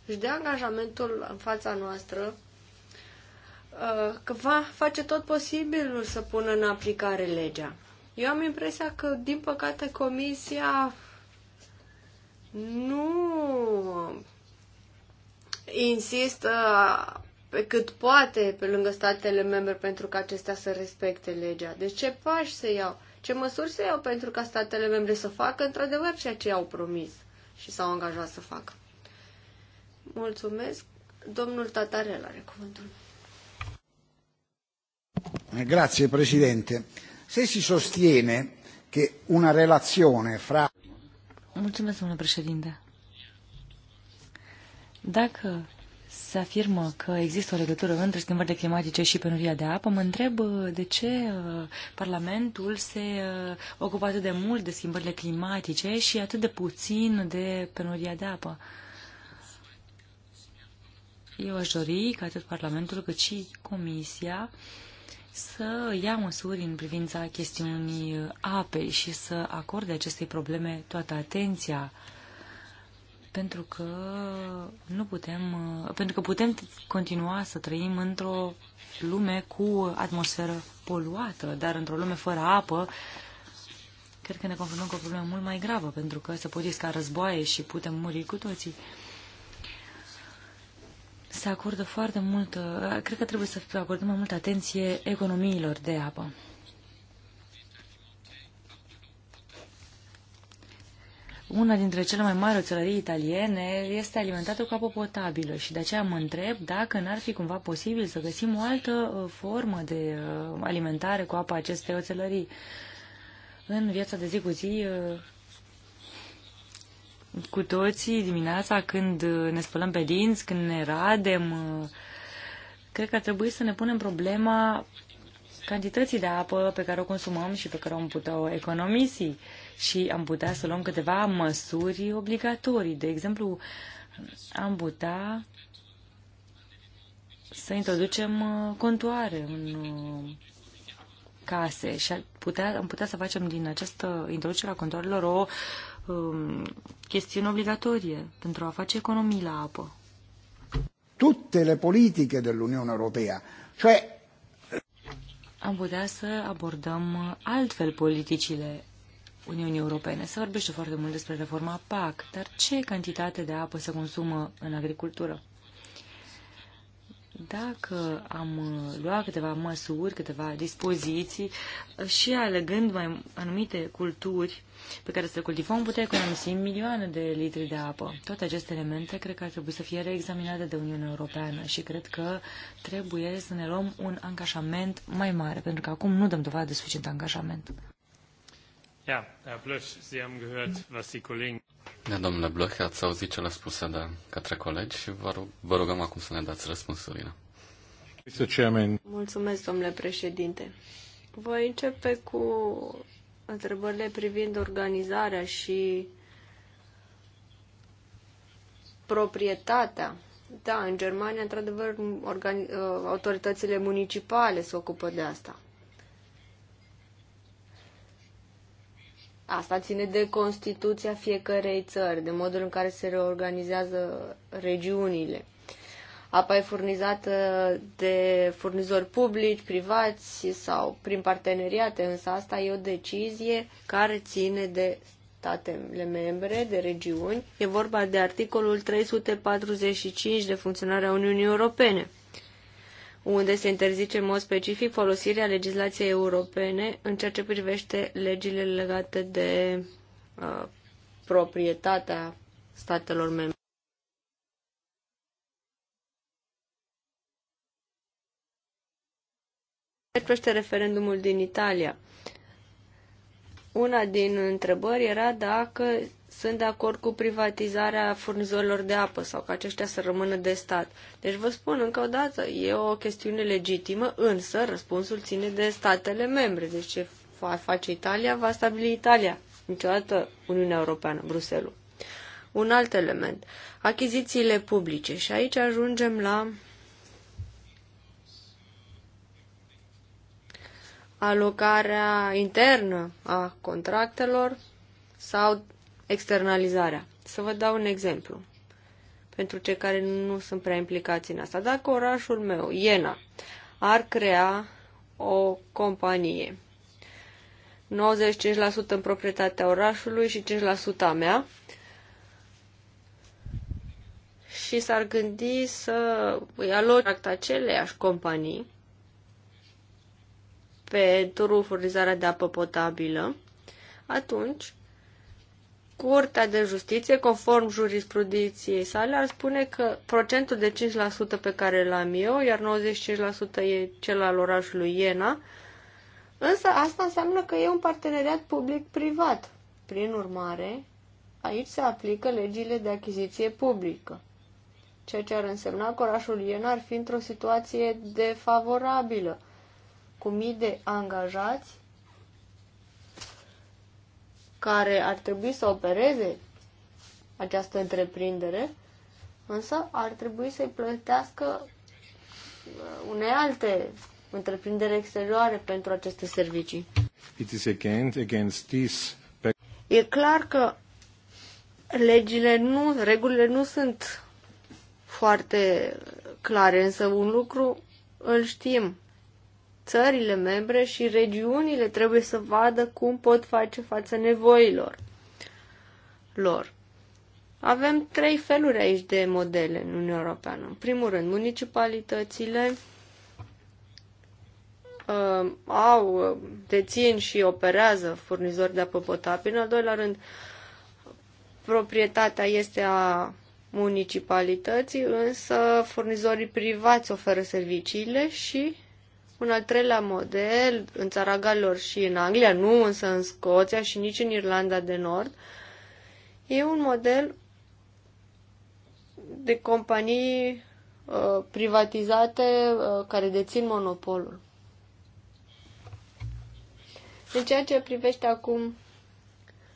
își dea angajamentul în fața noastră uh, că va face tot posibilul să pună în aplicare legea. Eu am impresia că, din păcate, Comisia nu insistă pe cât poate pe lângă statele membre pentru ca acestea să respecte legea. Deci ce pași se iau? Ce măsuri se iau pentru ca statele membre să facă într-adevăr ceea ce au promis și s-au angajat să facă? Mulțumesc. Domnul Tatarel are cuvântul. Grazie, Presidente. Se si sostiene che una relazione fra... Mulțumesc, domnule președinte. Dacă se afirmă că există o legătură între schimbările climatice și penuria de apă. Mă întreb uh, de ce uh, Parlamentul se uh, ocupă atât de mult de schimbările climatice și atât de puțin de penuria de apă. Eu aș dori ca atât Parlamentul cât și Comisia să ia măsuri în privința chestiunii apei și să acorde acestei probleme toată atenția pentru că nu putem, pentru că putem continua să trăim într-o lume cu atmosferă poluată, dar într-o lume fără apă, cred că ne confruntăm cu o problemă mult mai gravă, pentru că se pot isca războaie și putem muri cu toții. Se acordă foarte mult, cred că trebuie să acordăm mai multă atenție economiilor de apă. una dintre cele mai mari oțelării italiene este alimentată cu apă potabilă și de aceea mă întreb dacă n-ar fi cumva posibil să găsim o altă uh, formă de uh, alimentare cu apa acestei oțelării. În viața de zi cu zi, uh, cu toții dimineața când ne spălăm pe dinți, când ne radem, cred că ar trebui să ne punem problema cantității de apă pe care o consumăm și pe care o am putea o economisi și am putea să luăm câteva măsuri obligatorii. De exemplu, am putea să introducem uh, contoare în uh, case și putea, am putea să facem din această introducere a contoarelor o um, chestiune obligatorie pentru a face economii la apă. Toate le politiche dell'Unione Europea, cioè am putea să abordăm altfel politicile Uniunii Europene. Se vorbește foarte mult despre reforma PAC, dar ce cantitate de apă se consumă în agricultură? Dacă am uh, luat câteva măsuri, câteva dispoziții uh, și alegând mai anumite culturi pe care să le cultivăm, putem economisi milioane de litri de apă. Toate aceste elemente cred că ar trebui să fie reexaminate de Uniunea Europeană și cred că trebuie să ne luăm un angajament mai mare, pentru că acum nu dăm dovadă de suficient angajament. Ja, Herr Blöch, Sie haben gehört, was die Kollegen... Da, domnule Bloch, ați auzit cele spuse de către colegi și vă, rug, vă rugăm acum să ne dați răspunsurile. Mulțumesc, domnule președinte. Voi începe cu întrebările privind organizarea și proprietatea. Da, în Germania, într-adevăr, organi- ă, autoritățile municipale se ocupă de asta. Asta ține de Constituția fiecărei țări, de modul în care se reorganizează regiunile. Apa e furnizată de furnizori publici, privați sau prin parteneriate, însă asta e o decizie care ține de statele membre, de regiuni. E vorba de articolul 345 de funcționarea Uniunii Europene unde se interzice în mod specific folosirea legislației europene în ceea ce privește legile legate de uh, proprietatea statelor membre. Privește referendumul din Italia. Una din întrebări era dacă sunt de acord cu privatizarea furnizorilor de apă sau că aceștia să rămână de stat. Deci vă spun încă o dată, e o chestiune legitimă, însă răspunsul ține de statele membre. Deci ce va face Italia, va stabili Italia. Niciodată Uniunea Europeană, Bruselul. Un alt element, achizițiile publice. Și aici ajungem la alocarea internă a contractelor sau externalizarea. Să vă dau un exemplu pentru cei care nu sunt prea implicați în asta. Dacă orașul meu, Iena, ar crea o companie, 95% în proprietatea orașului și 5% a mea, și s-ar gândi să îi aloc aceleași companii pentru furnizarea de apă potabilă, atunci Curtea de Justiție, conform jurisprudenției sale, ar spune că procentul de 5% pe care l am eu, iar 95% e cel al orașului Iena, însă asta înseamnă că e un parteneriat public-privat. Prin urmare, aici se aplică legile de achiziție publică, ceea ce ar însemna că orașul Iena ar fi într-o situație defavorabilă, cu mii de angajați care ar trebui să opereze această întreprindere, însă ar trebui să-i plătească uh, unei alte întreprinderi exterioare pentru aceste servicii. It is again against this... E clar că legile nu, regulile nu sunt foarte clare, însă un lucru îl știm țările membre și regiunile trebuie să vadă cum pot face față nevoilor lor. Avem trei feluri aici de modele în Uniunea Europeană. În primul rând, municipalitățile uh, au, dețin și operează furnizori de apă potabilă. În al doilea rând, proprietatea este a municipalității, însă furnizorii privați oferă serviciile și un al treilea model în țara Galilor și în Anglia, nu însă în Scoția și nici în Irlanda de Nord, e un model de companii uh, privatizate uh, care dețin monopolul. În ceea ce privește acum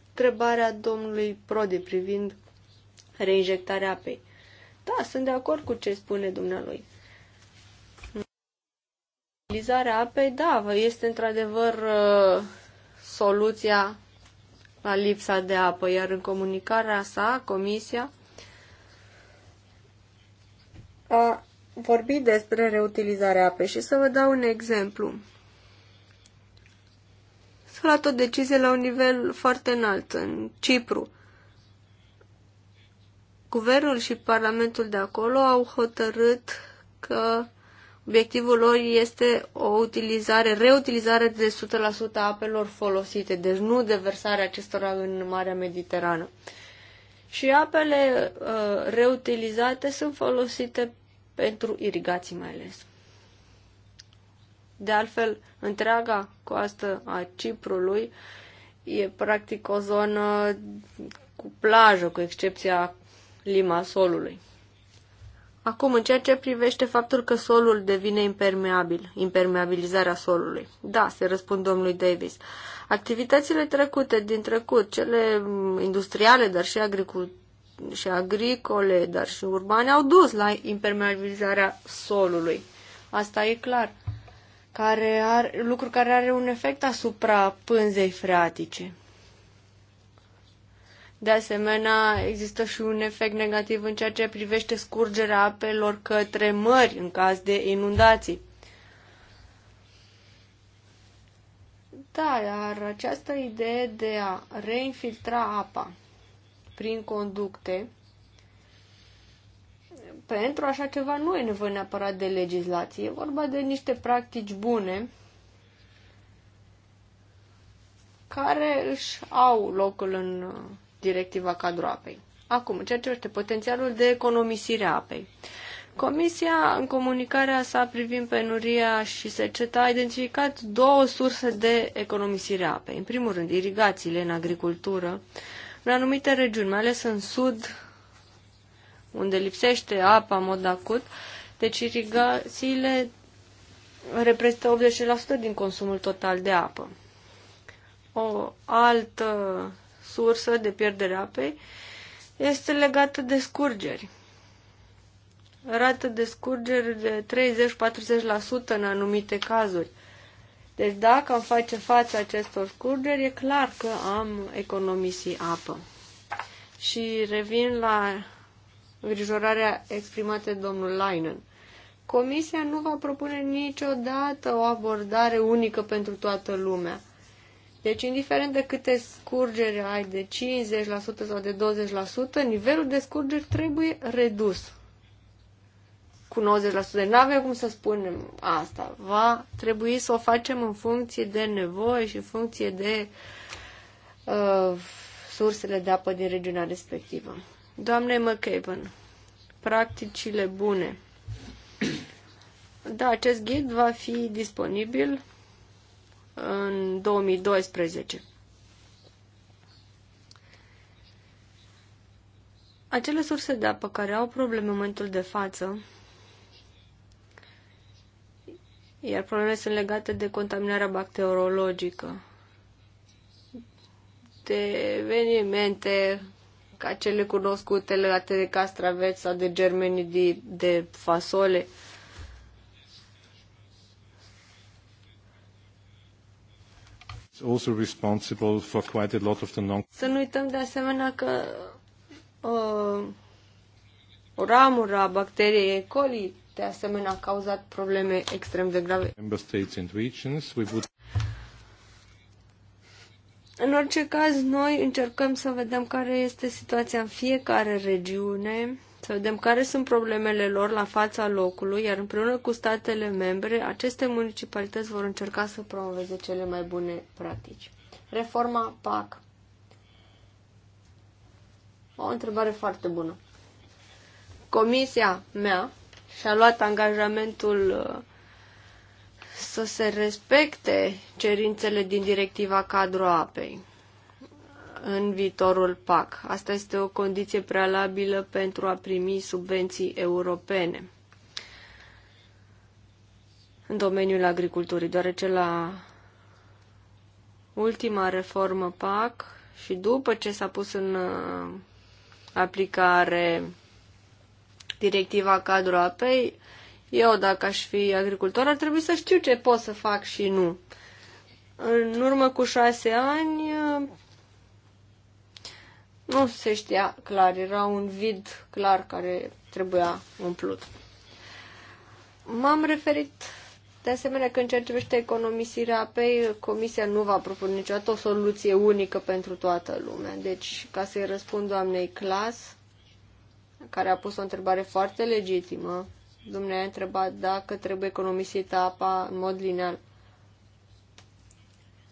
întrebarea domnului Prodi privind reinjectarea apei. Da, sunt de acord cu ce spune dumnealui. Utilizarea apei, da, este într-adevăr uh, soluția la lipsa de apă, iar în comunicarea sa, Comisia a vorbit despre reutilizarea apei și să vă dau un exemplu. S-a luat o decizie la un nivel foarte înalt, în Cipru. Guvernul și Parlamentul de acolo au hotărât că Obiectivul lor este o utilizare, reutilizare de 100% a apelor folosite, deci nu deversarea acestora în Marea Mediterană. Și apele uh, reutilizate sunt folosite pentru irigații mai ales. De altfel, întreaga coastă a Ciprului e practic o zonă cu plajă, cu excepția Limasolului. Acum, în ceea ce privește faptul că solul devine impermeabil, impermeabilizarea solului. Da, se răspund domnului Davis. Activitățile trecute din trecut, cele industriale, dar și, agricu- și agricole, dar și urbane, au dus la impermeabilizarea solului. Asta e clar. Care are, lucru care are un efect asupra pânzei freatice. De asemenea, există și un efect negativ în ceea ce privește scurgerea apelor către mări în caz de inundații. Da, iar această idee de a reinfiltra apa prin conducte, pentru așa ceva nu e nevoie neapărat de legislație, e vorba de niște practici bune care își au locul în directiva cadru apei. Acum, în ceea ce este potențialul de economisire a apei. Comisia, în comunicarea sa privind penuria și seceta, a identificat două surse de economisire a apei. În primul rând, irigațiile în agricultură, în anumite regiuni, mai ales în sud, unde lipsește apa în mod acut, deci irigațiile reprezintă 80% din consumul total de apă. O altă sursă de pierdere apei este legată de scurgeri. Rată de scurgeri de 30-40% în anumite cazuri. Deci dacă am face față acestor scurgeri, e clar că am economisi apă. Și revin la îngrijorarea exprimată de domnul Leinen. Comisia nu va propune niciodată o abordare unică pentru toată lumea. Deci, indiferent de câte scurgeri ai, de 50% sau de 20%, nivelul de scurgeri trebuie redus. Cu 90% nu avem cum să spunem asta. Va trebui să o facem în funcție de nevoie și în funcție de uh, sursele de apă din regiunea respectivă. Doamne McCaven, practicile bune. Da, acest ghid va fi disponibil în 2012. Acele surse de apă care au probleme în momentul de față, iar problemele sunt legate de contaminarea bacteriologică, de evenimente ca cele cunoscute legate de castraveți sau de germeni de, de fasole, also responsible for quite a lot of the non Să nu uităm de asemenea că uh, o ramură a bacteriei E. coli de asemenea a cauzat probleme extrem de grave. Member states and regions, we would... În orice caz, noi încercăm să vedem care este situația în fiecare regiune să vedem care sunt problemele lor la fața locului, iar împreună cu statele membre, aceste municipalități vor încerca să promoveze cele mai bune practici. Reforma PAC. O întrebare foarte bună. Comisia mea și-a luat angajamentul uh, să se respecte cerințele din directiva cadru apei în viitorul PAC. Asta este o condiție prealabilă pentru a primi subvenții europene în domeniul agriculturii, deoarece la ultima reformă PAC și după ce s-a pus în uh, aplicare directiva cadru apei, eu dacă aș fi agricultor ar trebui să știu ce pot să fac și nu. În urmă cu șase ani uh, nu se știa clar, era un vid clar care trebuia umplut. M-am referit de asemenea că în ceea ce privește economisirea apei, Comisia nu va propune niciodată o soluție unică pentru toată lumea. Deci, ca să-i răspund doamnei Clas, care a pus o întrebare foarte legitimă, dumneavoastră a întrebat dacă trebuie economisită apa în mod lineal.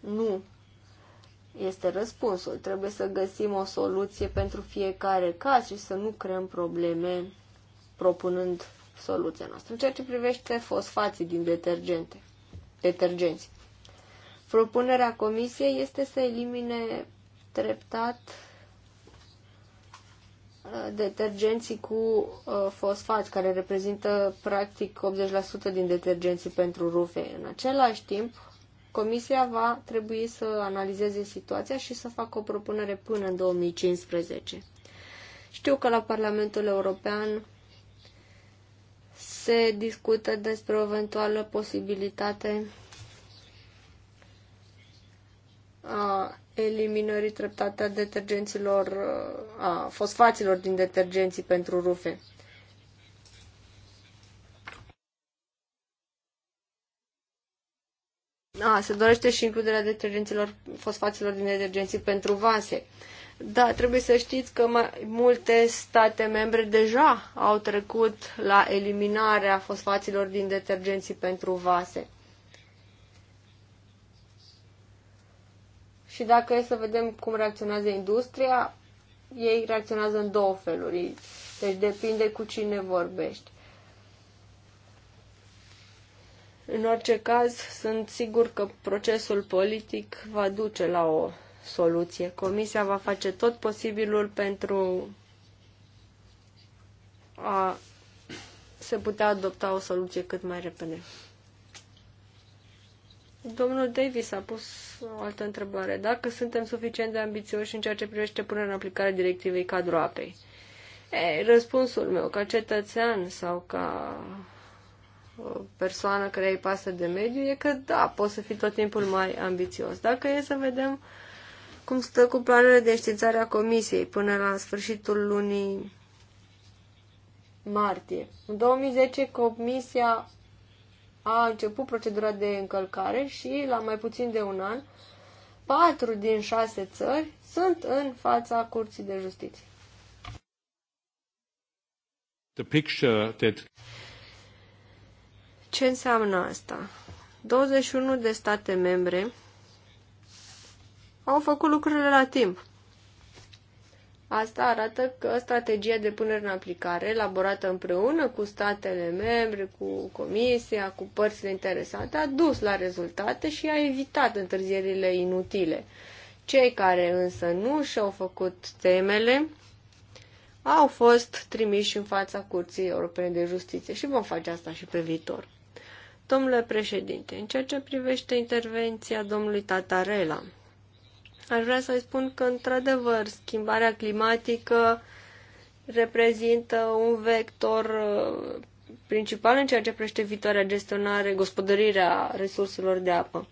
Nu, este răspunsul. Trebuie să găsim o soluție pentru fiecare caz și să nu creăm probleme propunând soluția noastră. În ceea ce privește fosfații din detergente, detergenți, propunerea comisiei este să elimine treptat uh, detergenții cu uh, fosfați, care reprezintă practic 80% din detergenții pentru rufe. În același timp, Comisia va trebui să analizeze situația și să facă o propunere până în 2015. Știu că la Parlamentul European se discută despre o eventuală posibilitate a eliminării treptate a detergenților, a fosfaților din detergenții pentru rufe. A, se dorește și includerea detergenților, fosfaților din detergenții pentru vase. Da, trebuie să știți că mai multe state membre deja au trecut la eliminarea fosfaților din detergenții pentru vase. Și dacă e să vedem cum reacționează industria, ei reacționează în două feluri. Deci depinde cu cine vorbești. În orice caz, sunt sigur că procesul politic va duce la o soluție. Comisia va face tot posibilul pentru a se putea adopta o soluție cât mai repede. Domnul Davis a pus o altă întrebare. Dacă suntem suficient de ambițioși în ceea ce privește punerea în aplicare directivei cadru apei? Ei, răspunsul meu, ca cetățean sau ca persoană care îi pasă de mediu e că, da, poți să fii tot timpul mai ambițios. Dacă e să vedem cum stă cu planurile de științare a comisiei până la sfârșitul lunii martie. În 2010 comisia a început procedura de încălcare și la mai puțin de un an, patru din șase țări sunt în fața Curții de Justiție. The picture that... Ce înseamnă asta? 21 de state membre au făcut lucrurile la timp. Asta arată că strategia de punere în aplicare, elaborată împreună cu statele membre, cu comisia, cu părțile interesate, a dus la rezultate și a evitat întârzierile inutile. Cei care însă nu și-au făcut temele au fost trimiși în fața Curții Europene de Justiție și vom face asta și pe viitor. Domnule președinte, în ceea ce privește intervenția domnului Tatarela, aș vrea să-i spun că, într-adevăr, schimbarea climatică reprezintă un vector uh, principal în ceea ce privește viitoarea gestionare, gospodărirea resurselor de apă.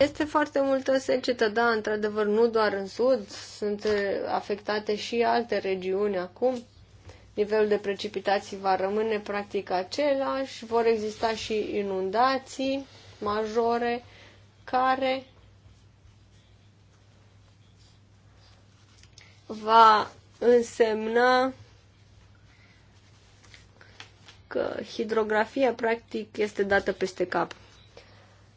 Este foarte multă secetă, da, într-adevăr, nu doar în sud, sunt eh, afectate și alte regiuni acum. Nivelul de precipitații va rămâne practic același, vor exista și inundații majore care va însemna că hidrografia practic este dată peste cap.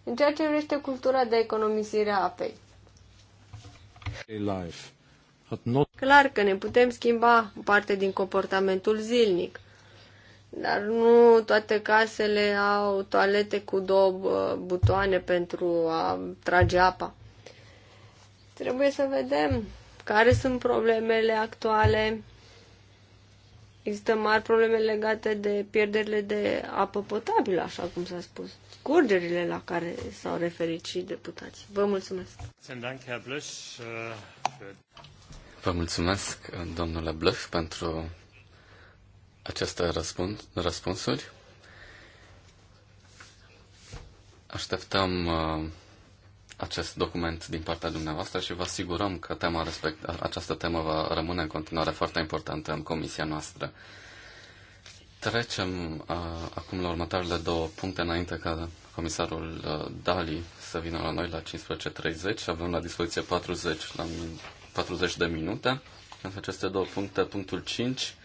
În ceea ce vrește cultura de economisire a apei. Clar că ne putem schimba parte din comportamentul zilnic, dar nu toate casele au toalete cu două butoane pentru a trage apa. Trebuie să vedem care sunt problemele actuale. Există mari probleme legate de pierderile de apă potabilă, așa cum s-a spus scurgerile la care s-au referit și deputații. Vă mulțumesc! Vă mulțumesc, domnule Blăș, pentru aceste răspund, răspunsuri. Așteptăm uh, acest document din partea dumneavoastră și vă asigurăm că tema respect, această temă va rămâne în continuare foarte importantă în comisia noastră. Trecem uh, acum la următoarele două puncte înainte ca comisarul uh, Dali să vină la noi la 15.30. Avem la dispoziție 40, la 40 de minute. Pentru aceste două puncte, punctul 5,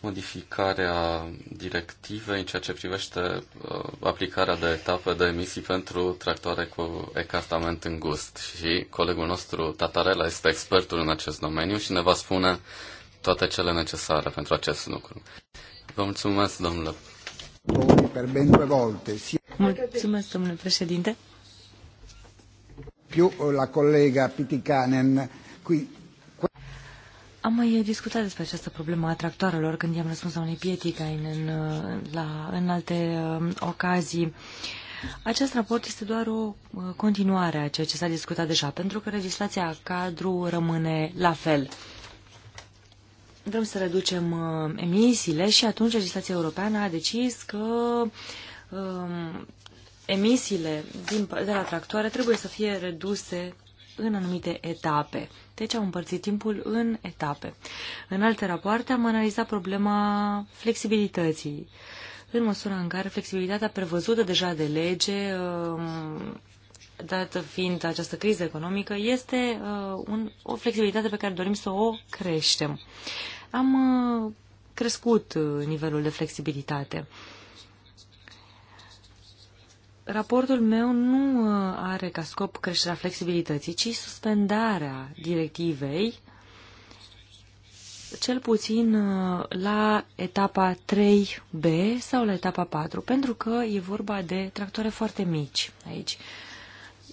modificarea directivei în ceea ce privește uh, aplicarea de etape de emisii pentru tractoare cu ecartament îngust. Și colegul nostru, Tatarela, este expertul în acest domeniu și ne va spune toate cele necesare pentru acest lucru. Vă mulțumesc, domnule. Mulțumesc, domnule președinte. Più eh, la colega Pitikanen, qui am mai discutat despre această problemă a tractoarelor când i-am răspuns la unei în, eh, la, în alte eh, ocazii. Acest raport este doar o continuare a ceea ce s-a discutat deja, pentru că legislația cadru rămâne la fel vrem să reducem uh, emisiile și atunci legislația europeană a decis că uh, emisiile din, de la tractoare trebuie să fie reduse în anumite etape. Deci au împărțit timpul în etape. În alte rapoarte am analizat problema flexibilității. În măsura în care flexibilitatea prevăzută deja de lege uh, dată fiind această criză economică, este uh, un, o flexibilitate pe care dorim să o creștem. Am uh, crescut uh, nivelul de flexibilitate. Raportul meu nu uh, are ca scop creșterea flexibilității, ci suspendarea directivei, cel puțin uh, la etapa 3B sau la etapa 4, pentru că e vorba de tractoare foarte mici aici. Uh,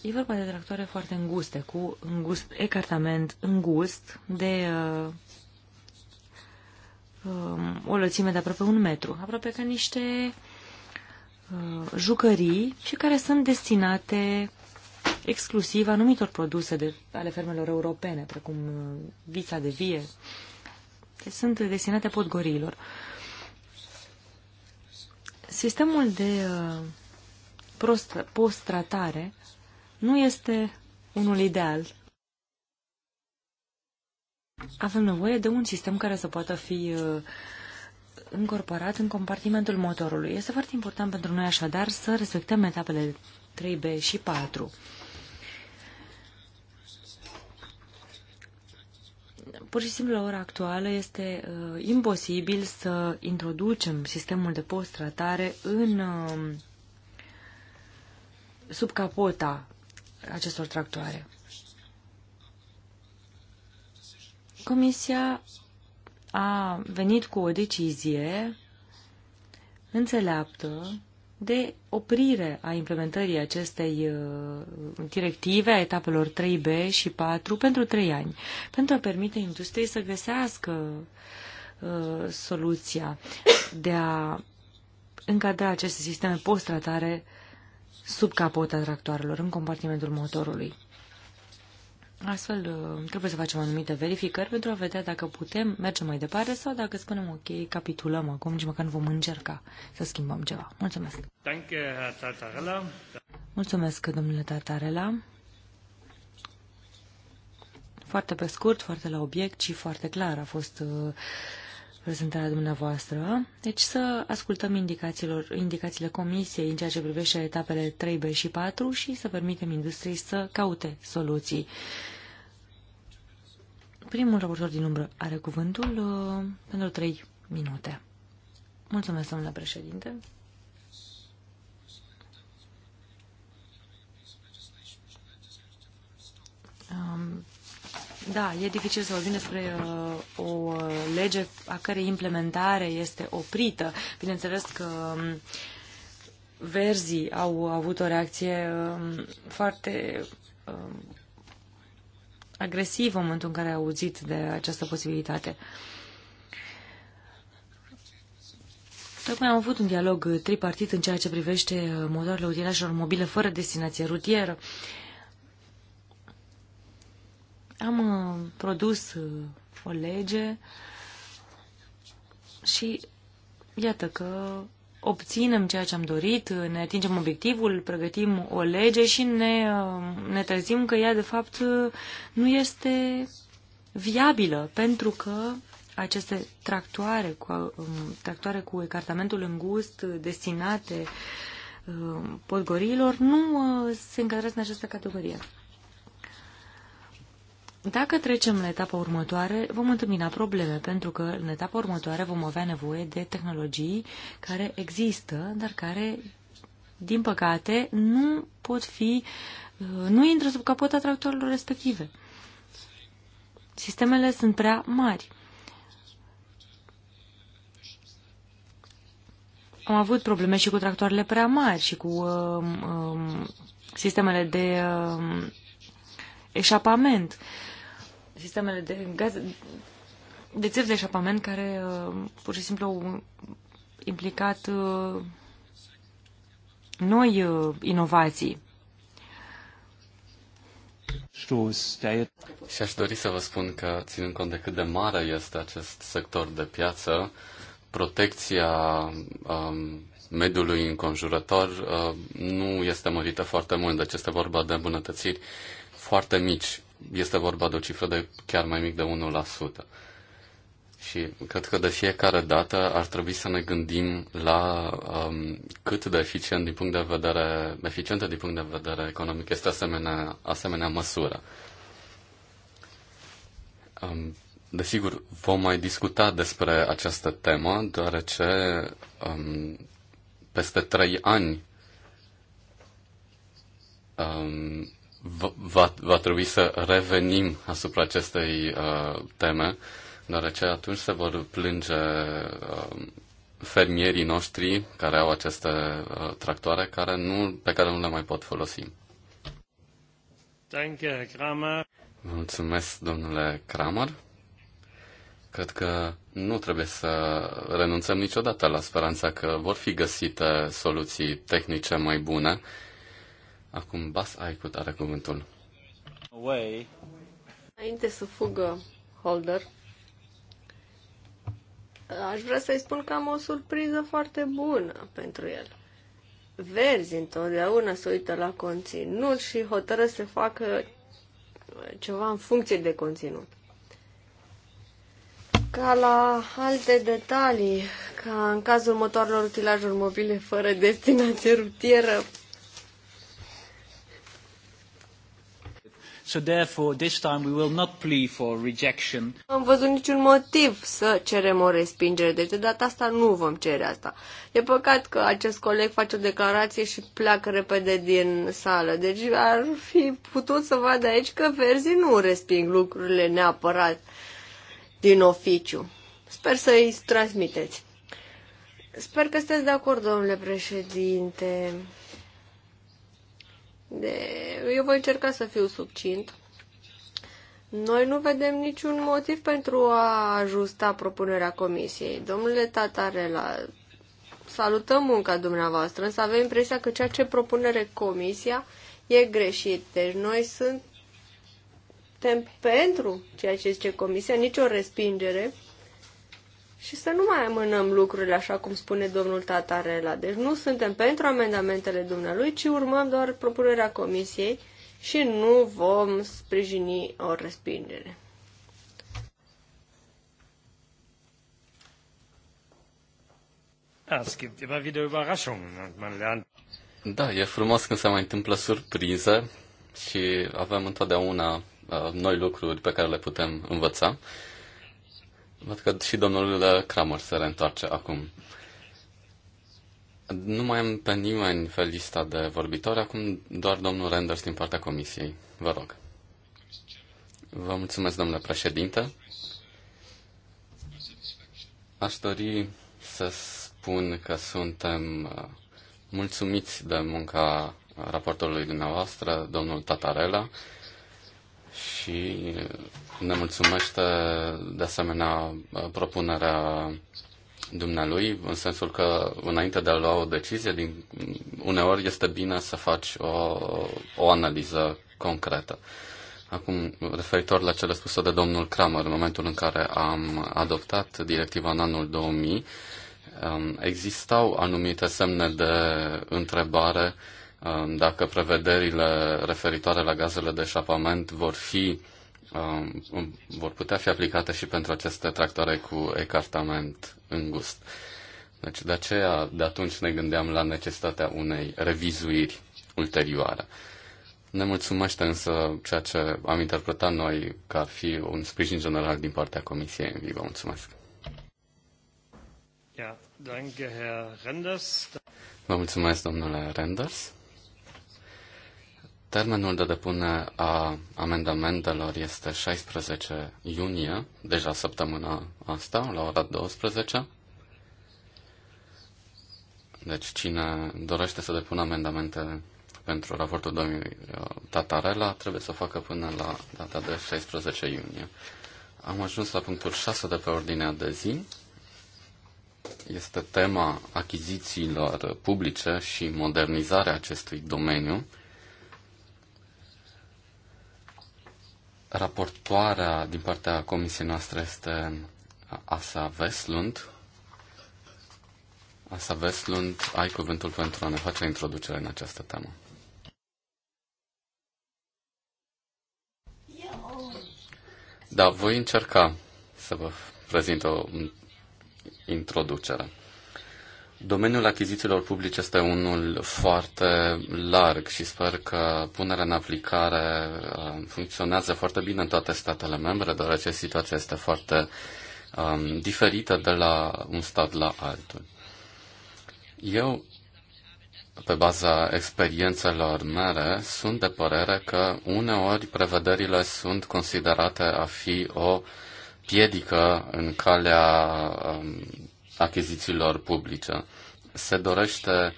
E vorba de tractoare foarte înguste, cu îngust, ecartament îngust de uh, uh, o lățime de aproape un metru, aproape ca niște uh, jucării și care sunt destinate exclusiv anumitor produse de, ale fermelor europene, precum uh, vița de vie, deci sunt destinate podgorilor. Sistemul de uh, post-tratare nu este unul ideal. Avem nevoie de un sistem care să poată fi încorporat uh, în compartimentul motorului. Este foarte important pentru noi așadar să respectăm etapele 3B și 4. Pur și simplu, la ora actuală este uh, imposibil să introducem sistemul de post-tratare în uh, sub capota acestor tractoare. Comisia a venit cu o decizie înțeleaptă de oprire a implementării acestei uh, directive, a etapelor 3B și 4, pentru 3 ani, pentru a permite industriei să găsească uh, soluția de a încadra aceste sisteme post-tratare uh, sub capota tractoarelor, în compartimentul motorului. Astfel, uh, trebuie să facem anumite verificări pentru a vedea dacă putem merge mai departe sau dacă spunem ok, capitulăm acum, nici măcar nu vom încerca să schimbăm ceva. Mulțumesc! Mulțumesc, domnule Tatarela! Foarte pe scurt, foarte la obiect și foarte clar a fost uh, prezentarea dumneavoastră. Deci să ascultăm indicațiilor, indicațiile comisiei în ceea ce privește etapele 3B și 4 și să permitem industriei să caute soluții. Primul raportor din umbră are cuvântul uh, pentru 3 minute. Mulțumesc, domnule președinte. Um, da, e dificil să vorbim despre uh, o uh, lege a cărei implementare este oprită. Bineînțeles că um, verzii au avut o reacție um, foarte um, agresivă în momentul în care au auzit de această posibilitate. Tocmai am avut un dialog tripartit în ceea ce privește uh, motoarele utilajelor mobile fără destinație rutieră. Uh, am uh, produs uh, o lege și iată că obținem ceea ce am dorit, ne atingem obiectivul, pregătim o lege și ne, uh, ne trezim că ea, de fapt, nu este viabilă, pentru că aceste tractoare cu, um, tractoare cu ecartamentul îngust destinate podgorilor nu se încadrează în această categorie. Dacă trecem la etapa următoare, vom întâmpina probleme, pentru că în etapa următoare vom avea nevoie de tehnologii care există, dar care, din păcate, nu pot fi, uh, nu intră sub capota tractorilor respective. Sistemele sunt prea mari. Am avut probleme și cu tractoarele prea mari și cu um, um, sistemele de um, eșapament. Uh, sistemele de gaz de țevi de eșapament care uh, pur și simplu au implicat uh, noi uh, inovații. Și aș dori să vă spun că, ținând cont de cât de mare este acest sector de piață, protecția um, mediului înconjurător uh, nu este mărită foarte mult, deci este vorba de îmbunătățiri foarte mici este vorba de o cifră de chiar mai mic de 1%. Și cred că de fiecare dată ar trebui să ne gândim la um, cât de eficient din punct de vedere, eficientă din punct de vedere economic este asemenea, asemenea măsură. Um, desigur, vom mai discuta despre această temă, deoarece um, peste trei ani um, va, va trebui să revenim asupra acestei uh, teme, deoarece atunci se vor plânge uh, fermierii noștri care au aceste uh, tractoare care nu, pe care nu le mai pot folosi. Danke, Kramer. Mulțumesc, domnule Kramer. Cred că nu trebuie să renunțăm niciodată la speranța că vor fi găsite soluții tehnice mai bune Acum Bas Aicut are cuvântul. Away. Înainte să fugă Holder, aș vrea să-i spun că am o surpriză foarte bună pentru el. Verzi întotdeauna se uită la conținut și hotără să facă ceva în funcție de conținut. Ca la alte detalii, ca în cazul motoarelor utilajuri mobile fără destinație rutieră, So therefore, this time we will not plea for rejection. Am văzut niciun motiv să cerem o respingere, deci de data asta nu vom cere asta. E păcat că acest coleg face o declarație și pleacă repede din sală, deci ar fi putut să vadă aici că verzi nu resping lucrurile neapărat din oficiu. Sper să îi transmiteți. Sper că sunteți de acord, domnule președinte. De... Eu voi încerca să fiu subcint. Noi nu vedem niciun motiv pentru a ajusta propunerea comisiei. Domnule Tatarela, salutăm munca dumneavoastră, însă avem impresia că ceea ce propune comisia e greșit. Deci noi suntem pentru ceea ce zice comisia, nicio respingere și să nu mai amânăm lucrurile așa cum spune domnul Tatarela. Deci nu suntem pentru amendamentele dumnealui, ci urmăm doar propunerea comisiei și nu vom sprijini o respingere. Es gibt immer wieder Überraschungen und man lernt. Da, e frumos când se mai întâmplă surprize și avem întotdeauna uh, noi lucruri pe care le putem învăța. Văd că și domnul Kramer se reîntoarce acum. Nu mai am pe nimeni pe lista de vorbitori, acum doar domnul Renders din partea comisiei. Vă rog. Vă mulțumesc, domnule președinte. Aș dori să spun că suntem uh, mulțumiți de munca raportorului dumneavoastră, domnul Tatarela, și uh, ne mulțumește de asemenea propunerea dumnealui, în sensul că înainte de a lua o decizie, din, uneori este bine să faci o, o analiză concretă. Acum, referitor la cele spuse de domnul Kramer, în momentul în care am adoptat directiva în anul 2000, um, existau anumite semne de întrebare um, dacă prevederile referitoare la gazele de eșapament vor fi uh, Um, vor putea fi aplicate și pentru aceste tractoare cu ecartament îngust. Deci de aceea de atunci ne gândeam la necesitatea unei revizuiri ulterioare. Ne mulțumește însă ceea ce am interpretat noi că ar fi un sprijin general din partea Comisiei în Vă mulțumesc. Ja, danke, Herr Renders. Vă mulțumesc, domnule Renders. Termenul de depunere a amendamentelor este 16 iunie, deja săptămâna asta, la ora 12. Deci cine dorește să depună amendamente pentru raportul domnului uh, Tatarela trebuie să o facă până la data de 16 iunie. Am ajuns la punctul 6 de pe ordinea de zi. Este tema achizițiilor publice și modernizarea acestui domeniu. Raportoarea din partea comisiei noastre este Asa Veslund. Asa Veslund, ai cuvântul pentru a ne face introducere în această temă. Da, voi încerca să vă prezint o introducere. Domeniul achizițiilor publice este unul foarte larg și sper că punerea în aplicare um, funcționează foarte bine în toate statele membre, deoarece situația este foarte um, diferită de la un stat la altul. Eu, pe baza experiențelor mele, sunt de părere că uneori prevederile sunt considerate a fi o piedică în calea um, achizițiilor publice. Se dorește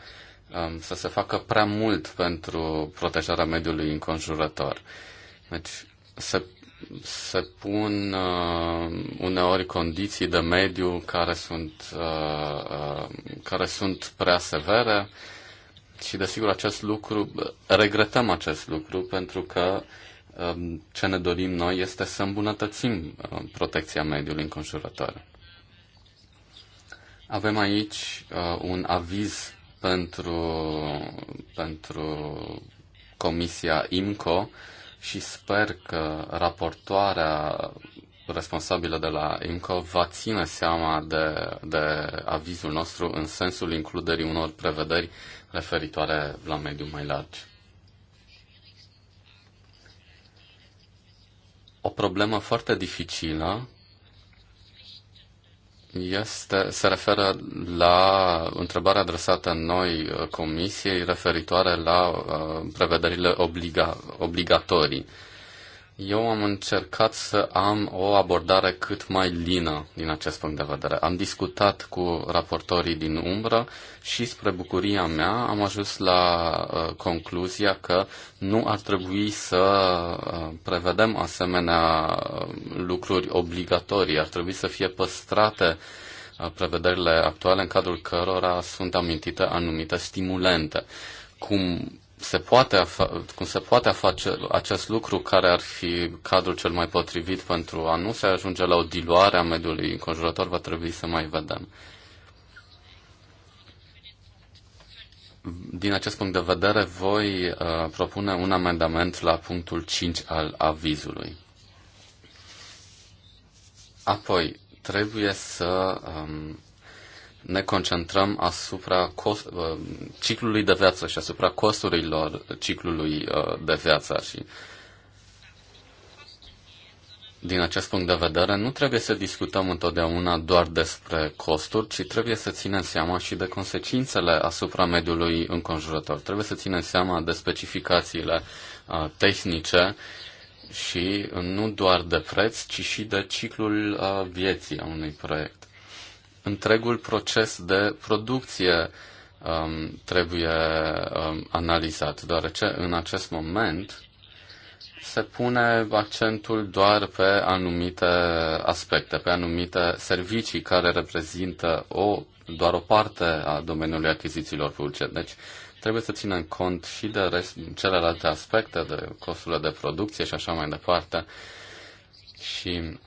um, să se facă prea mult pentru protejarea mediului înconjurător. Deci se, se pun uh, uneori condiții de mediu care sunt, uh, uh, care sunt prea severe și desigur acest lucru, regretăm acest lucru pentru că um, ce ne dorim noi este să îmbunătățim uh, protecția mediului înconjurător. Avem aici uh, un aviz pentru, pentru Comisia IMCO și sper că raportoarea responsabilă de la IMCO va ține seama de, de avizul nostru în sensul includerii unor prevederi referitoare la mediul mai larg. O problemă foarte dificilă este, se referă la întrebarea adresată noi uh, Comisiei referitoare la uh, prevederile obliga, obligatorii. Uh, eu am încercat să am o abordare cât mai lină din acest punct de vedere. Am discutat cu raportorii din umbră și spre bucuria mea am ajuns la uh, concluzia că nu ar trebui să uh, prevedem asemenea uh, lucruri obligatorii. Ar trebui să fie păstrate uh, prevederile actuale în cadrul cărora sunt amintite anumite stimulente. Cum se poate, cum se poate face acest lucru, care ar fi cadrul cel mai potrivit pentru a nu se ajunge la o diluare a mediului înconjurător, va trebui să mai vedem. Din acest punct de vedere, voi uh, propune un amendament la punctul 5 al avizului. Apoi, trebuie să um, ne concentrăm asupra cost, uh, ciclului de viață și asupra costurilor ciclului uh, de viață și din acest punct de vedere, nu trebuie să discutăm întotdeauna doar despre costuri, ci trebuie să ținem seama și de consecințele asupra mediului înconjurător. Trebuie să ținem seama de specificațiile uh, tehnice și nu doar de preț, ci și de ciclul uh, vieții a unui proiect întregul proces de producție um, trebuie um, analizat, deoarece în acest moment se pune accentul doar pe anumite aspecte, pe anumite servicii care reprezintă o, doar o parte a domeniului achizițiilor publice. Deci trebuie să ținem cont și de rest, celelalte aspecte, de costurile de producție și așa mai departe. Și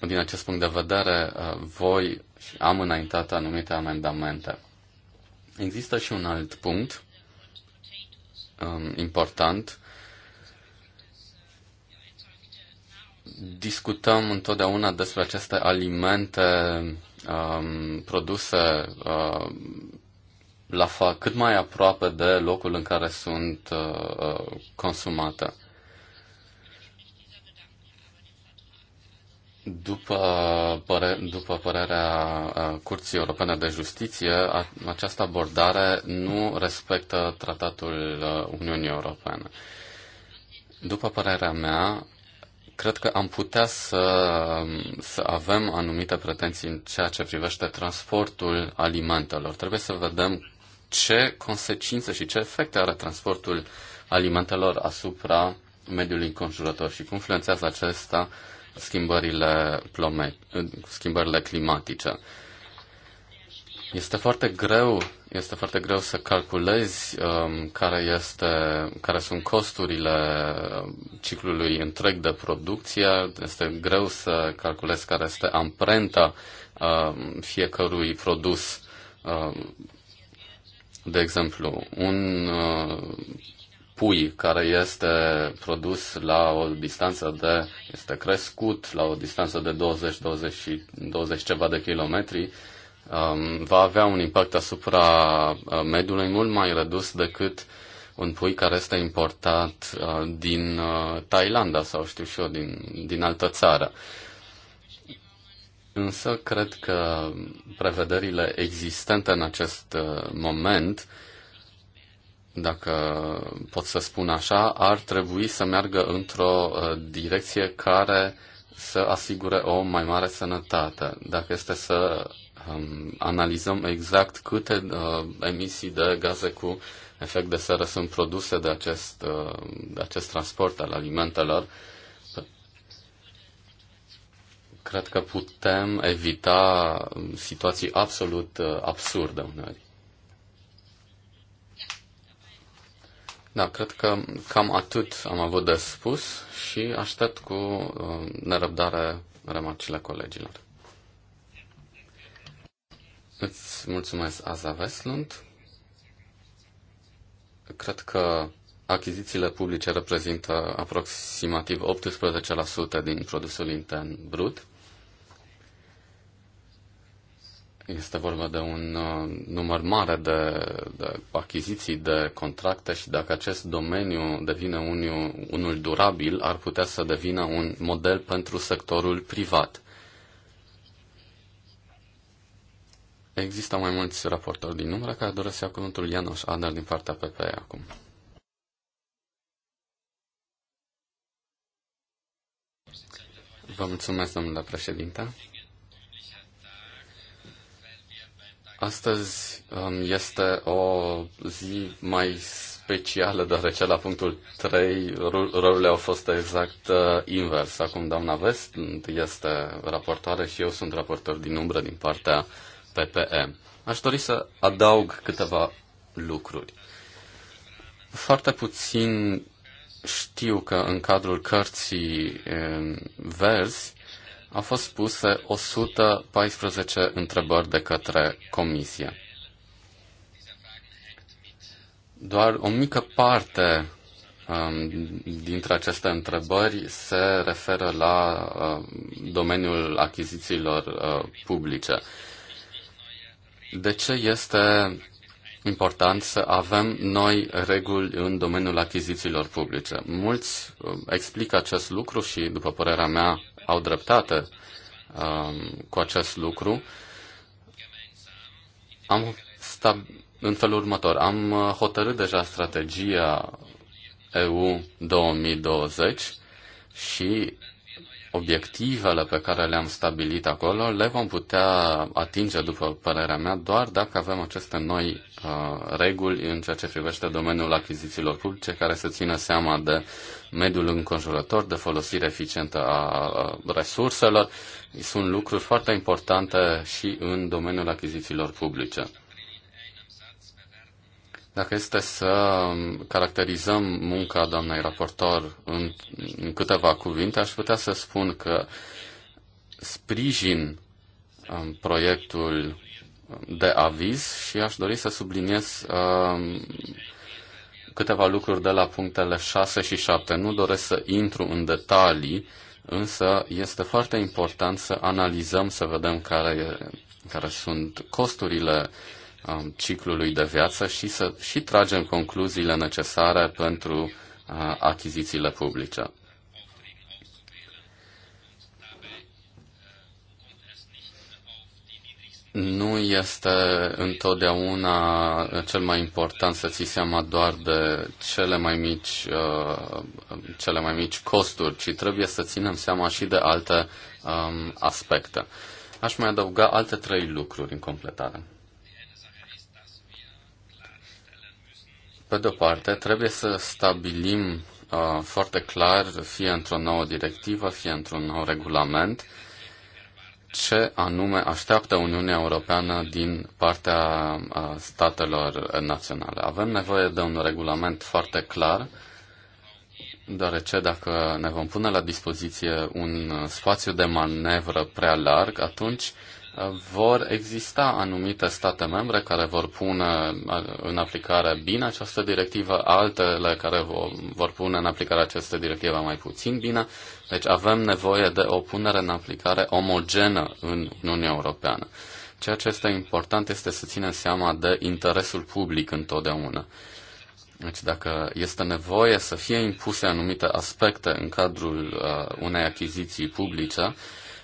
din acest punct de vedere, uh, voi și am înaintat anumite amendamente. Există și un alt punct um, important. Discutăm întotdeauna despre aceste alimente um, produse um, la fa- cât mai aproape de locul în care sunt uh, uh consumate. După, păre- după părerea Curții Europene de Justiție, această abordare nu respectă Tratatul Uniunii Europene. După părerea mea, cred că am putea să, să avem anumite pretenții în ceea ce privește transportul alimentelor. Trebuie să vedem ce consecințe și ce efecte are transportul alimentelor asupra mediului înconjurător și cum influențează acesta uh, schimbările, plome, schimbările climatice. Este foarte greu, este foarte greu să calculezi um, care, este, care sunt costurile ciclului întreg de producție, este greu să calculezi care este amprenta um, fiecărui produs. Um, de exemplu, un uh, pui care este produs la o distanță de, este crescut la o distanță de 20, 20 și 20 ceva de kilometri, um, va avea un impact asupra uh, mediului mult mai redus decât un pui care este importat uh, din uh, Thailanda sau știu și eu, din, din altă țară. Însă cred că prevederile existente în acest moment uh, dacă pot să spun așa, ar trebui să meargă într-o uh, direcție care să asigure o mai mare sănătate. Dacă este să um, analizăm exact câte uh, emisii de gaze cu efect de seră sunt produse de acest, uh, de acest transport al alimentelor, cred că putem evita um, situații absolut uh, absurde uneori. Da, cred că cam atât am avut de spus și aștept cu uh, nerăbdare remarcile colegilor. Îți mulțumesc, Aza Veslund. Cred că achizițiile publice reprezintă aproximativ 18% din produsul intern brut Este vorba de un uh, număr mare de, de achiziții, de contracte și dacă acest domeniu devine unul, unul durabil, ar putea să devină un model pentru sectorul privat. Există mai mulți raportori din număr care doresc să ia cuvântul Ianoș Adel din partea PPE acum. Vă mulțumesc, domnule președinte. Astăzi um, este o zi mai specială, deoarece la punctul 3 rolurile au fost exact uh, invers. Acum doamna Vest este raportoare și eu sunt raportor din umbră din partea PPE. Aș dori să adaug câteva lucruri. Foarte puțin știu că în cadrul cărții um, verzi au fost puse 114 întrebări de către comisie. Doar o mică parte um, dintre aceste întrebări se referă la uh, domeniul achizițiilor uh, publice. De ce este important să avem noi reguli în domeniul achizițiilor publice? Mulți uh, explică acest lucru și, după părerea mea, au dreptate um, cu acest lucru. Am stab- în felul următor, am uh, hotărât deja strategia EU 2020 și obiectivele pe care le-am stabilit acolo le vom putea atinge, după părerea mea, doar dacă avem aceste noi uh, reguli în ceea ce privește domeniul achizițiilor publice, care să țină seama de mediul înconjurător, de folosire eficientă a resurselor. Sunt lucruri foarte importante și în domeniul achizițiilor publice. Dacă este să caracterizăm munca doamnei raportor în, în câteva cuvinte, aș putea să spun că sprijin um, proiectul de aviz și aș dori să subliniez um, câteva lucruri de la punctele 6 și 7. Nu doresc să intru în detalii, însă este foarte important să analizăm, să vedem care, care sunt costurile uh, Um, ciclului de viață și să și tragem concluziile necesare pentru uh, achizițiile publice. Nu este întotdeauna cel mai important să ții seama doar de cele mai mici, uh, cele mai mici costuri, ci trebuie să ținem seama și de alte um, aspecte. Aș mai adăuga alte trei lucruri în completare. Pe de-o parte, trebuie să stabilim uh, foarte clar, fie într-o nouă directivă, fie într-un nou regulament, ce anume așteaptă Uniunea Europeană din partea uh, statelor naționale. Avem nevoie de un regulament foarte clar, deoarece dacă ne vom pune la dispoziție un uh, spațiu de manevră prea larg, atunci uh, vor exista anumite state membre care vor pune în aplicare bine această directivă, altele care vor pune în aplicare această directivă mai puțin bine. Deci avem nevoie de o punere în aplicare omogenă în Uniunea Europeană. Ceea ce este important este să ținem seama de interesul public întotdeauna. Deci dacă este nevoie să fie impuse anumite aspecte în cadrul uh, unei achiziții publice,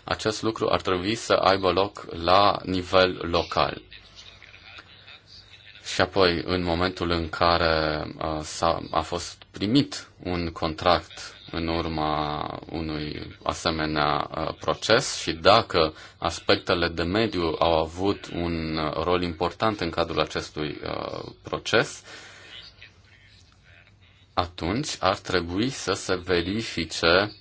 acest lucru ar trebui să aibă loc la nivel local. Și apoi, în momentul în care uh, a a fost primit un contract în urma unui asemenea uh, proces și dacă aspectele de mediu au avut un uh, rol important în cadrul acestui proces, atunci ar trebui să se verifice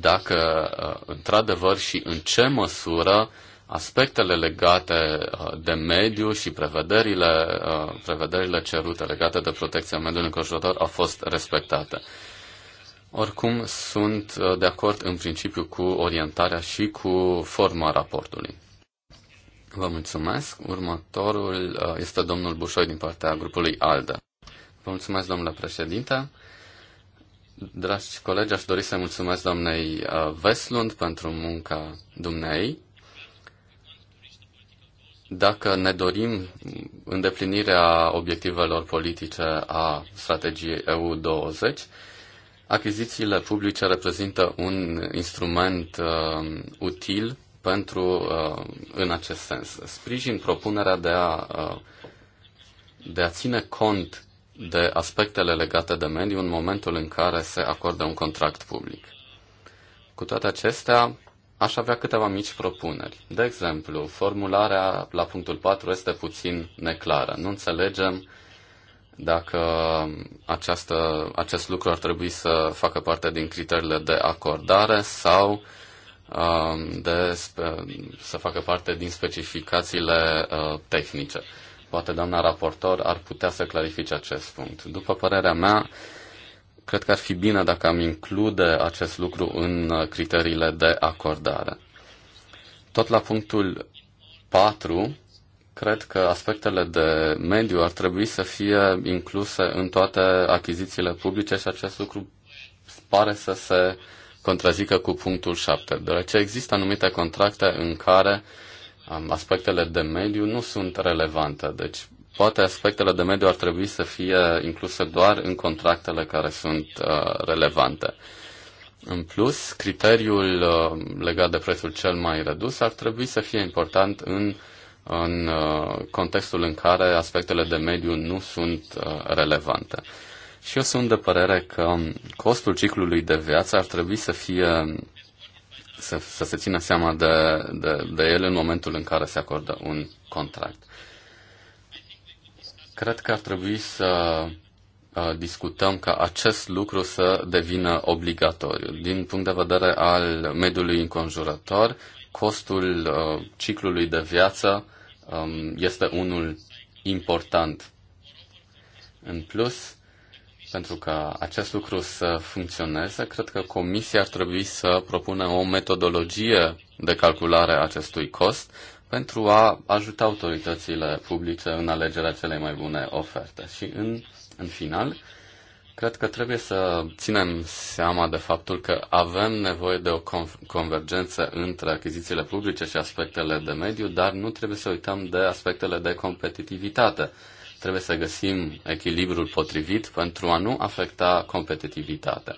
dacă, uh, într-adevăr, și în ce măsură aspectele legate uh, de mediu și prevederile, uh, prevederile cerute legate de protecția mediului înconjurător au fost respectate. Oricum, sunt de acord în principiu cu orientarea și cu forma raportului. Vă mulțumesc. Următorul este domnul Bușoi din partea grupului ALDE. Vă mulțumesc, domnule președinte. Dragi colegi, aș dori să mulțumesc doamnei uh, Veslund pentru munca dumnei. Dacă ne dorim îndeplinirea obiectivelor politice a strategiei EU20, achizițiile publice reprezintă un instrument uh, util pentru uh, în acest sens. Sprijin propunerea de a, uh, de a ține cont de aspectele legate de mediu în momentul în care se acordă un contract public. Cu toate acestea, aș avea câteva mici propuneri. De exemplu, formularea la punctul 4 este puțin neclară. Nu înțelegem dacă această, acest lucru ar trebui să facă parte din criteriile de acordare sau um, de, să facă parte din specificațiile uh, tehnice. Poate doamna raportor ar putea să clarifice acest punct. După părerea mea, cred că ar fi bine dacă am include acest lucru în criteriile de acordare. Tot la punctul 4, cred că aspectele de mediu ar trebui să fie incluse în toate achizițiile publice și acest lucru pare să se contrazică cu punctul 7, deoarece există anumite contracte în care uh, aspectele de mediu nu sunt relevante. Deci, poate aspectele de mediu ar trebui să fie incluse doar în contractele care sunt uh, relevante. În plus, criteriul uh, legat de prețul cel mai redus ar trebui să fie important în, în uh, contextul în care aspectele de mediu nu sunt uh, relevante. Și eu sunt de părere că costul ciclului de viață ar trebui să fie să, să se țină seama de, de, de ele în momentul în care se acordă un contract. Cred că ar trebui să uh, discutăm ca acest lucru să devină obligatoriu. Din punct de vedere al mediului înconjurător, costul uh, ciclului de viață um, este unul important. În plus, pentru ca acest lucru să funcționeze, cred că Comisia ar trebui să propună o metodologie de calculare a acestui cost pentru a ajuta autoritățile publice în alegerea celei mai bune oferte. Și în, în final, cred că trebuie să ținem seama de faptul că avem nevoie de o convergență între achizițiile publice și aspectele de mediu, dar nu trebuie să uităm de aspectele de competitivitate Trebuie să găsim echilibrul potrivit pentru a nu afecta competitivitatea.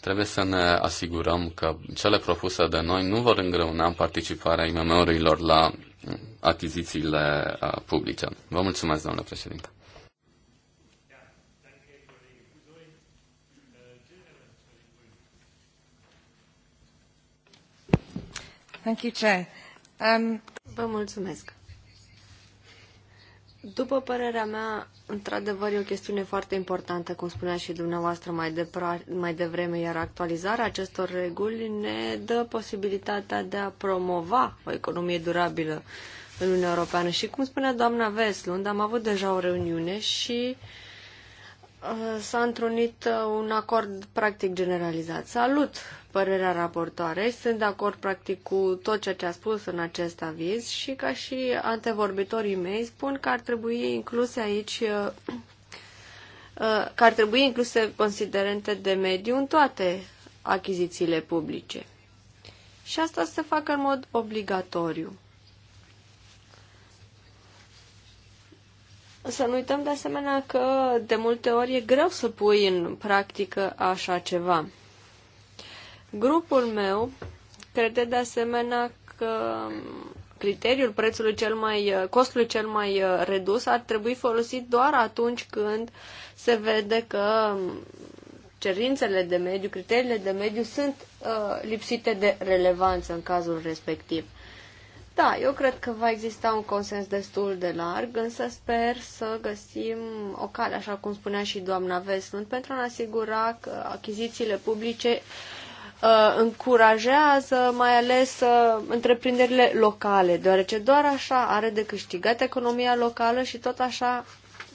Trebuie să ne asigurăm că cele propuse de noi nu vor îngreuna participarea IMM-urilor la achizițiile publice. Vă mulțumesc, domnule președinte. Thank you, Chair. Um... Vă mulțumesc. După părerea mea, într-adevăr e o chestiune foarte importantă, cum spunea și dumneavoastră mai, depra- mai devreme, iar actualizarea acestor reguli ne dă posibilitatea de a promova o economie durabilă în Uniunea Europeană. Și cum spunea doamna Veslund, am avut deja o reuniune și uh, Uh, s-a întrunit uh, un acord practic generalizat. Salut părerea raportoarei, sunt de acord practic cu tot ceea ce a spus în acest aviz și ca și antevorbitorii mei spun că ar trebui incluse aici uh, că ar trebui incluse considerente de mediu în toate achizițiile publice. Și asta se facă în mod obligatoriu. Să nu uităm de asemenea că de multe ori e greu să pui în practică așa ceva. Grupul meu crede de asemenea că criteriul prețului cel mai, costului cel mai uh, redus ar trebui folosit doar atunci când se vede că cerințele de mediu, criteriile de mediu sunt uh, lipsite de relevanță în cazul respectiv. Da, eu cred că va exista un consens destul de larg, însă sper să găsim o cale, așa cum spunea și doamna Veslund, pentru a ne asigura că achizițiile publice uh, încurajează mai ales uh, întreprinderile locale, deoarece doar așa are de câștigat economia locală și tot așa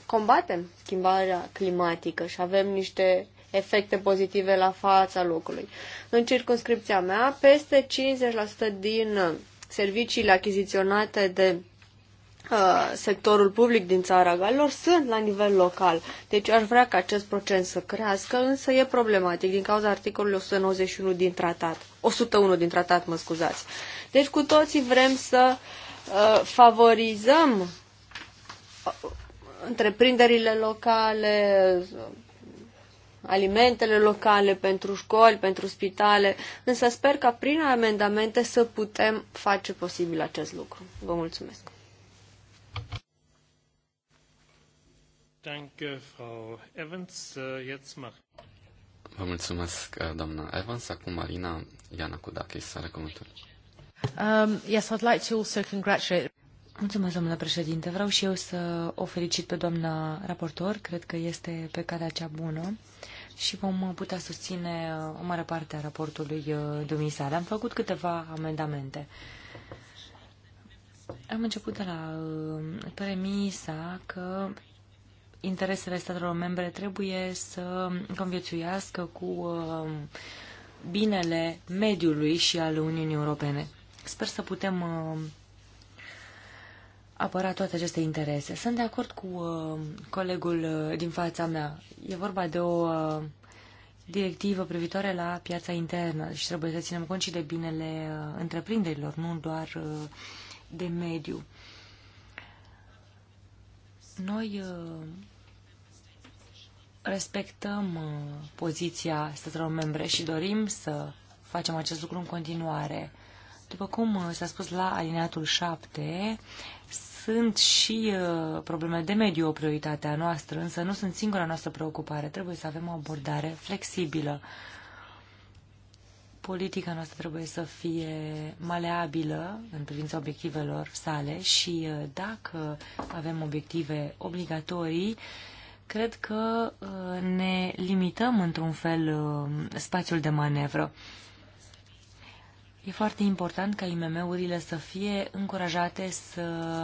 combatem schimbarea climatică și avem niște efecte pozitive la fața locului. În circunscripția mea, peste 50% din serviciile achiziționate de uh, sectorul public din țara Galilor sunt la nivel local. Deci aș vrea ca acest procent să crească, însă e problematic din cauza articolului 191 din tratat. 101 din tratat, mă scuzați. Deci cu toții vrem să uh, favorizăm uh, întreprinderile locale, alimentele locale, pentru școli, pentru spitale, însă sper ca prin amendamente să putem face posibil acest lucru. Vă mulțumesc! Danke, Frau Evans. Äh, jetzt Vă mulțumesc, äh, doamna Evans. Acum Marina Iana Kudakis are cuvântul. Um, yes, I'd like to also congratulate... Mulțumesc, domnule președinte. Vreau și eu să o felicit pe doamna raportor. Cred că este pe calea cea bună. Uh, și vom putea susține uh, o mare parte a raportului uh, dumisale. Am făcut câteva amendamente. Am început de la uh, premisa că interesele statelor membre trebuie să conviețuiască cu binele mediului și al Uniunii Europene. Sper să putem apăra toate aceste interese. Sunt de acord cu uh, colegul uh, din fața mea. E vorba de o uh, directivă privitoare la piața internă și trebuie să ținem cont și de binele uh, întreprinderilor, nu doar uh, de mediu. Noi uh, respectăm uh, poziția statelor membre și dorim să facem acest lucru în continuare. Uh, după cum uh, s-a spus la alineatul 7, sunt și uh, probleme de mediu o prioritate a noastră, însă nu sunt singura noastră preocupare. Trebuie să avem o abordare flexibilă. Politica noastră trebuie să fie maleabilă în privința obiectivelor sale și uh, dacă avem obiective obligatorii, cred că uh, ne limităm într-un fel uh, spațiul de manevră. E foarte important ca IMM-urile să fie încurajate să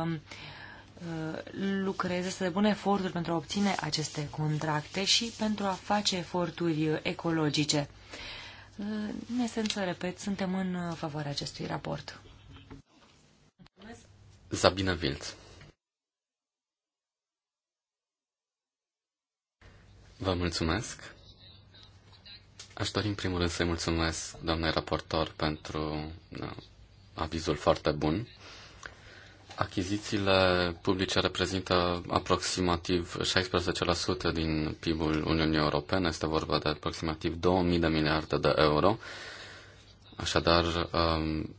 uh, lucreze, să depună eforturi pentru a obține aceste contracte și pentru a face eforturi ecologice. Uh, în esență, repet, suntem în favoarea acestui raport. Sabina Vilț. Vă mulțumesc. Aș dori în primul rând să-i mulțumesc doamnei raportor pentru avizul foarte bun. Achizițiile publice reprezintă aproximativ 16% din PIB-ul Uniunii Europene, este vorba de aproximativ 2000 de miliarde de euro. Așadar, um,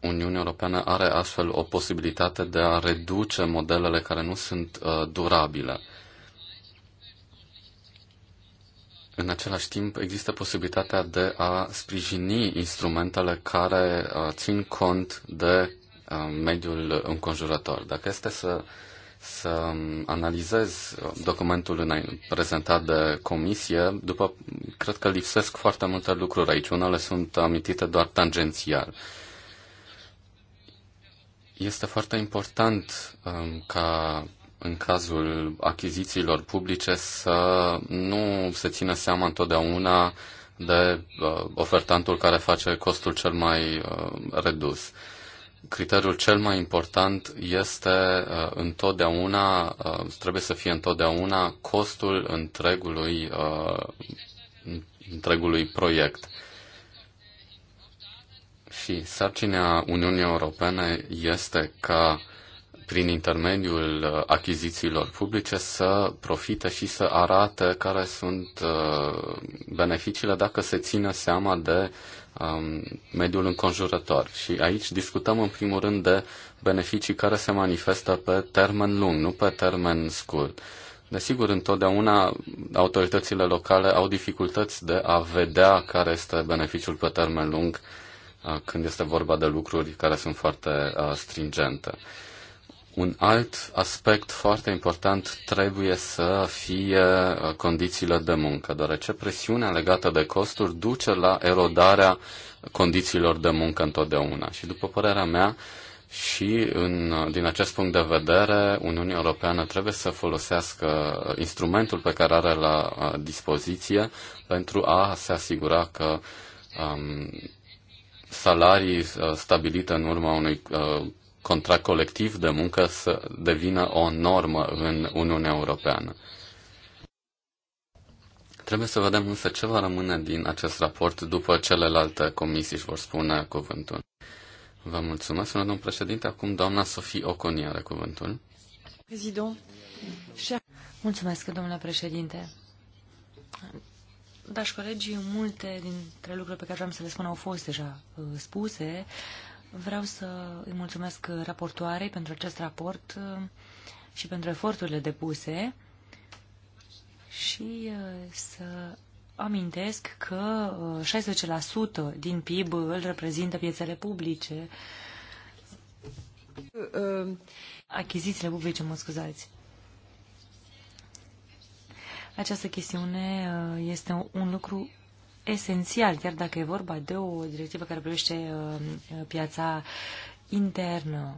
Uniunea Europeană are astfel o posibilitate de a reduce modelele care nu sunt uh, durabile. În același timp, există posibilitatea de a sprijini instrumentele care uh, țin cont de uh, mediul înconjurător. Dacă este să, să um, analizez uh, documentul prezentat de comisie, după, cred că lipsesc foarte multe lucruri aici. Unele sunt amintite doar tangențial. Este foarte important um, ca în cazul achizițiilor publice să nu se țină seama întotdeauna de uh, ofertantul care face costul cel mai uh, redus. Criteriul cel mai important este uh, întotdeauna, uh, trebuie să fie întotdeauna costul întregului, uh, întregului proiect. Și sarcina Uniunii Europene este ca prin intermediul uh, achizițiilor publice, să profite și să arate care sunt uh, beneficiile dacă se ține seama de um, mediul înconjurător. Și aici discutăm în primul rând de beneficii care se manifestă pe termen lung, nu pe termen scurt. Desigur, întotdeauna autoritățile locale au dificultăți de a vedea care este beneficiul pe termen lung uh, când este vorba de lucruri care sunt foarte stringente. Un alt aspect foarte important trebuie să fie uh, condițiile de muncă, deoarece presiunea legată de costuri duce la erodarea condițiilor de muncă întotdeauna. Și după părerea mea, și în, uh, din acest punct de vedere, Uniunea Europeană trebuie să folosească instrumentul pe care are la uh, dispoziție pentru a se asigura că um, salarii stabilite în urma unui uh, contract colectiv de muncă să devină o normă în Uniunea Europeană. Trebuie să vedem însă ce va rămâne din acest raport după celelalte comisii își vor spune cuvântul. Vă mulțumesc, domnul președinte. Acum doamna Sofie Oconi are cuvântul. Prezident. Mulțumesc, domnule președinte. Dași colegii. multe dintre lucrurile pe care vreau să le spun au fost deja uh, spuse. Vreau să îi mulțumesc raportoarei pentru acest raport uh, și pentru eforturile depuse și uh, să amintesc că 60% uh, din PIB îl reprezintă piețele publice. Achizițiile publice, mă scuzați. Această chestiune este un lucru esențial, chiar dacă e vorba de o directivă care privește uh, uh, piața internă.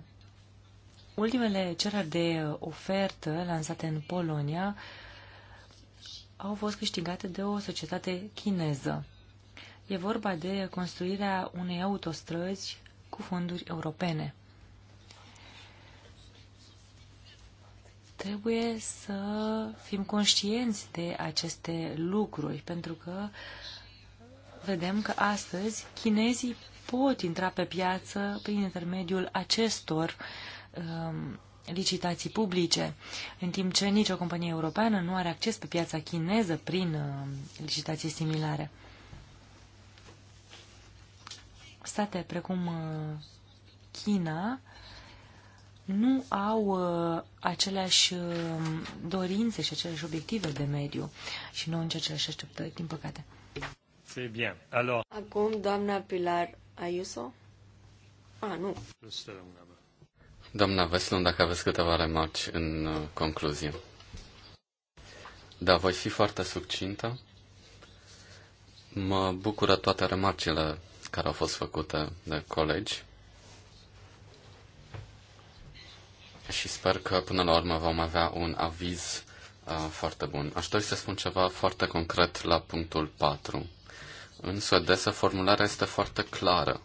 Ultimele cereri de uh, ofertă lansate în Polonia au fost câștigate de o societate chineză. E vorba de construirea unei autostrăzi cu fonduri europene. Trebuie să fim conștienți de aceste lucruri, pentru că uh, vedem că astăzi chinezii pot intra pe piață prin intermediul acestor um, licitații publice, în timp ce nicio companie europeană nu are acces pe piața chineză prin um, licitații similare. State precum uh, China nu au uh, aceleași uh, dorințe și aceleași obiective de mediu și nu au nici aceleași așteptări, din păcate. C'est bien. Alors... Acum, doamna Pilar Ayuso? Ah, nu. Doamna Veslun, dacă aveți câteva remarci în uh, concluzie. Da, voi fi foarte succintă. Mă bucură toate remarcile care au fost făcute de colegi și sper că până la urmă vom avea un aviz uh, foarte bun. Aș dori să spun ceva foarte concret la punctul 4 în suedeză formularea este foarte clară.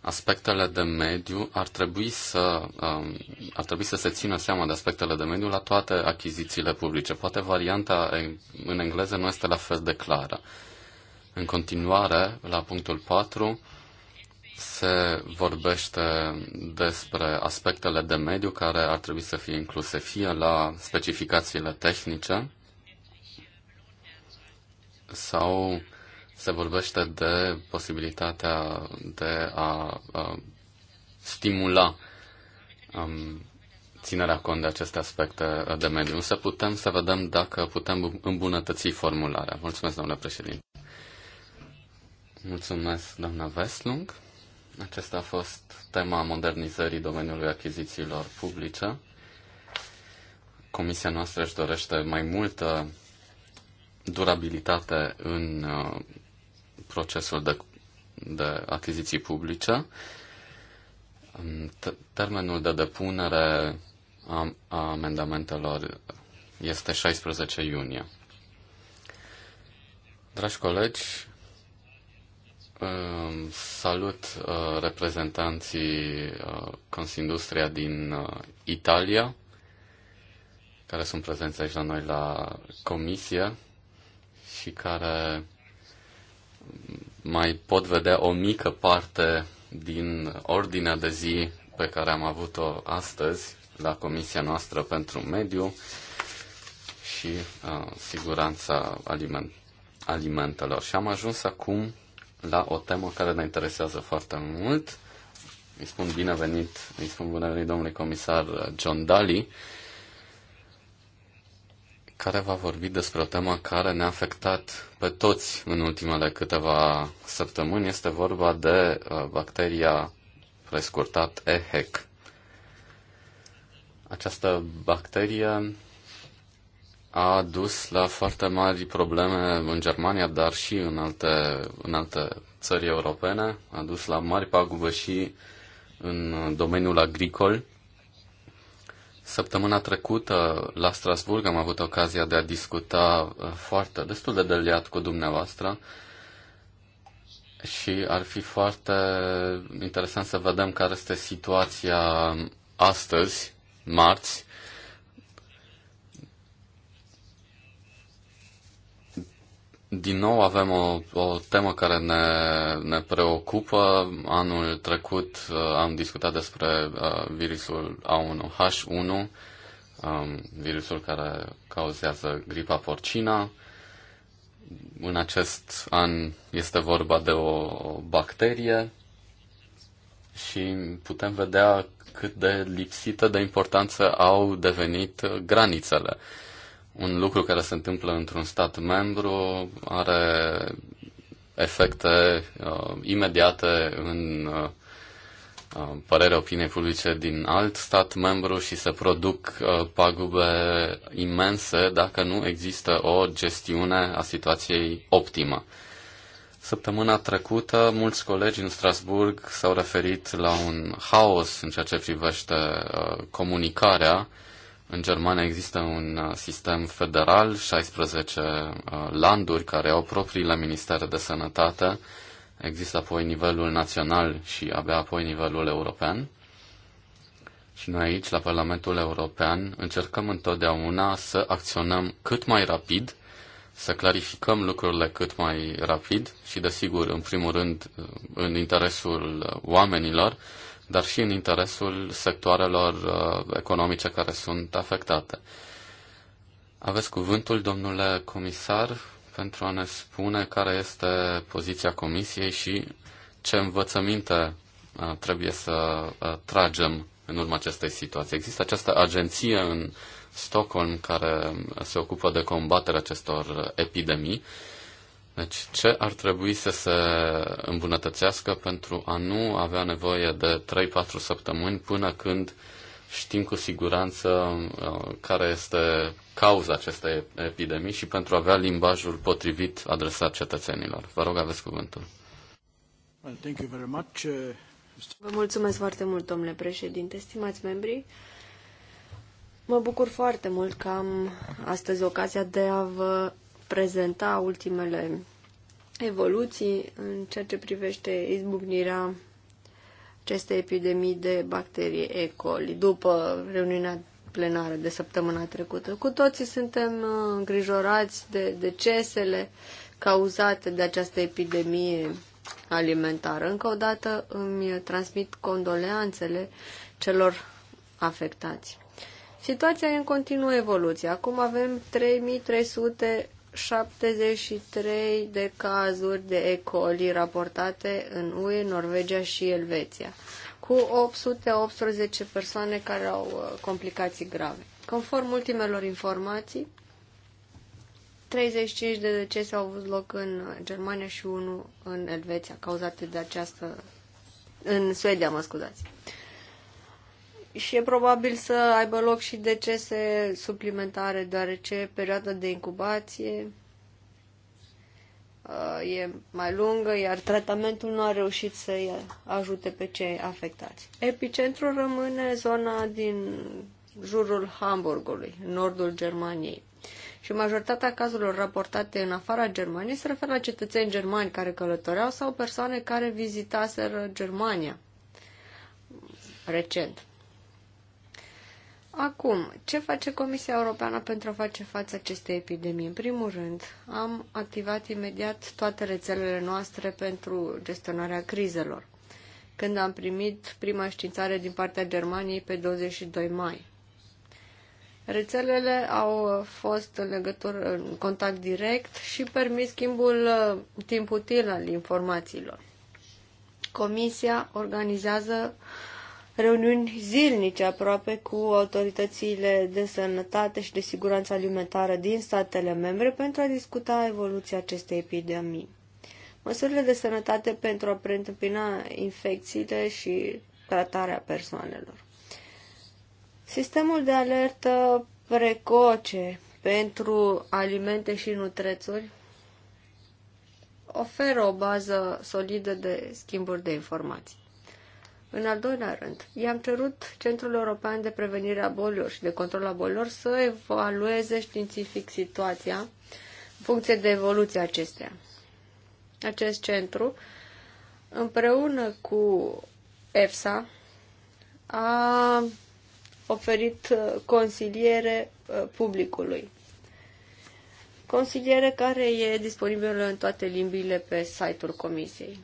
Aspectele de mediu ar trebui să, um, ar trebui să se țină seama de aspectele de mediu la toate achizițiile publice. Poate varianta în engleză nu este la fel de clară. În continuare, la punctul 4, se vorbește despre aspectele de mediu care ar trebui să fie incluse fie la specificațiile tehnice sau se vorbește de posibilitatea de a, a stimula um, ținerea cont de aceste aspecte de mediu. Să putem să vedem dacă putem îmbunătăți formularea. Mulțumesc, domnule președinte. Mulțumesc, doamna Veslung. Acesta a fost tema modernizării domeniului achizițiilor publice. Comisia noastră își dorește mai multă durabilitate în uh, procesul de, de achiziții publice. Termenul de depunere a, a amendamentelor este 16 iunie. Dragi colegi, um, salut uh, reprezentanții uh, Consindustria din uh, Italia, care sunt prezenți aici la noi la comisie și care mai pot vedea o mică parte din ordinea de zi pe care am avut-o astăzi la Comisia noastră pentru Mediu și uh, Siguranța aliment- Alimentelor. Și am ajuns acum la o temă care ne interesează foarte mult. Îi spun binevenit, îi spun bună domnului comisar John Daly, care va vorbi despre o temă care ne-a afectat pe toți în ultimele câteva săptămâni. Este vorba de uh, bacteria prescurtat EHEC. Această bacterie a dus la foarte mari probleme în Germania, dar și în alte, în alte țări europene. A dus la mari pagube și în domeniul agricol. Săptămâna trecută la Strasburg am avut ocazia de a discuta uh, foarte, destul de deliat cu dumneavoastră și ar fi foarte interesant să vedem care este situația astăzi, marți, Din nou avem o, o temă care ne, ne preocupă. Anul trecut uh, am discutat despre uh, virusul A1H1, um, virusul care cauzează gripa porcina. În acest an este vorba de o bacterie și putem vedea cât de lipsită de importanță au devenit granițele. Uh, un lucru care se întâmplă într-un stat membru are efecte uh, imediate în uh, uh, părerea opiniei publice din alt stat membru și se produc uh, pagube imense dacă nu există o gestiune a situației optimă. Săptămâna trecută, mulți colegi în Strasburg s-au referit la un haos în ceea ce privește uh, comunicarea în Germania există un uh, sistem federal, 16 uh, landuri care au propriile ministere de sănătate, există apoi nivelul național și abia apoi nivelul european. Și noi aici, la Parlamentul European, încercăm întotdeauna să acționăm cât mai rapid, să clarificăm lucrurile cât mai rapid și, desigur, în primul rând, uh, în interesul oamenilor, dar și în interesul sectoarelor uh, economice care sunt afectate. Aveți cuvântul, domnule comisar, pentru a ne spune care este poziția Comisiei și ce învățăminte uh, trebuie să uh, tragem în urma acestei situații. Există această agenție în Stockholm care se ocupă de combaterea acestor epidemii deci, ce ar trebui să se îmbunătățească pentru a nu avea nevoie de 3-4 săptămâni până când știm cu siguranță uh, care este cauza acestei epidemii și pentru a avea limbajul potrivit adresat cetățenilor? Vă rog, aveți cuvântul. Well, thank you very much. Uh, vă mulțumesc foarte mult, domnule președinte, stimați membri. Mă bucur foarte mult că am astăzi ocazia de a vă prezenta ultimele evoluții în ceea ce privește izbucnirea acestei epidemii de bacterie E. coli după reuniunea plenară de săptămâna trecută. Cu toții suntem uh, îngrijorați de decesele cauzate de această epidemie alimentară. Încă o dată îmi transmit condoleanțele celor afectați. Situația e în continuă evoluție. Acum avem 3300 73 de cazuri de E. coli raportate în UE, Norvegia și Elveția, cu 818 persoane care au uh, complicații grave. Conform ultimelor informații, 35 de decese au avut loc în Germania și unul în Elveția, cauzate de această... în Suedia, mă scuzați. Uh, și e probabil să aibă loc și decese suplimentare, deoarece perioada de incubație uh, e mai lungă, iar tratamentul nu a reușit să-i ajute pe cei afectați. Epicentrul rămâne zona din jurul Hamburgului, nordul Germaniei. Și majoritatea cazurilor raportate în afara Germaniei se referă la cetățeni germani care călătoreau sau persoane care vizitaseră Germania recent. Acum, ce face Comisia Europeană pentru a face față acestei epidemii? În primul rând, am activat imediat toate rețelele noastre pentru gestionarea crizelor, când am primit prima științare din partea Germaniei pe 22 mai. Rețelele au fost în legătură, în contact direct și permis schimbul uh, timp util al informațiilor. Comisia organizează uh, reuniuni zilnice aproape cu autoritățile de sănătate și de siguranță alimentară din statele membre pentru a discuta evoluția acestei epidemii. Măsurile de sănătate pentru a preîntâmpina infecțiile și tratarea persoanelor. Sistemul de alertă precoce pentru alimente și nutrețuri oferă o bază solidă de schimburi de informații. În al doilea rând, i-am cerut Centrul European de Prevenire a Bolilor și de Control a Bolilor să evalueze științific situația în funcție de evoluția acesteia. Acest centru, împreună cu EFSA, a oferit uh, consiliere uh, publicului. Consiliere care e disponibilă în toate limbile pe site-ul Comisiei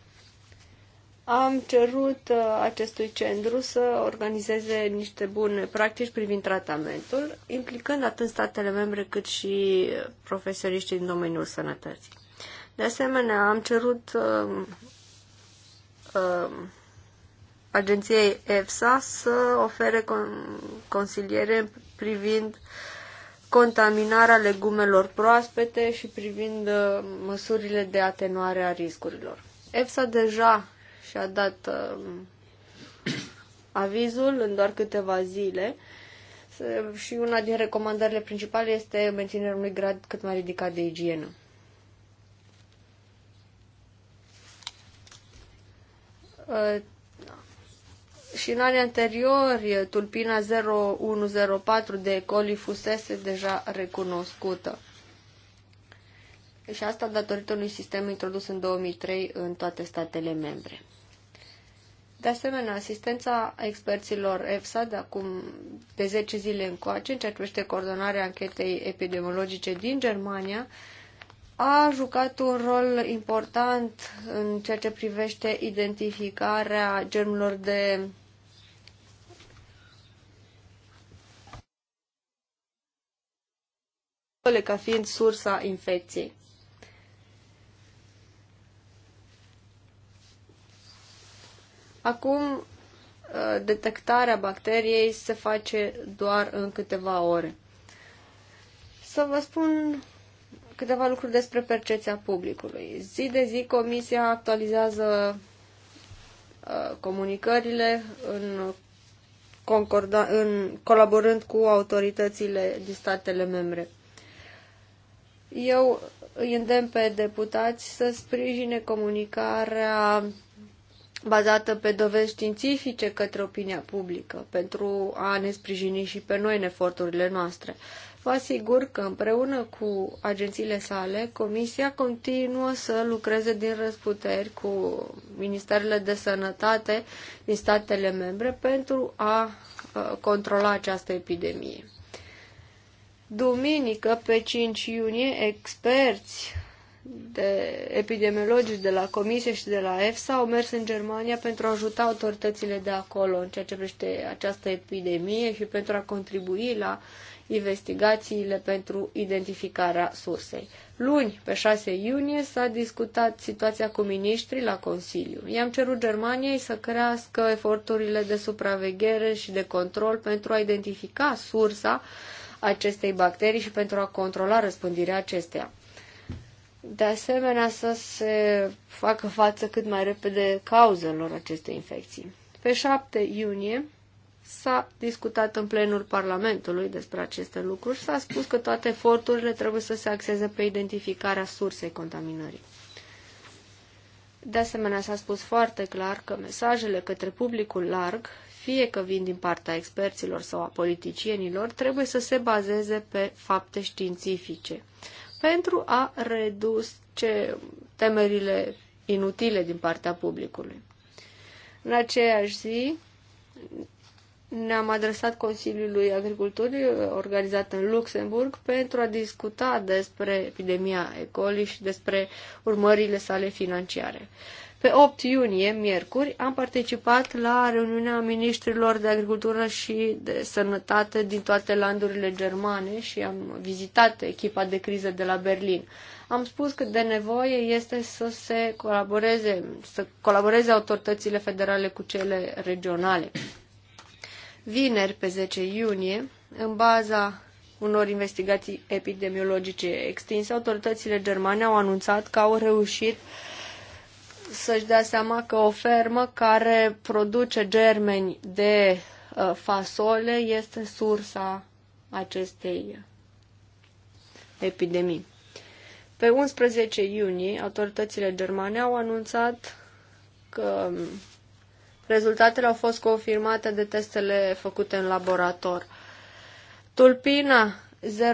am cerut uh, acestui centru să organizeze niște bune practici privind tratamentul, implicând atât statele membre cât și profesioniștii din domeniul sănătății. De asemenea, am cerut uh, uh, agenției EFSA să ofere con- consiliere privind contaminarea legumelor proaspete și privind uh, măsurile de atenuare a riscurilor. EFSA deja și a dat uh, avizul în doar câteva zile și una din recomandările principale este menținerea unui grad cât mai ridicat de igienă. Uh, și în anii anteriori, tulpina 0104 de coli fusese deja recunoscută. Și asta datorită unui sistem introdus în 2003 în toate statele membre. De asemenea, asistența experților EFSA de acum de 10 zile încoace, în ceea ce privește coordonarea anchetei epidemiologice din Germania, a jucat un rol important în ceea ce privește identificarea germelor de ca fiind sursa infecției. Acum, uh, detectarea bacteriei se face doar în câteva ore. Să vă spun câteva lucruri despre percepția publicului. Zi de zi, Comisia actualizează uh, comunicările în, concorda, în colaborând cu autoritățile din statele membre. Eu îi îndemn pe deputați să sprijine comunicarea bazată pe dovezi științifice către opinia publică, pentru a ne sprijini și pe noi în eforturile noastre. Vă asigur că împreună cu agențiile sale, Comisia continuă să lucreze din răsputeri cu Ministerele de Sănătate din statele membre pentru a controla această epidemie. Duminică, pe 5 iunie, experți de epidemiologici de la Comisie și de la EFSA au mers în Germania pentru a ajuta autoritățile de acolo în ceea ce privește această epidemie și pentru a contribui la investigațiile pentru identificarea sursei. Luni, pe 6 iunie, s-a discutat situația cu miniștrii la Consiliu. I-am cerut Germaniei să crească eforturile de supraveghere și de control pentru a identifica sursa acestei bacterii și pentru a controla răspândirea acesteia de asemenea să se facă față cât mai repede cauzelor acestei infecții. Pe 7 iunie s-a discutat în plenul Parlamentului despre aceste lucruri și s-a spus că toate eforturile trebuie să se axeze pe identificarea sursei contaminării. De asemenea, s-a spus foarte clar că mesajele către publicul larg, fie că vin din partea experților sau a politicienilor, trebuie să se bazeze pe fapte științifice pentru a reduce temerile inutile din partea publicului. În aceeași zi ne-am adresat Consiliului Agriculturii organizat în Luxemburg pentru a discuta despre epidemia E. coli și despre urmările sale financiare. Pe 8 iunie, miercuri, am participat la reuniunea ministrilor de agricultură și de sănătate din toate landurile germane și am vizitat echipa de criză de la Berlin. Am spus că de nevoie este să se colaboreze, să colaboreze autoritățile federale cu cele regionale. Vineri, pe 10 iunie, în baza unor investigații epidemiologice extinse, autoritățile germane au anunțat că au reușit uh, să-și dea seama că o fermă care produce germeni de uh, fasole este sursa acestei epidemii. Pe 11 iunie, autoritățile germane au anunțat că um, rezultatele au fost confirmate de testele făcute în laborator. Tulpina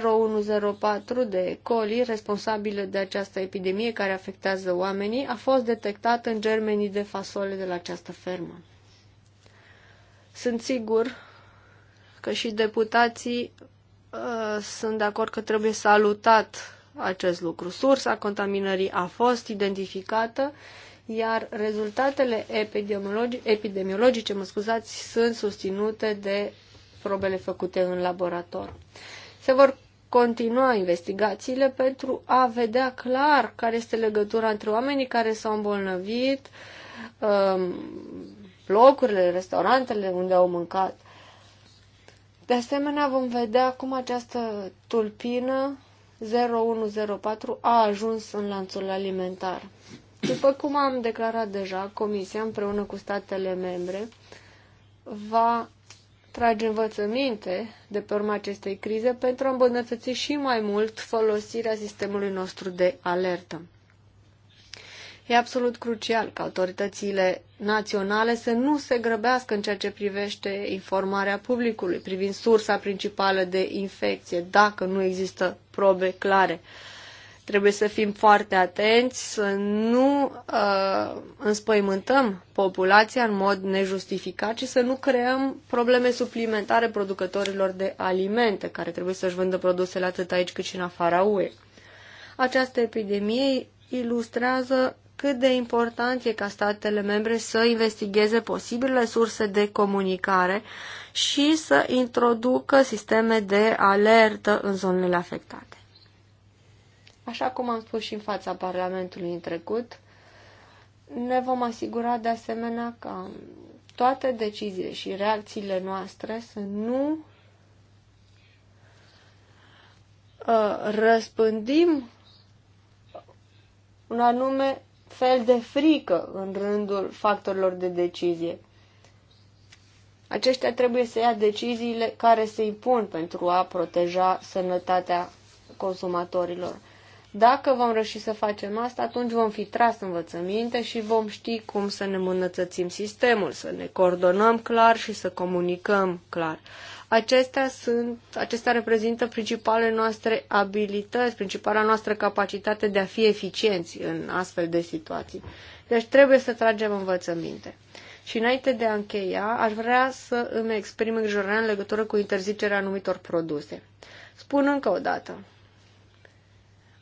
0104 de coli responsabile de această epidemie care afectează oamenii a fost detectat în germenii de fasole de la această fermă. Sunt sigur că și deputații uh, sunt de acord că trebuie salutat acest lucru. Sursa contaminării a fost identificată, iar rezultatele epidemiologi- epidemiologice mă scuzați, sunt susținute de probele făcute în laborator. Se vor continua investigațiile pentru a vedea clar care este legătura între oamenii care s-au îmbolnăvit, um, locurile, restaurantele unde au mâncat. De asemenea, vom vedea cum această tulpină 0104 a ajuns în lanțul alimentar. După cum am declarat deja, Comisia împreună cu statele membre va trage învățăminte de pe urma acestei crize pentru a îmbunătăți și mai mult folosirea sistemului nostru de alertă. E absolut crucial ca autoritățile naționale să nu se grăbească în ceea ce privește informarea publicului privind sursa principală de infecție, dacă nu există probe clare. Uh, Trebuie să fim foarte atenți, să nu uh, înspăimântăm populația în mod nejustificat și să nu creăm probleme suplimentare producătorilor de alimente, care trebuie să-și vândă produsele atât aici cât și în afara UE. Această epidemie ilustrează cât de important e ca statele membre să investigheze posibile surse de comunicare și să introducă sisteme de alertă în zonele afectate. Așa cum am spus și în fața Parlamentului în trecut, ne vom asigura de asemenea că toate deciziile și reacțiile noastre să nu uh, răspândim un anume fel de frică în rândul factorilor de decizie. Aceștia trebuie să ia deciziile care se impun pentru a proteja sănătatea consumatorilor. Dacă vom reuși să facem asta, atunci vom fi tras învățăminte și vom ști cum să ne mânățățim sistemul, să ne coordonăm clar și să comunicăm clar. Acestea, sunt, acestea reprezintă principalele noastre abilități, principala noastră capacitate de a fi eficienți în astfel de situații. Deci trebuie să tragem învățăminte. Și înainte de a încheia, aș vrea să îmi exprim îngrijorarea în legătură cu interzicerea anumitor produse. Spun încă o dată,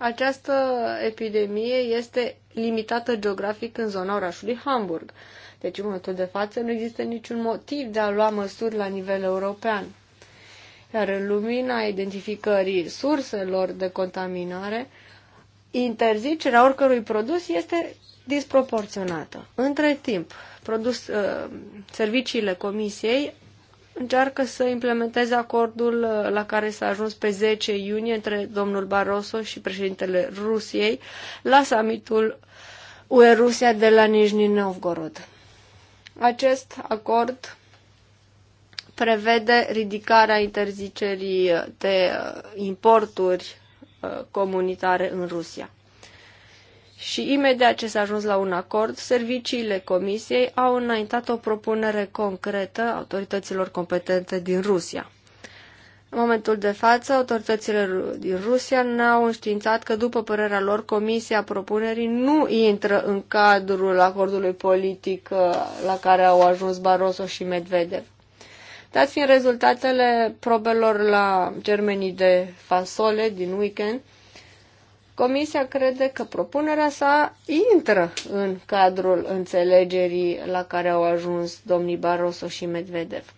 această epidemie este limitată geografic în zona orașului Hamburg. Deci, în momentul de față, nu există niciun motiv de a lua măsuri la nivel european. Iar în lumina identificării surselor de contaminare, interzicerea oricărui produs este disproporționată. Între timp, produs, uh, serviciile comisiei încearcă să implementeze acordul uh, la care s-a ajuns pe 10 iunie între domnul Barroso și președintele Rusiei la summitul UE-Rusia de la Nizhny Novgorod. Acest acord prevede ridicarea interzicerii uh, de uh, importuri comunitare în Rusia. Și imediat ce s-a ajuns la un acord, serviciile Comisiei au înaintat o propunere concretă autorităților competente din Rusia. În momentul de față, autoritățile din Rusia ne-au înștiințat că, după părerea lor, Comisia Propunerii nu intră în cadrul acordului politic uh, la care au ajuns Barroso și Medvedev. Dat fiind rezultatele probelor la germenii de fasole din weekend, Comisia crede că propunerea sa intră în cadrul înțelegerii la care au ajuns domnii Barroso și Medvedev.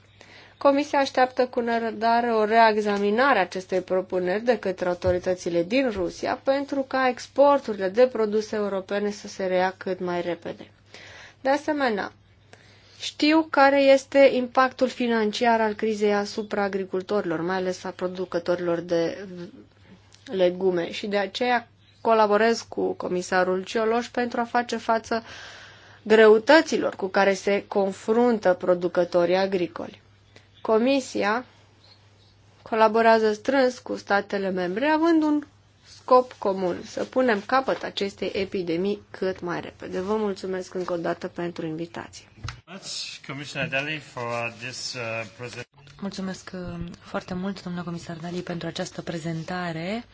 Comisia așteaptă cu nerăbdare o reexaminare a acestei propuneri de către autoritățile din Rusia pentru ca exporturile de produse europene să se rea cât mai repede. De asemenea, știu care este impactul financiar al crizei asupra agricultorilor, mai ales a producătorilor de legume și de aceea colaborez cu comisarul Cioloș pentru a face față greutăților cu care se confruntă producătorii agricoli. Comisia colaborează strâns cu statele membre, având un scop comun, să punem capăt acestei epidemii cât mai repede. Vă mulțumesc încă o dată pentru invitație. Mulțumesc uh, foarte mult, domnule comisar Dali, pentru această prezentare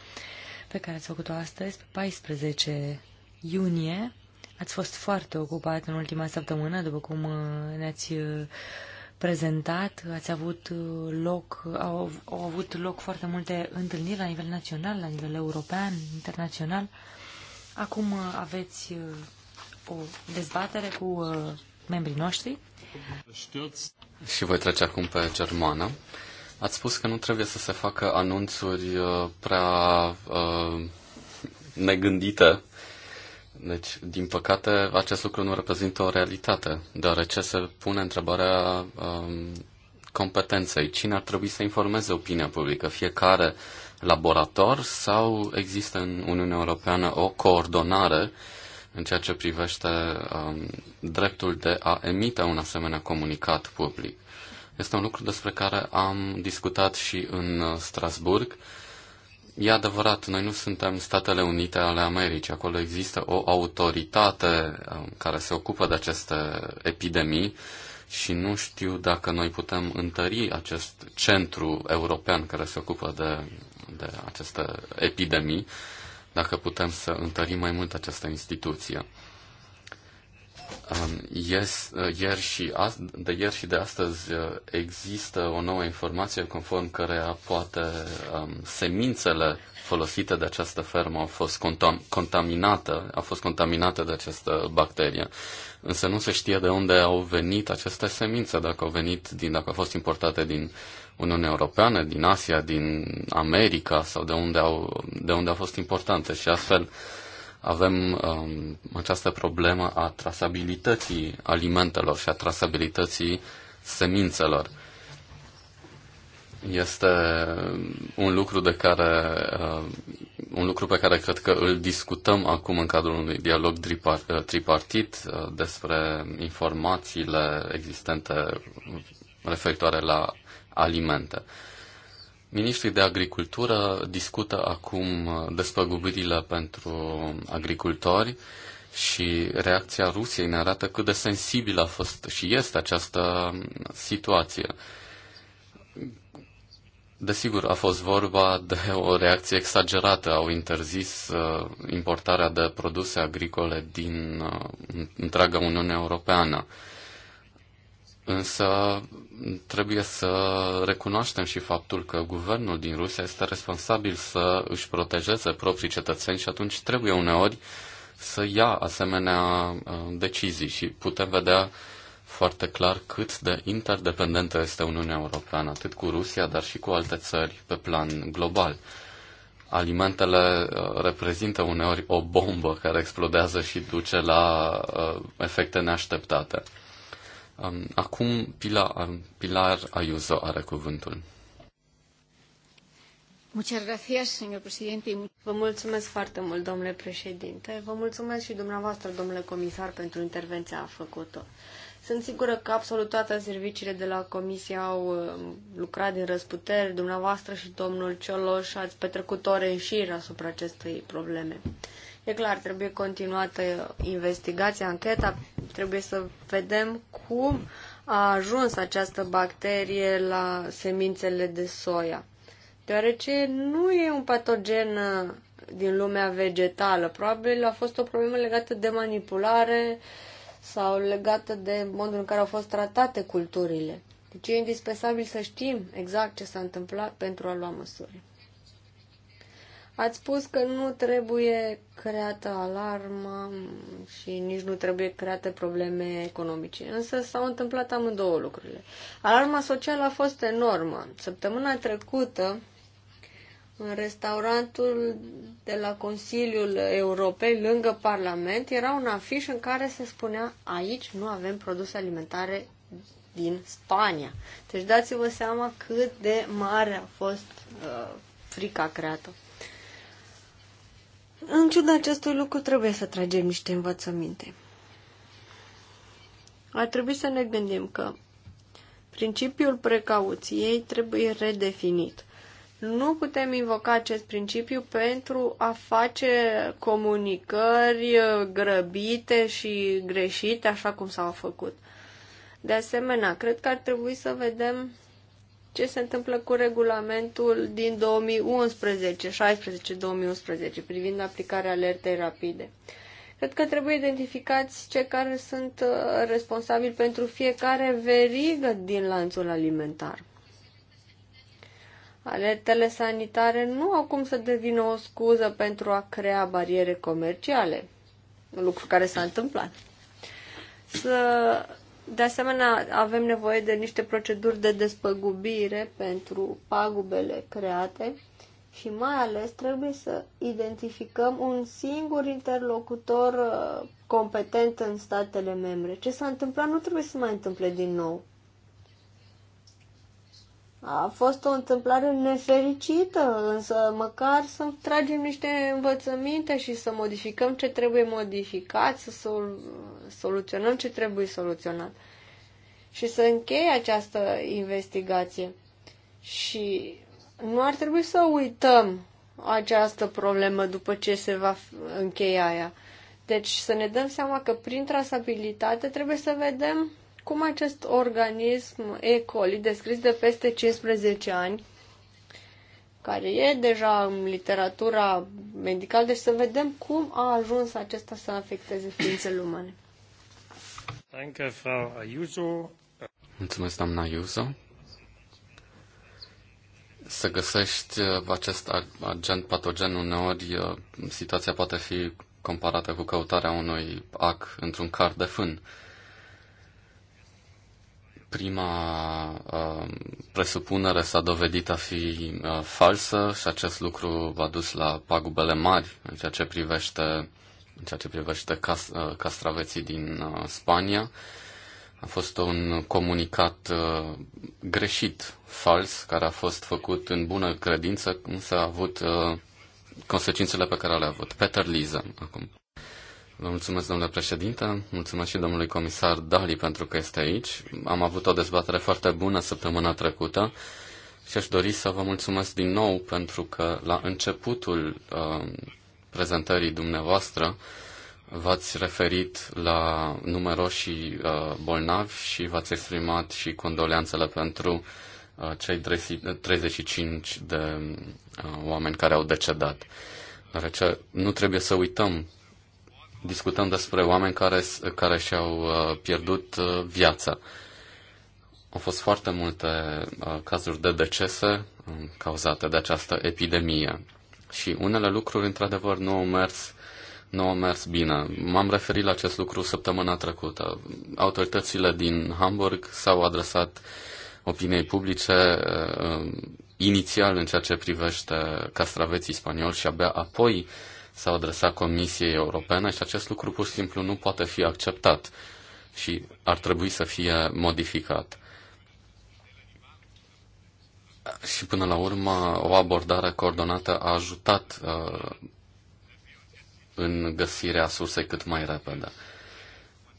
pe care ați făcut-o astăzi, pe 14 iunie. Ați fost foarte ocupat în ultima săptămână, după cum uh, ne-ați uh, prezentat, ați avut uh, loc, au, au avut loc foarte multe întâlniri la nivel național, la nivel european, internațional. Acum uh, aveți uh, o dezbatere cu membrii noștri. Și voi trece acum pe germană. Ați spus că nu trebuie să se facă anunțuri prea uh, negândite deci, din păcate, acest lucru nu reprezintă o realitate, deoarece se pune întrebarea um, competenței. Cine ar trebui să informeze opinia publică? Fiecare laborator sau există în Uniunea Europeană o coordonare în ceea ce privește um, dreptul de a emite un asemenea comunicat public? Este un lucru despre care am discutat și în uh, Strasburg. Uh, E adevărat, noi nu suntem Statele Unite ale Americii. Acolo există o autoritate um, care se ocupă de aceste epidemii și nu știu dacă noi putem întări acest centru european care se ocupă de, de aceste epidemii, dacă putem să întărim mai mult această instituție. Yes, um, uh, ieri și de ieri și de astăzi uh, există o nouă informație conform cărea poate um, semințele folosite de această fermă au fost contam- contaminată, a fost contaminată de această bacterie. Însă nu se știe de unde au venit aceste semințe, dacă au venit din, dacă au fost importate din Uniunea Europeană, din Asia, din America sau de unde au, de unde au fost importante și astfel avem um, această problemă a trasabilității alimentelor și a trasabilității semințelor. Este un lucru de care uh, un lucru pe care cred că îl discutăm acum în cadrul unui dialog uh, tripartit uh, despre informațiile existente referitoare la alimente. Uh, Ministrii de Agricultură discută acum uh, despăgubirile pentru agricultori și reacția Rusiei ne arată cât de sensibilă a fost și este această um, situație. Desigur, a fost vorba de o reacție exagerată. Au interzis uh, importarea de produse agricole din uh, întreaga Uniune Europeană. Însă trebuie să recunoaștem și faptul că guvernul din Rusia este responsabil să își protejeze proprii cetățeni și atunci trebuie uneori să ia asemenea uh, decizii și putem vedea foarte clar cât de interdependentă este Uniunea Europeană, atât cu Rusia, dar și cu alte țări pe plan global. Alimentele uh, reprezintă uneori o bombă care explodează și duce la uh, efecte neașteptate. Um, acum Pilar, Pilar Ayuso are cuvântul. Vă mulțumesc foarte mult, domnule președinte. Vă mulțumesc și dumneavoastră, domnule comisar, pentru intervenția făcută. Sunt sigură că absolut toate serviciile de la Comisie au uh, lucrat din răsputeri. Dumneavoastră și domnul Cioloș ați petrecut ore în șir asupra acestei probleme. E clar, trebuie continuată investigația, ancheta, trebuie să vedem cum a ajuns această bacterie la semințele de soia. Deoarece nu e un patogen uh, din lumea vegetală. Probabil a fost o problemă legată de manipulare sau legată de modul în care au fost tratate culturile. Deci e indispensabil să știm exact ce s-a întâmplat pentru a lua măsuri. Ați spus că nu trebuie creată alarmă și nici nu trebuie create probleme economice. Însă s-au întâmplat amândouă lucrurile. Alarma socială a fost enormă. Săptămâna trecută, în restaurantul de la Consiliul Europei, lângă Parlament, era un afiș în care se spunea aici nu avem produse alimentare din Spania. Deci dați-vă seama cât de mare a fost uh, frica creată. În ciuda acestui lucru trebuie să tragem niște învățăminte. Ar trebui să ne gândim că principiul precauției trebuie redefinit. Nu putem invoca acest principiu pentru a face comunicări grăbite și greșite, așa cum s-au făcut. De asemenea, cred că ar trebui să vedem ce se întâmplă cu regulamentul din 2011, 16-2011, privind aplicarea alertei rapide. Cred că trebuie identificați cei care sunt uh, responsabili pentru fiecare verigă din lanțul alimentar. Alertele sanitare nu au cum să devină o scuză pentru a crea bariere comerciale, lucru care s-a întâmplat. Să de asemenea, avem nevoie de niște proceduri de despăgubire pentru pagubele create și mai ales trebuie să identificăm un singur interlocutor uh, competent în statele membre. Ce s-a întâmplat nu trebuie să mai întâmple din nou. A fost o întâmplare nefericită, însă măcar să tragem niște învățăminte și să modificăm ce trebuie modificat, să sol- soluționăm ce trebuie soluționat și să încheie această investigație. Și nu ar trebui să uităm această problemă după ce se va încheia aia. Deci să ne dăm seama că prin trasabilitate trebuie să vedem cum acest organism E. coli, descris de peste 15 ani, care e deja în literatura medicală, deci să vedem cum a ajuns acesta să afecteze ființele umane. Danke, Frau Ayuso. Mulțumesc, doamna Ayuso. Să găsești uh, acest agent patogen uneori, uh, situația poate fi comparată cu căutarea unui ac într-un car de fân. Uh, prima uh, presupunere s-a dovedit a fi uh, falsă și acest lucru a dus la pagubele mari în ceea ce privește, în ceea ce privește cas, uh, castraveții din uh, Spania. A fost un comunicat uh, greșit, fals, care a fost făcut în bună credință, însă a avut uh, consecințele pe care le-a avut. Peter Liza, acum. Vă mulțumesc, domnule președinte, mulțumesc și domnului comisar Dali pentru că este aici. Am avut o dezbatere foarte bună săptămâna trecută și aș dori să vă mulțumesc din nou pentru că la începutul uh, prezentării dumneavoastră v-ați referit la numeroșii uh, bolnavi și v-ați exprimat și condoleanțele pentru uh, cei 35 de uh, oameni care au decedat. Deoarece nu trebuie să uităm discutăm despre oameni care, care și-au uh, pierdut uh, viața. Au fost foarte multe uh, cazuri de decese cauzate de această epidemie și unele lucruri, într-adevăr, nu au mers nu a mers bine. M-am referit la acest lucru săptămâna trecută. Autoritățile din Hamburg s-au adresat opiniei publice inițial în ceea ce privește castraveții spanioli și abia apoi uh, s-au adresat Comisiei Europene și acest lucru pur și simplu nu poate fi acceptat și ar trebui să fie modificat. Și până la urmă, o abordare coordonată a ajutat uh, în găsirea sursei cât mai repede.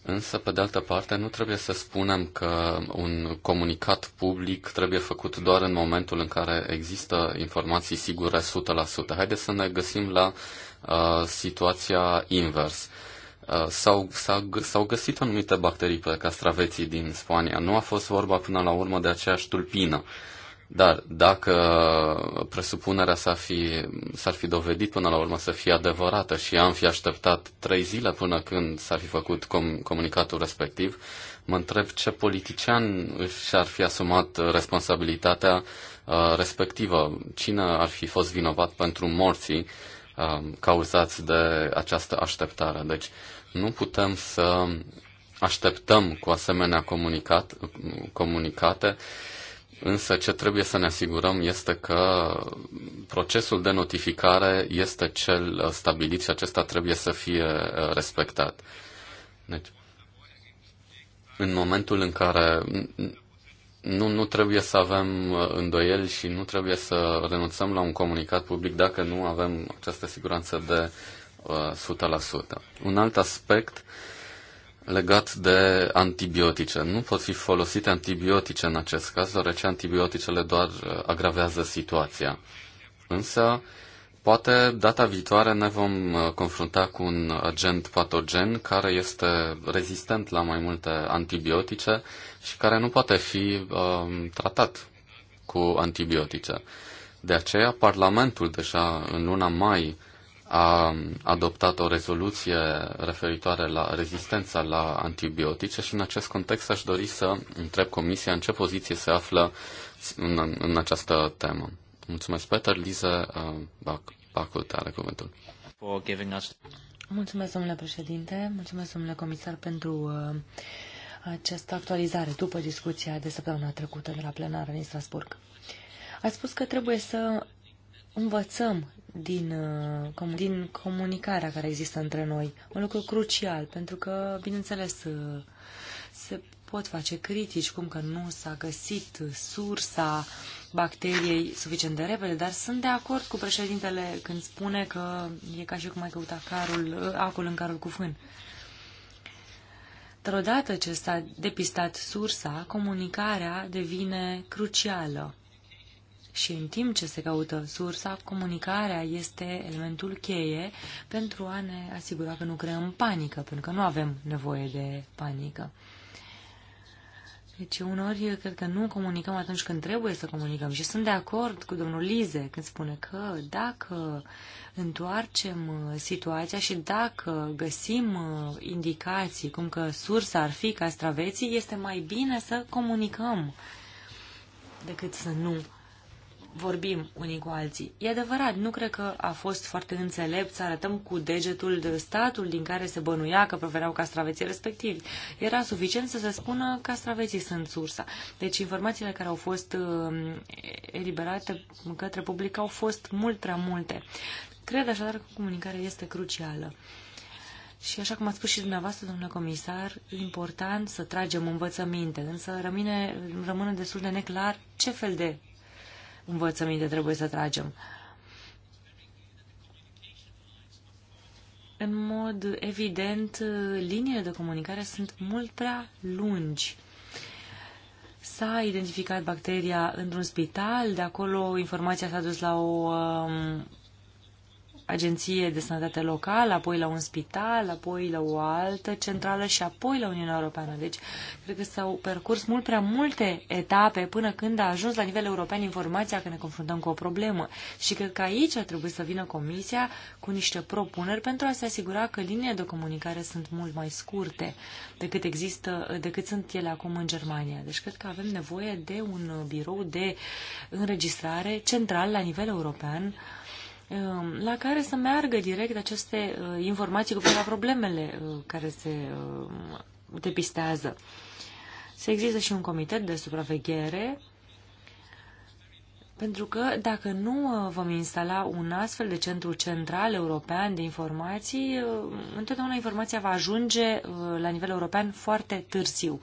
Însă, pe de altă parte, nu trebuie să spunem că un comunicat public trebuie făcut doar în momentul în care există informații sigure 100%. Haideți să ne găsim la Uh, situația invers. Uh, s-au, s-au, găsit anumite bacterii pe castraveții din Spania. Nu a fost vorba până la urmă de aceeași tulpină. Dar dacă presupunerea s-ar fi, s-ar fi dovedit până la urmă să fie adevărată și am fi așteptat trei zile până când s-ar fi făcut com- comunicatul respectiv, mă întreb ce politician și-ar fi asumat responsabilitatea uh, respectivă. Cine ar fi fost vinovat pentru morții Um, cauzați de această așteptare. Deci nu putem să așteptăm cu asemenea comunicat, comunicate, însă ce trebuie să ne asigurăm este că procesul de notificare este cel stabilit și acesta trebuie să fie uh, respectat. Deci, în momentul în care nu, nu trebuie să avem uh, îndoieli și nu trebuie să renunțăm la un comunicat public dacă nu avem această siguranță de uh, 100%. Un alt aspect legat de antibiotice. Nu pot fi folosite antibiotice în acest caz, deoarece antibioticele doar uh, agravează situația. Însă, poate data viitoare ne vom uh, confrunta cu un agent patogen care este rezistent la mai multe antibiotice și care nu poate fi um, tratat cu antibiotice. De aceea, Parlamentul deja în luna mai a um, adoptat o rezoluție referitoare la rezistența la antibiotice și în acest context aș dori să întreb Comisia în ce poziție se află în, în această temă. Mulțumesc, Peter. Liza uh, Bacut are cuvântul. Mulțumesc, domnule președinte. Mulțumesc, domnule comisar, pentru uh, această actualizare după discuția de săptămâna trecută de la plenară din Strasburg. A spus că trebuie să învățăm din, uh, din comunicarea care există între noi. Un lucru crucial, pentru că, bineînțeles, uh, se pot face critici, cum că nu s-a găsit sursa bacteriei suficient de repede, dar sunt de acord cu președintele când spune că e ca și cum ai căuta carul, uh, acul în carul cu fân. Dar odată ce s-a depistat sursa, comunicarea devine crucială. Și în timp ce se caută sursa, comunicarea este elementul cheie pentru a ne asigura că nu creăm panică, pentru că nu avem nevoie de panică. Deci uneori cred că nu comunicăm atunci când trebuie să comunicăm și sunt de acord cu domnul Lize când spune că dacă întoarcem uh, situația și dacă găsim uh, indicații cum că sursa ar fi castraveții, este mai bine să comunicăm decât să nu vorbim unii cu alții. E adevărat, nu cred că a fost foarte înțelept să arătăm cu degetul de statul din care se bănuia că proveneau castraveții respectivi. Era suficient să se spună castraveții sunt sursa. Deci informațiile care au fost um, eliberate către public au fost mult prea multe. Cred așadar că comunicarea este crucială. Și așa cum a spus și dumneavoastră, domnule comisar, e important să tragem învățăminte, însă rămâne, rămâne destul de neclar ce fel de învățăminte trebuie să tragem. În mod evident, liniile de comunicare sunt mult prea lungi. S-a identificat bacteria într-un spital, de acolo informația s-a dus la o um, agenție de sănătate locală, apoi la un spital, apoi la o altă centrală și apoi la Uniunea Europeană. Deci, cred că s-au percurs mult prea multe etape până când a ajuns la nivel european informația că ne confruntăm cu o problemă. Și cred că aici ar trebui să vină Comisia cu niște propuneri pentru a se asigura că liniile de comunicare sunt mult mai scurte decât, există, decât sunt ele acum în Germania. Deci, cred că avem nevoie de un birou de înregistrare central la nivel european Ehm, la care să meargă direct aceste eh, informații cu privire la problemele eh, care se ehm, depistează. Se există și un comitet de supraveghere, pentru că dacă nu eh, vom instala un astfel de centru central european de informații, întotdeauna informația va ajunge la nivel european foarte târziu.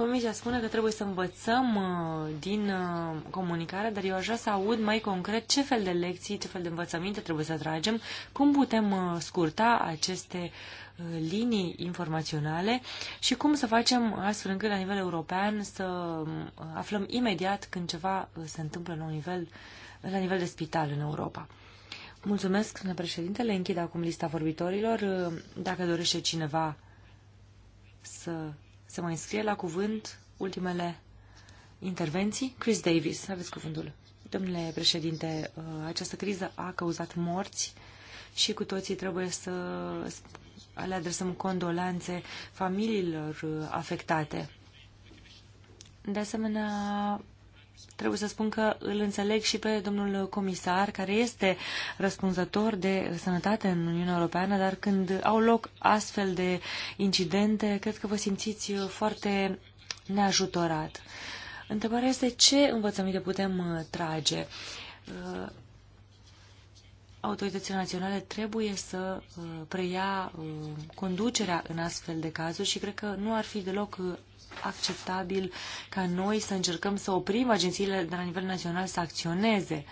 Comisia spune că trebuie să învățăm uh, din uh, comunicare, dar eu aș vrea să aud mai concret ce fel de lecții, ce fel de învățăminte trebuie să tragem, cum putem uh, scurta aceste linii informaționale și cum să facem astfel încât la nivel european să um, aflăm imediat când ceva se întâmplă la, un nivel, la nivel de spital în Europa. Mulțumesc, domnule le Închid acum lista vorbitorilor. Dacă dorește cineva să se mai înscrie la cuvânt ultimele intervenții. Chris Davis, aveți cuvântul. Domnule președinte, uh, această criză a cauzat morți și cu toții trebuie să le adresăm condolanțe familiilor uh, afectate. De asemenea, trebuie să spun că îl înțeleg și pe domnul comisar, care este răspunzător de sănătate în Uniunea Europeană, dar când au loc astfel de incidente, cred că vă simțiți foarte neajutorat. Întrebarea este ce învățăminte putem uh, trage. Uh, autoritățile naționale trebuie să uh, preia conducerea în astfel de cazuri și cred că nu ar fi deloc acceptabil ca noi să încercăm să oprim agențiile de la nivel național să acționeze.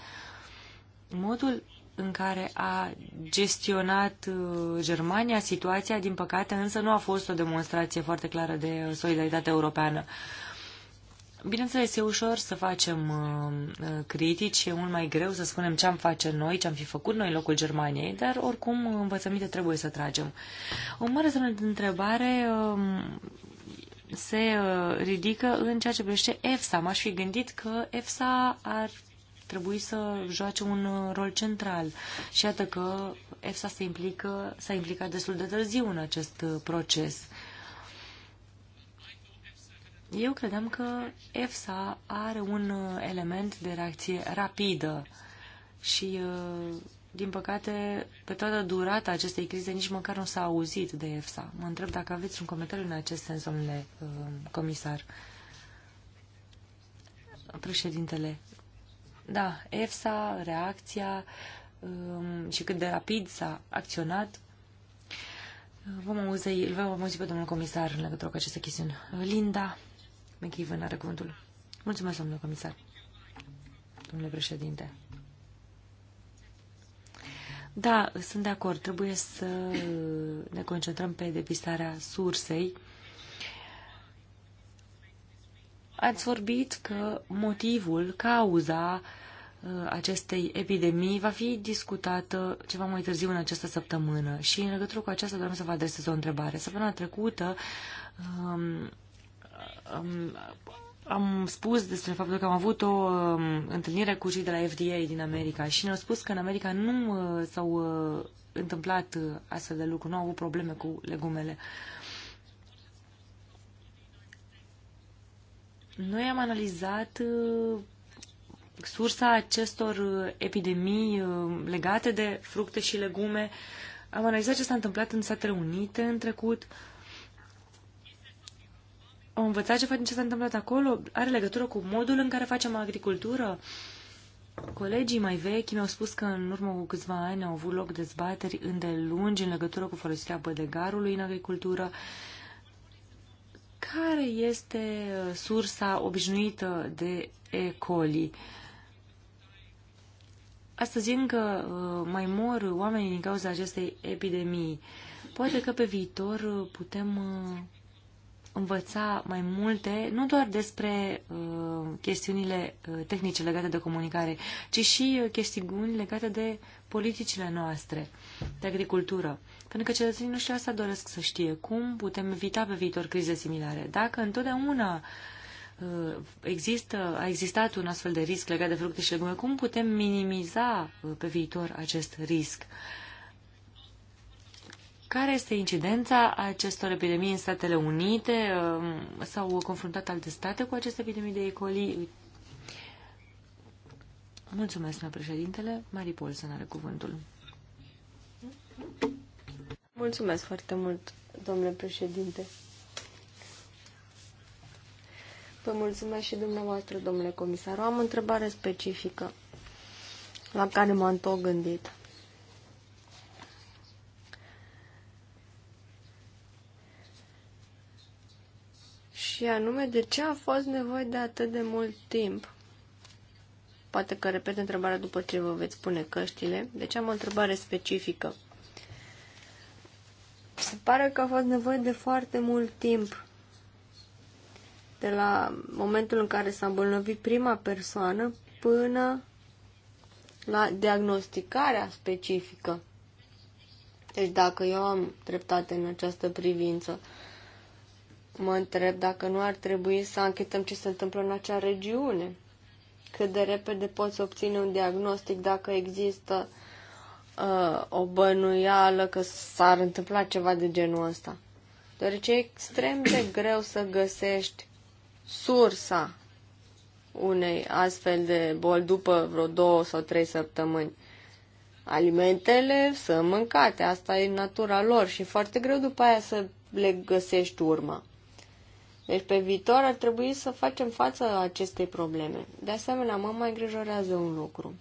Modul în care a gestionat uh, Germania situația, din păcate, însă nu a fost o demonstrație foarte clară de uh, solidaritate europeană. Bineînțeles, e ușor să facem uh, uh, critici, e mult mai greu să spunem ce am face noi, ce am fi făcut noi în locul Germaniei, dar oricum învățăminte trebuie să tragem. O mare semnă de întrebare uh, se uh, ridică în ceea ce privește EFSA. M-aș fi gândit că EFSA ar trebui să joace un uh, rol central. Și iată că EFSA se implică, s-a implicat destul de târziu în acest uh, proces. Eu credeam că EFSA are un element de reacție rapidă și din păcate, pe toată durata acestei crize nici măcar nu s-a auzit de EFSA. Mă întreb dacă aveți un comentariu în acest sens, domnule uh, comisar. Președintele, da, EFSA, reacția um, și cât de rapid s-a acționat. Vom auzi, îl vom auzi pe domnul comisar în legătură cu aceste chestiuni. Linda McEwen are cuvântul. Mulțumesc, domnule comisar. Domnule președinte. Da, sunt de acord. Trebuie să ne concentrăm pe depistarea sursei. Ați vorbit că motivul, cauza uh, acestei epidemii va fi discutată ceva mai târziu în această săptămână și în legătură cu aceasta doar să vă adresez o întrebare. Săptămâna trecută um, um, am spus despre faptul că am avut o uh, întâlnire cu cei de la FDA din America și ne-au spus că în America nu uh, s-au uh, întâmplat uh, astfel de lucruri, nu au avut probleme cu legumele. Noi am analizat uh, sursa acestor uh, epidemii uh, legate de fructe și legume. Am analizat ce s-a întâmplat în Statele Unite în trecut. Uh, au învățat ce, din ce s-a întâmplat acolo? Are legătură cu modul în care facem agricultură? Colegii mai vechi mi-au spus că în urmă cu câțiva ani au avut loc dezbateri îndelungi în legătură cu folosirea bădegarului în agricultură. Care este uh, sursa obișnuită de E. coli? Astăzi încă uh, mai mor oamenii din cauza acestei epidemii. Poate că pe viitor uh, putem învăța mai multe, nu doar despre uh, chestiunile uh, tehnice legate de comunicare, ci și uh, chestiuni legate de politicile noastre, de agricultură. Pentru că cetățenii noștri asta doresc să știe cum putem evita pe viitor crize similare. Dacă întotdeauna uh, există, a existat un astfel de risc legat de fructe și legume, cum putem minimiza uh, pe viitor acest risc? Uh, care este incidența acestor epidemii în Statele Unite? Um, s-au confruntat alte state cu aceste epidemii de E. coli? Mulțumesc, doamna președintele. Mari Polson are cuvântul. Mulțumesc foarte mult, domnule președinte. Vă mulțumesc și dumneavoastră, domnule comisar. am o întrebare specifică la care m-am tot gândit. și anume de ce a fost nevoie de atât de mult timp. Poate că repet întrebarea după ce vă veți pune căștile. De ce am o întrebare specifică. Se pare că a fost nevoie de foarte mult timp de la momentul în care s-a îmbolnăvit prima persoană până la diagnosticarea specifică. Deci dacă eu am dreptate în această privință, mă întreb dacă nu ar trebui să anchetăm ce se întâmplă în acea regiune. Cât de repede poți obține un diagnostic dacă există uh, o bănuială că s-ar întâmpla ceva de genul ăsta. Deoarece e extrem de greu să găsești sursa unei astfel de boli după vreo două sau trei săptămâni. Alimentele sunt mâncate, asta e natura lor și foarte greu după aia să le găsești urma. Deci pe viitor ar trebui să facem față acestei probleme. De asemenea, mă mai îngrijorează un lucru.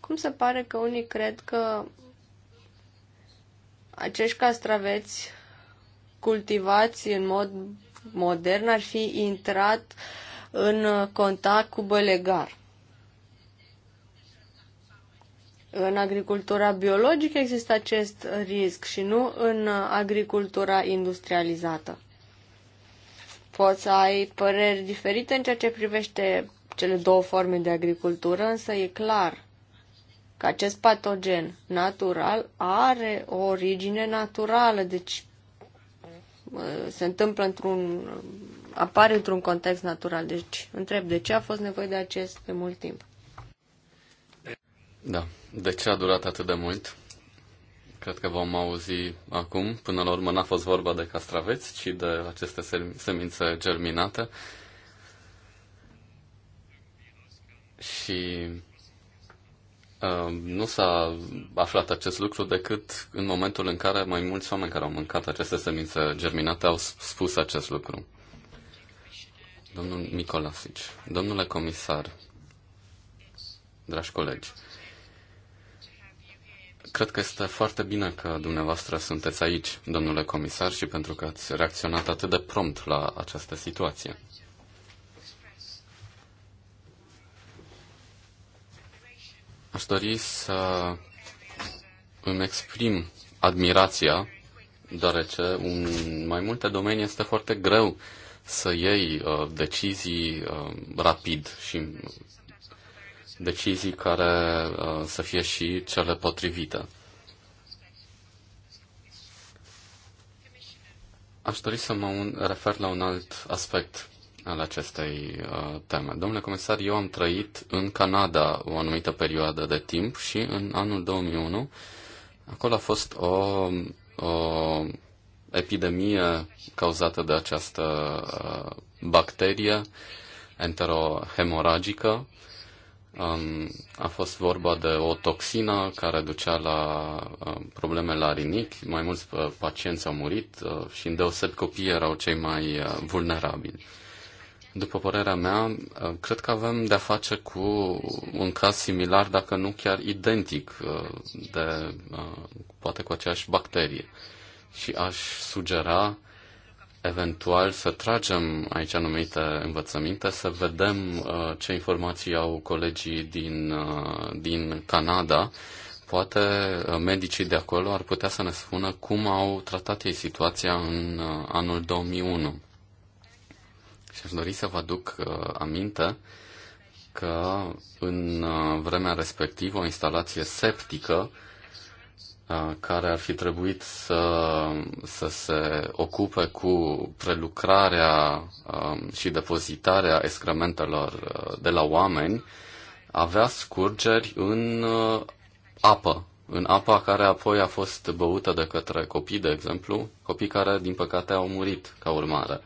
Cum se pare că unii cred că acești castraveți cultivați în mod modern ar fi intrat în contact cu bălegar. În agricultura biologică există acest risc și nu în agricultura industrializată. Poți să ai păreri diferite în ceea ce privește cele două forme de agricultură, însă e clar că acest patogen natural are o origine naturală, deci uh, se întâmplă într-un apare într-un context natural. Deci întreb de ce a fost nevoie de acest pe mult timp. Da, de ce a durat atât de mult? Cred că vom auzi acum. Până la urmă n-a fost vorba de castraveți, ci de aceste semințe germinate. Și uh, nu s-a aflat acest lucru decât în momentul în care mai mulți oameni care au mâncat aceste semințe germinate au spus acest lucru. Domnul Nicolasici, domnule comisar, dragi colegi, Cred că este foarte bine că dumneavoastră sunteți aici, domnule comisar, și pentru că ați reacționat atât de prompt la această situație. Aș dori să îmi exprim admirația, deoarece în mai multe domenii este foarte greu să iei uh, decizii uh, rapid și decizii care uh, să fie și cele potrivite. Aș dori să mă refer la un alt aspect al acestei uh, teme. Domnule comisar, eu am trăit în Canada o anumită perioadă de timp și în anul 2001 acolo a fost o, o epidemie cauzată de această uh, bacterie enterohemoragică Um, a fost vorba de o toxină care ducea la uh, probleme la rinichi. Mai mulți uh, pacienți au murit uh, și îndeoseb copiii erau cei mai uh, vulnerabili. După părerea mea, cred că avem de-a face cu un caz similar, dacă nu chiar identic, de, poate cu aceeași bacterie. Și aș sugera eventual să tragem aici anumite învățăminte, să vedem uh, ce informații au colegii din, uh, din Canada. Poate uh, medicii de acolo ar putea să ne spună cum au tratat ei situația în uh, anul 2001. Și aș dori să vă aduc uh, aminte că în uh, vremea respectivă o instalație septică uh, care ar fi trebuit să, să se ocupe cu prelucrarea și depozitarea excrementelor de la oameni, avea scurgeri în apă, în apa care apoi a fost băută de către copii, de exemplu, copii care, din păcate, au murit ca urmare.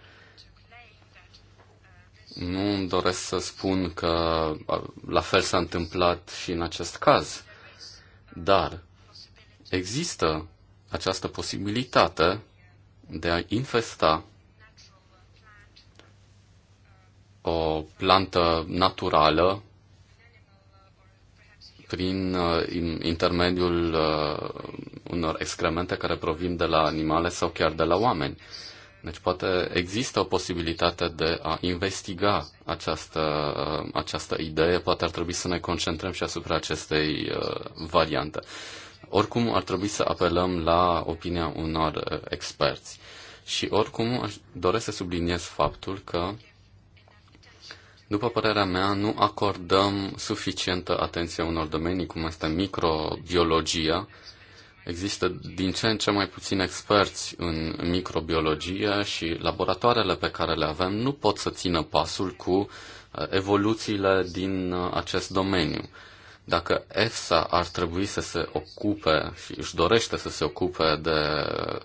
Nu doresc să spun că la fel s-a întâmplat și în acest caz, dar există această posibilitate de a infesta o plantă naturală prin uh, intermediul uh, unor excremente care provin de la animale sau chiar de la oameni. Deci poate există o posibilitate de a investiga această, uh, această idee, poate ar trebui să ne concentrăm și asupra acestei variante. Oricum ar trebui să apelăm la opinia unor uh, experți. Și oricum doresc să subliniez faptul că, după părerea mea, nu acordăm suficientă atenție unor domenii, cum este microbiologia. Există din ce în ce mai puțini experți în microbiologie și laboratoarele pe care le avem nu pot să țină pasul cu uh, evoluțiile din uh, acest domeniu. Dacă EFSA ar trebui să se ocupe și își dorește să se ocupe de,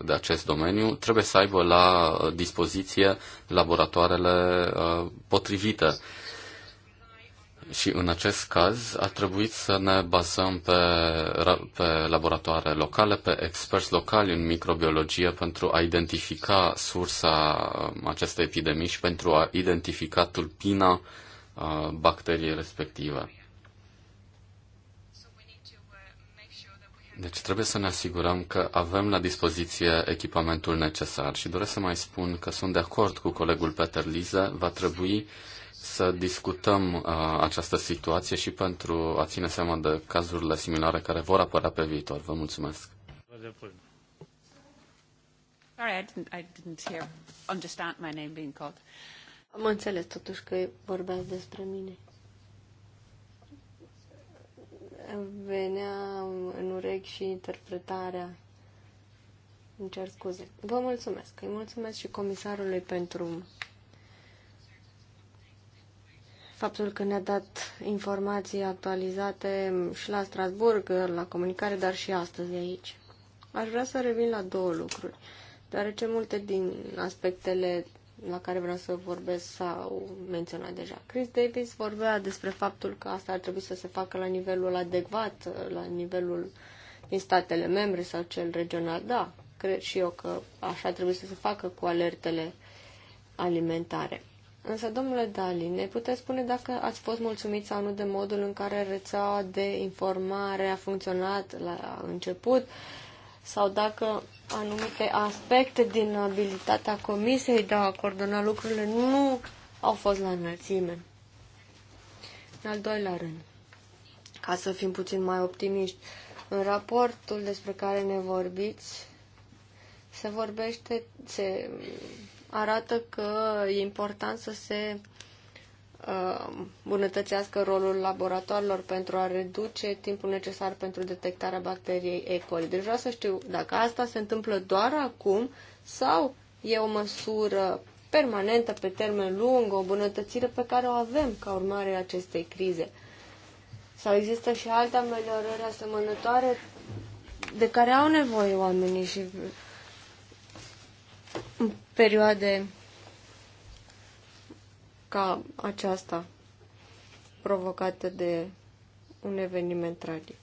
de acest domeniu, trebuie să aibă la dispoziție laboratoarele uh, potrivite. Și în acest caz ar trebui să ne bazăm pe, pe laboratoare locale, pe experți locali în microbiologie pentru a identifica sursa um, acestei epidemii și pentru a identifica tulpina uh, bacteriei respective. Deci trebuie să ne asigurăm că avem la dispoziție echipamentul necesar și doresc să mai spun că sunt de acord cu colegul Peter Liza, va trebui să discutăm uh, această situație și pentru a ține seama de cazurile similare care vor apărea pe viitor. Vă mulțumesc. Sorry, I didn't, hear, understand my name being called. Am înțeles totuși că vorbeați despre mine venea în urechi și interpretarea. Îmi cer scuze. Vă mulțumesc. Îi mulțumesc și comisarului pentru faptul că ne-a dat informații actualizate și la Strasburg, la comunicare, dar și astăzi aici. Aș vrea să revin la două lucruri, deoarece multe din aspectele la care vreau să vorbesc sau menționat deja. Chris Davis vorbea despre faptul că asta ar trebui să se facă la nivelul adecvat, la nivelul din statele membre sau cel regional. Da, cred și eu că așa trebuie să se facă cu alertele alimentare. Însă, domnule Dali, ne puteți spune dacă ați fost mulțumit sau nu de modul în care rețeaua de informare a funcționat la început sau dacă anumite aspecte din abilitatea comisiei de a coordona lucrurile nu au fost la înălțime. În al doilea rând, ca să fim puțin mai optimiști, în raportul despre care ne vorbiți, se vorbește, se arată că e important să se îmbunătățească rolul laboratoarelor pentru a reduce timpul necesar pentru detectarea bacteriei E. coli. Deci vreau să știu dacă asta se întâmplă doar acum sau e o măsură permanentă pe termen lung, o îmbunătățire pe care o avem ca urmare a acestei crize. Sau există și alte ameliorări asemănătoare de care au nevoie oamenii și în perioade ca aceasta provocată de un eveniment tragic.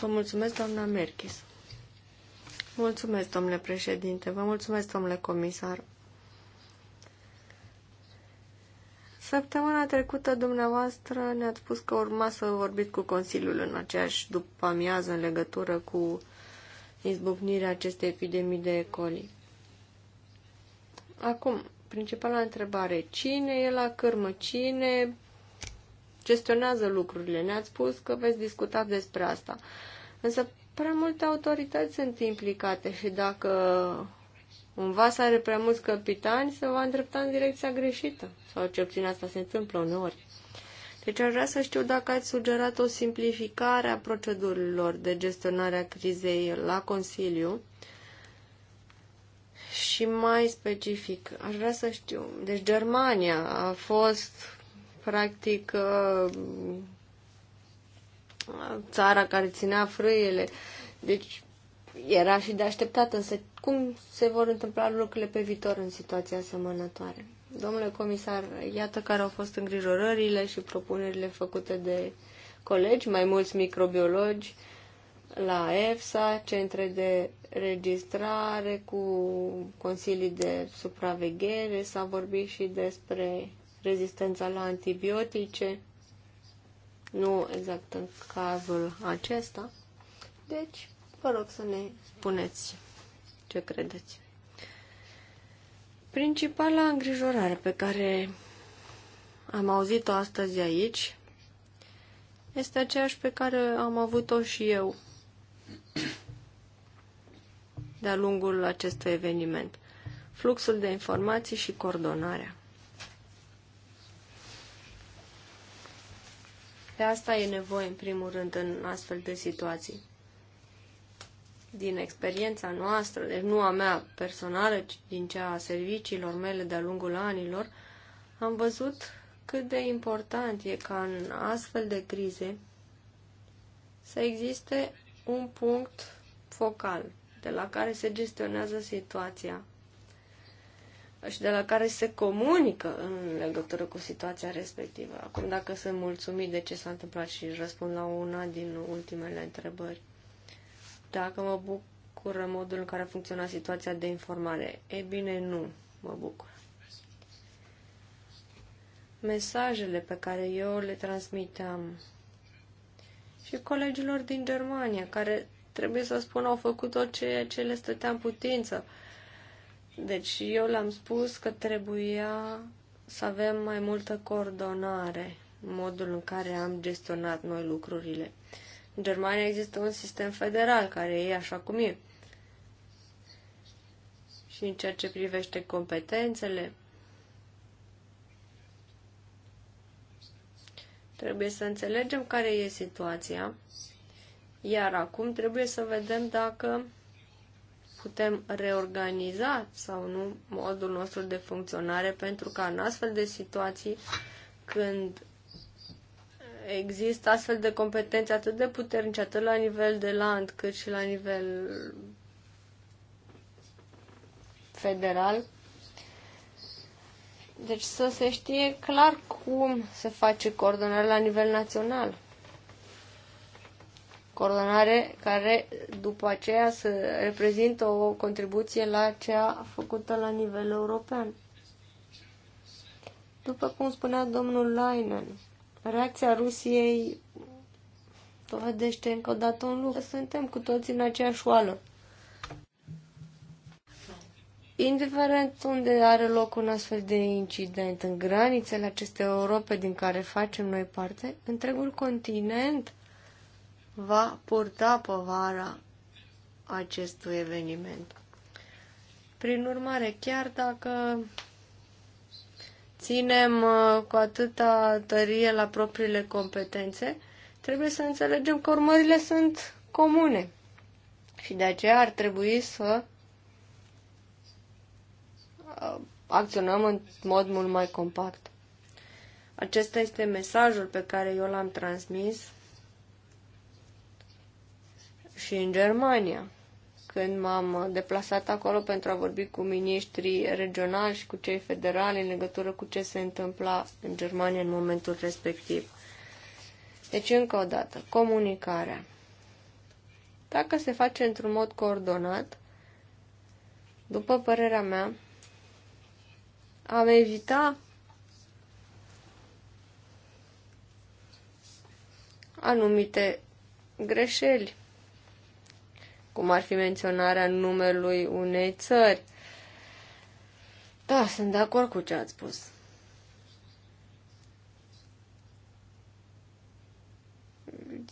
Vă mulțumesc, doamna Merchis. Mulțumesc, domnule președinte. Vă mulțumesc, domnule comisar. Săptămâna trecută, dumneavoastră ne-ați spus că urma să vorbiți cu Consiliul în aceeași după amiază în legătură cu izbucnirea acestei epidemii de coli. Acum, principala întrebare. Cine e la cârmă? Cine gestionează lucrurile? Ne-ați spus că veți discuta despre asta. Însă prea multe autorități sunt implicate și dacă un vas are prea mulți capitani, se va îndrepta în direcția greșită. Sau ce puțin asta se întâmplă uneori. Deci aș vrea să știu dacă ați sugerat o simplificare a procedurilor de gestionare a crizei la Consiliu, și mai specific, aș vrea să știu, deci Germania a fost practic uh, țara care ținea frâiele, deci era și de așteptat, însă cum se vor întâmpla lucrurile pe viitor în situația asemănătoare? Domnule comisar, iată care au fost îngrijorările și propunerile făcute de colegi, mai mulți microbiologi, uh, la EFSA, centre de registrare cu consilii de supraveghere, s-a vorbit și despre rezistența la antibiotice, nu exact în cazul acesta. Deci, vă rog să ne spuneți ce credeți. Principala îngrijorare pe care am auzit-o astăzi aici este aceeași pe care am avut-o și eu de-a lungul acestui eveniment. Fluxul de informații și coordonarea. De asta e nevoie, în primul rând, în astfel de situații. Din experiența noastră, deci nu a mea personală, ci din cea a serviciilor mele de-a lungul anilor, am văzut cât de important e ca în astfel de crize să existe un punct focal de la care se gestionează situația și de la care se comunică în legătură cu situația respectivă. Acum, dacă sunt mulțumit de ce s-a întâmplat și răspund la una din ultimele întrebări. Dacă mă bucură modul în care funcționa situația de informare, e bine, nu mă bucur. Mesajele pe care eu le transmiteam și colegilor din Germania, care trebuie să spun, au făcut tot ceea ce le stătea în putință. Deci eu le-am spus că trebuia să avem mai multă coordonare în modul în care am gestionat noi lucrurile. În Germania există un sistem federal care e așa cum e. Și în ceea ce privește competențele, trebuie să înțelegem care e situația iar acum trebuie să vedem dacă putem reorganiza sau nu modul nostru de funcționare pentru ca în astfel de situații când există astfel de competențe atât de puternice, atât la nivel de land, cât și la nivel federal. Deci să se știe clar cum se face coordonarea la nivel național coordonare care după aceea să reprezintă o contribuție la cea făcută la nivel european. După cum spunea domnul Leinen, reacția Rusiei dovedește încă o dată un lucru. Suntem cu toții în aceeași oală. Indiferent unde are loc un astfel de incident, în granițele acestei Europe din care facem noi parte, întregul continent va purta povara acestui eveniment. Prin urmare, chiar dacă ținem uh, cu atâta tărie la propriile competențe, trebuie să înțelegem că urmările sunt comune. Și de aceea ar trebui să uh, acționăm în mod mult mai compact. Acesta este mesajul pe care eu l-am transmis și în Germania, când m-am deplasat acolo pentru a vorbi cu miniștrii regionali și cu cei federali în legătură cu ce se întâmpla în Germania în momentul respectiv. Deci, încă o dată, comunicarea. Dacă se face într-un mod coordonat, după părerea mea, am evita anumite greșeli cum ar fi menționarea numelui unei țări. Da, sunt de acord cu ce ați spus.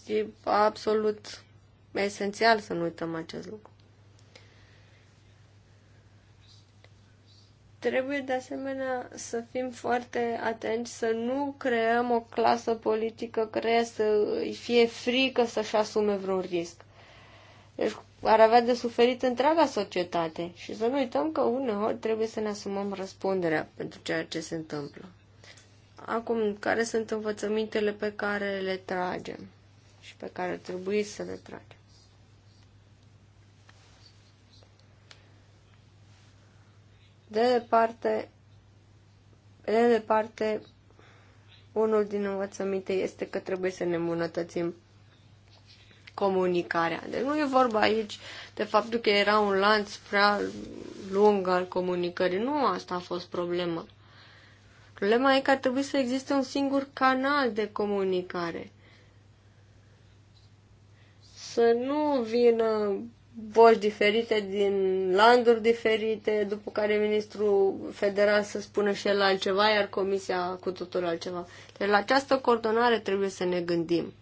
E absolut esențial să nu uităm acest lucru. Trebuie de asemenea să fim foarte atenți să nu creăm o clasă politică care să îi fie frică să-și asume vreun risc. Deci ar avea de suferit întreaga societate și să nu uităm că uneori trebuie să ne asumăm răspunderea pentru ceea ce se întâmplă. Acum, care sunt învățămintele pe care le tragem și pe care trebuie să le tragem? De departe, de departe, unul din învățăminte este că trebuie să ne îmbunătățim comunicarea. Deci nu e vorba aici de faptul că era un lanț prea lung al comunicării. Nu asta a fost problema. Problema e că ar trebui să existe un singur canal de comunicare. Să nu vină voci diferite din landuri diferite, după care ministrul federal să spună și el altceva, iar comisia cu totul altceva. Deci la această coordonare trebuie să ne gândim.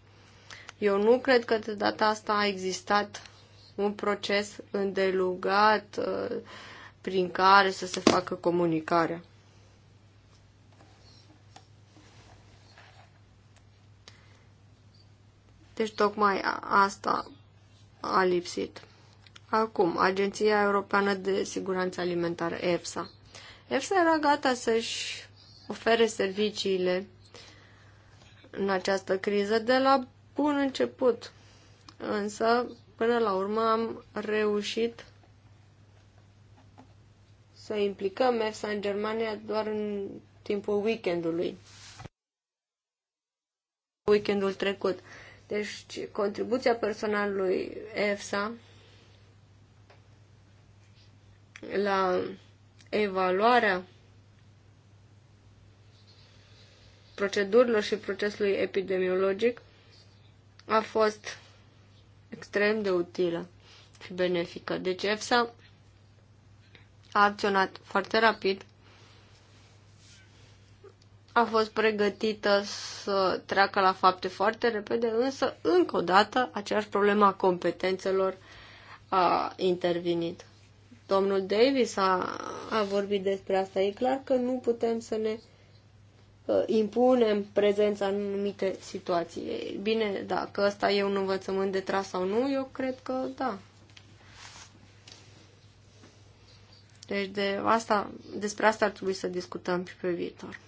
Eu nu cred că de data asta a existat un proces îndelugat uh, prin care să se facă comunicarea. Deci tocmai asta a lipsit. Acum, Agenția Europeană de Siguranță Alimentară, EFSA. EFSA era gata să-și ofere serviciile în această criză de la bun început, însă până la urmă am reușit să implicăm EFSA în Germania doar în timpul weekendului. Weekendul trecut. Deci contribuția personalului EFSA la evaluarea procedurilor și procesului epidemiologic a fost extrem de utilă și benefică. Deci EFSA a acționat foarte rapid, a fost pregătită să treacă la fapte foarte repede, însă, încă o dată, aceeași problemă a competențelor a intervenit. Domnul Davis a, a vorbit despre asta. E clar că nu putem să ne Uh, impunem prezența în anumite situații. bine, dacă ăsta e un învățământ de tras sau nu, eu cred că da. Deci de asta, despre asta ar trebui să discutăm și pe viitor.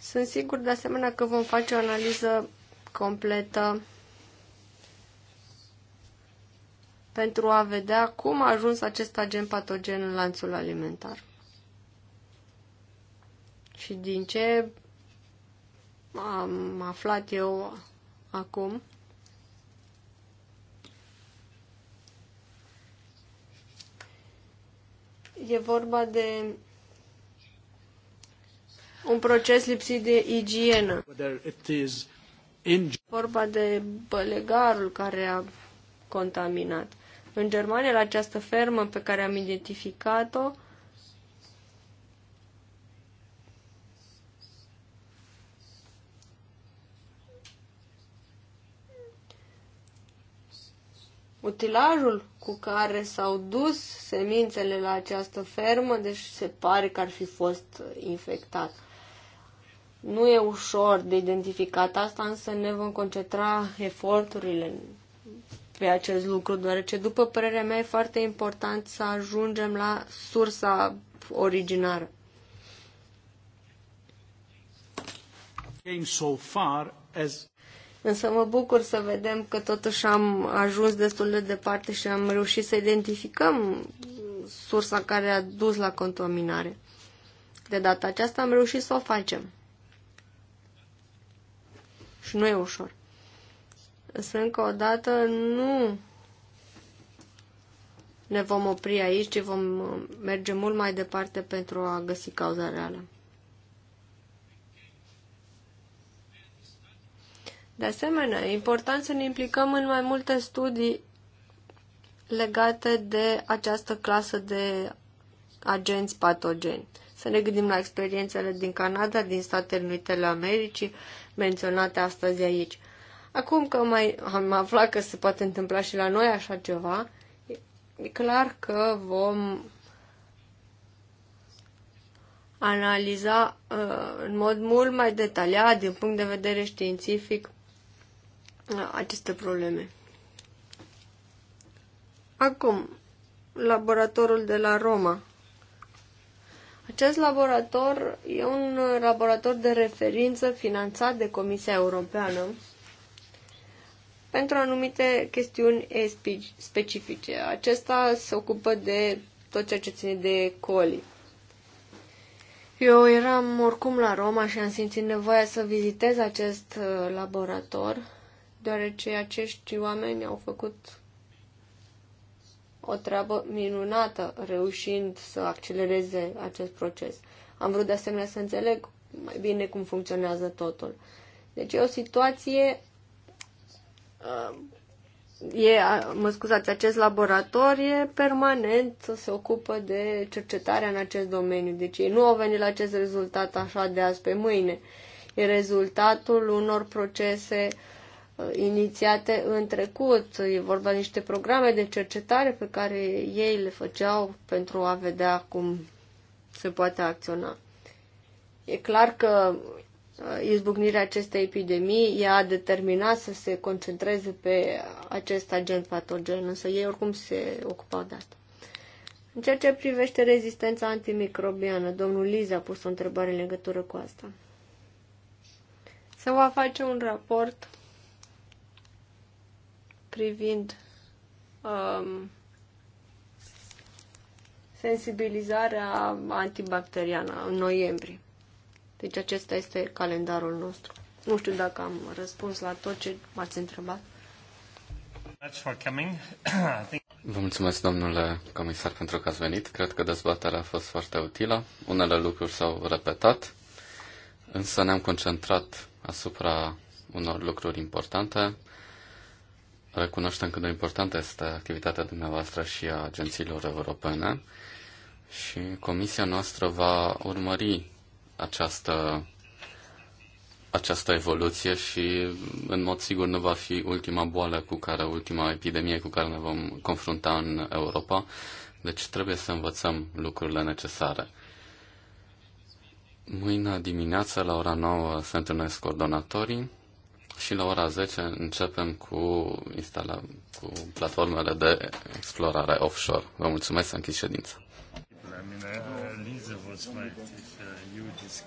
Sunt sigur de asemenea că vom face o analiză completă pentru a vedea cum a ajuns acest agent patogen în lanțul alimentar. Și din ce am aflat eu acum, e vorba de un proces lipsit de igienă. Vorba de bălegarul care a contaminat. În Germania, la această fermă pe care am identificat-o, utilajul cu care s-au dus semințele la această fermă, deci se pare că ar fi fost infectat. Nu e ușor de identificat asta, însă ne vom concentra eforturile pe acest lucru, deoarece, după părerea mea, e foarte important să ajungem la sursa originară. So far as... Însă mă bucur să vedem că totuși am ajuns destul de departe și am reușit să identificăm sursa care a dus la contaminare. De data aceasta am reușit să o facem. Și nu e ușor. Însă, încă o dată, nu ne vom opri aici, ci vom merge mult mai departe pentru a găsi cauza reală. De asemenea, e important să ne implicăm în mai multe studii legate de această clasă de agenți patogeni. Să ne gândim la experiențele din Canada, din Statele Unite ale Americii, menționate astăzi aici. Acum că mai am aflat că se poate întâmpla și la noi așa ceva, e clar că vom analiza uh, în mod mult mai detaliat, din punct de vedere științific, uh, aceste probleme. Acum, laboratorul de la Roma. Acest laborator e un laborator de referință finanțat de Comisia Europeană pentru anumite chestiuni specifice. Acesta se ocupă de tot ceea ce ține de coli. Eu eram oricum la Roma și am simțit nevoia să vizitez acest uh, laborator, deoarece acești oameni au făcut o treabă minunată reușind să accelereze acest proces. Am vrut de asemenea să înțeleg mai bine cum funcționează totul. Deci e o situație Uh, e, mă scuzați, acest laborator e permanent, să se ocupă de cercetarea în acest domeniu. Deci ei nu au venit la acest rezultat așa de azi pe mâine. E rezultatul unor procese uh, inițiate în trecut. E vorba de niște programe de cercetare pe care ei le făceau pentru a vedea cum se poate acționa. E clar că izbucnirea acestei epidemii i-a determinat să se concentreze pe acest agent patogen, însă ei oricum se ocupau de asta. În ceea ce privește rezistența antimicrobiană, domnul Liza a pus o întrebare în legătură cu asta. Se va face un raport privind um, sensibilizarea antibacteriană în noiembrie. Deci acesta este calendarul nostru. Nu știu dacă am răspuns la tot ce m-ați întrebat. Vă mulțumesc, domnule comisar, pentru că ați venit. Cred că dezbaterea a fost foarte utilă. Unele lucruri s-au repetat, însă ne-am concentrat asupra unor lucruri importante. Recunoaștem cât de importantă este activitatea dumneavoastră și a agențiilor europene și comisia noastră va urmări această, această evoluție și, în mod sigur, nu va fi ultima boală cu care, ultima epidemie cu care ne vom confrunta în Europa. Deci trebuie să învățăm lucrurile necesare. Mâine dimineață la ora 9, se întâlnesc coordonatorii și la ora 10 începem cu, instala, cu platformele de explorare offshore. Vă mulțumesc, să închis ședința you disc.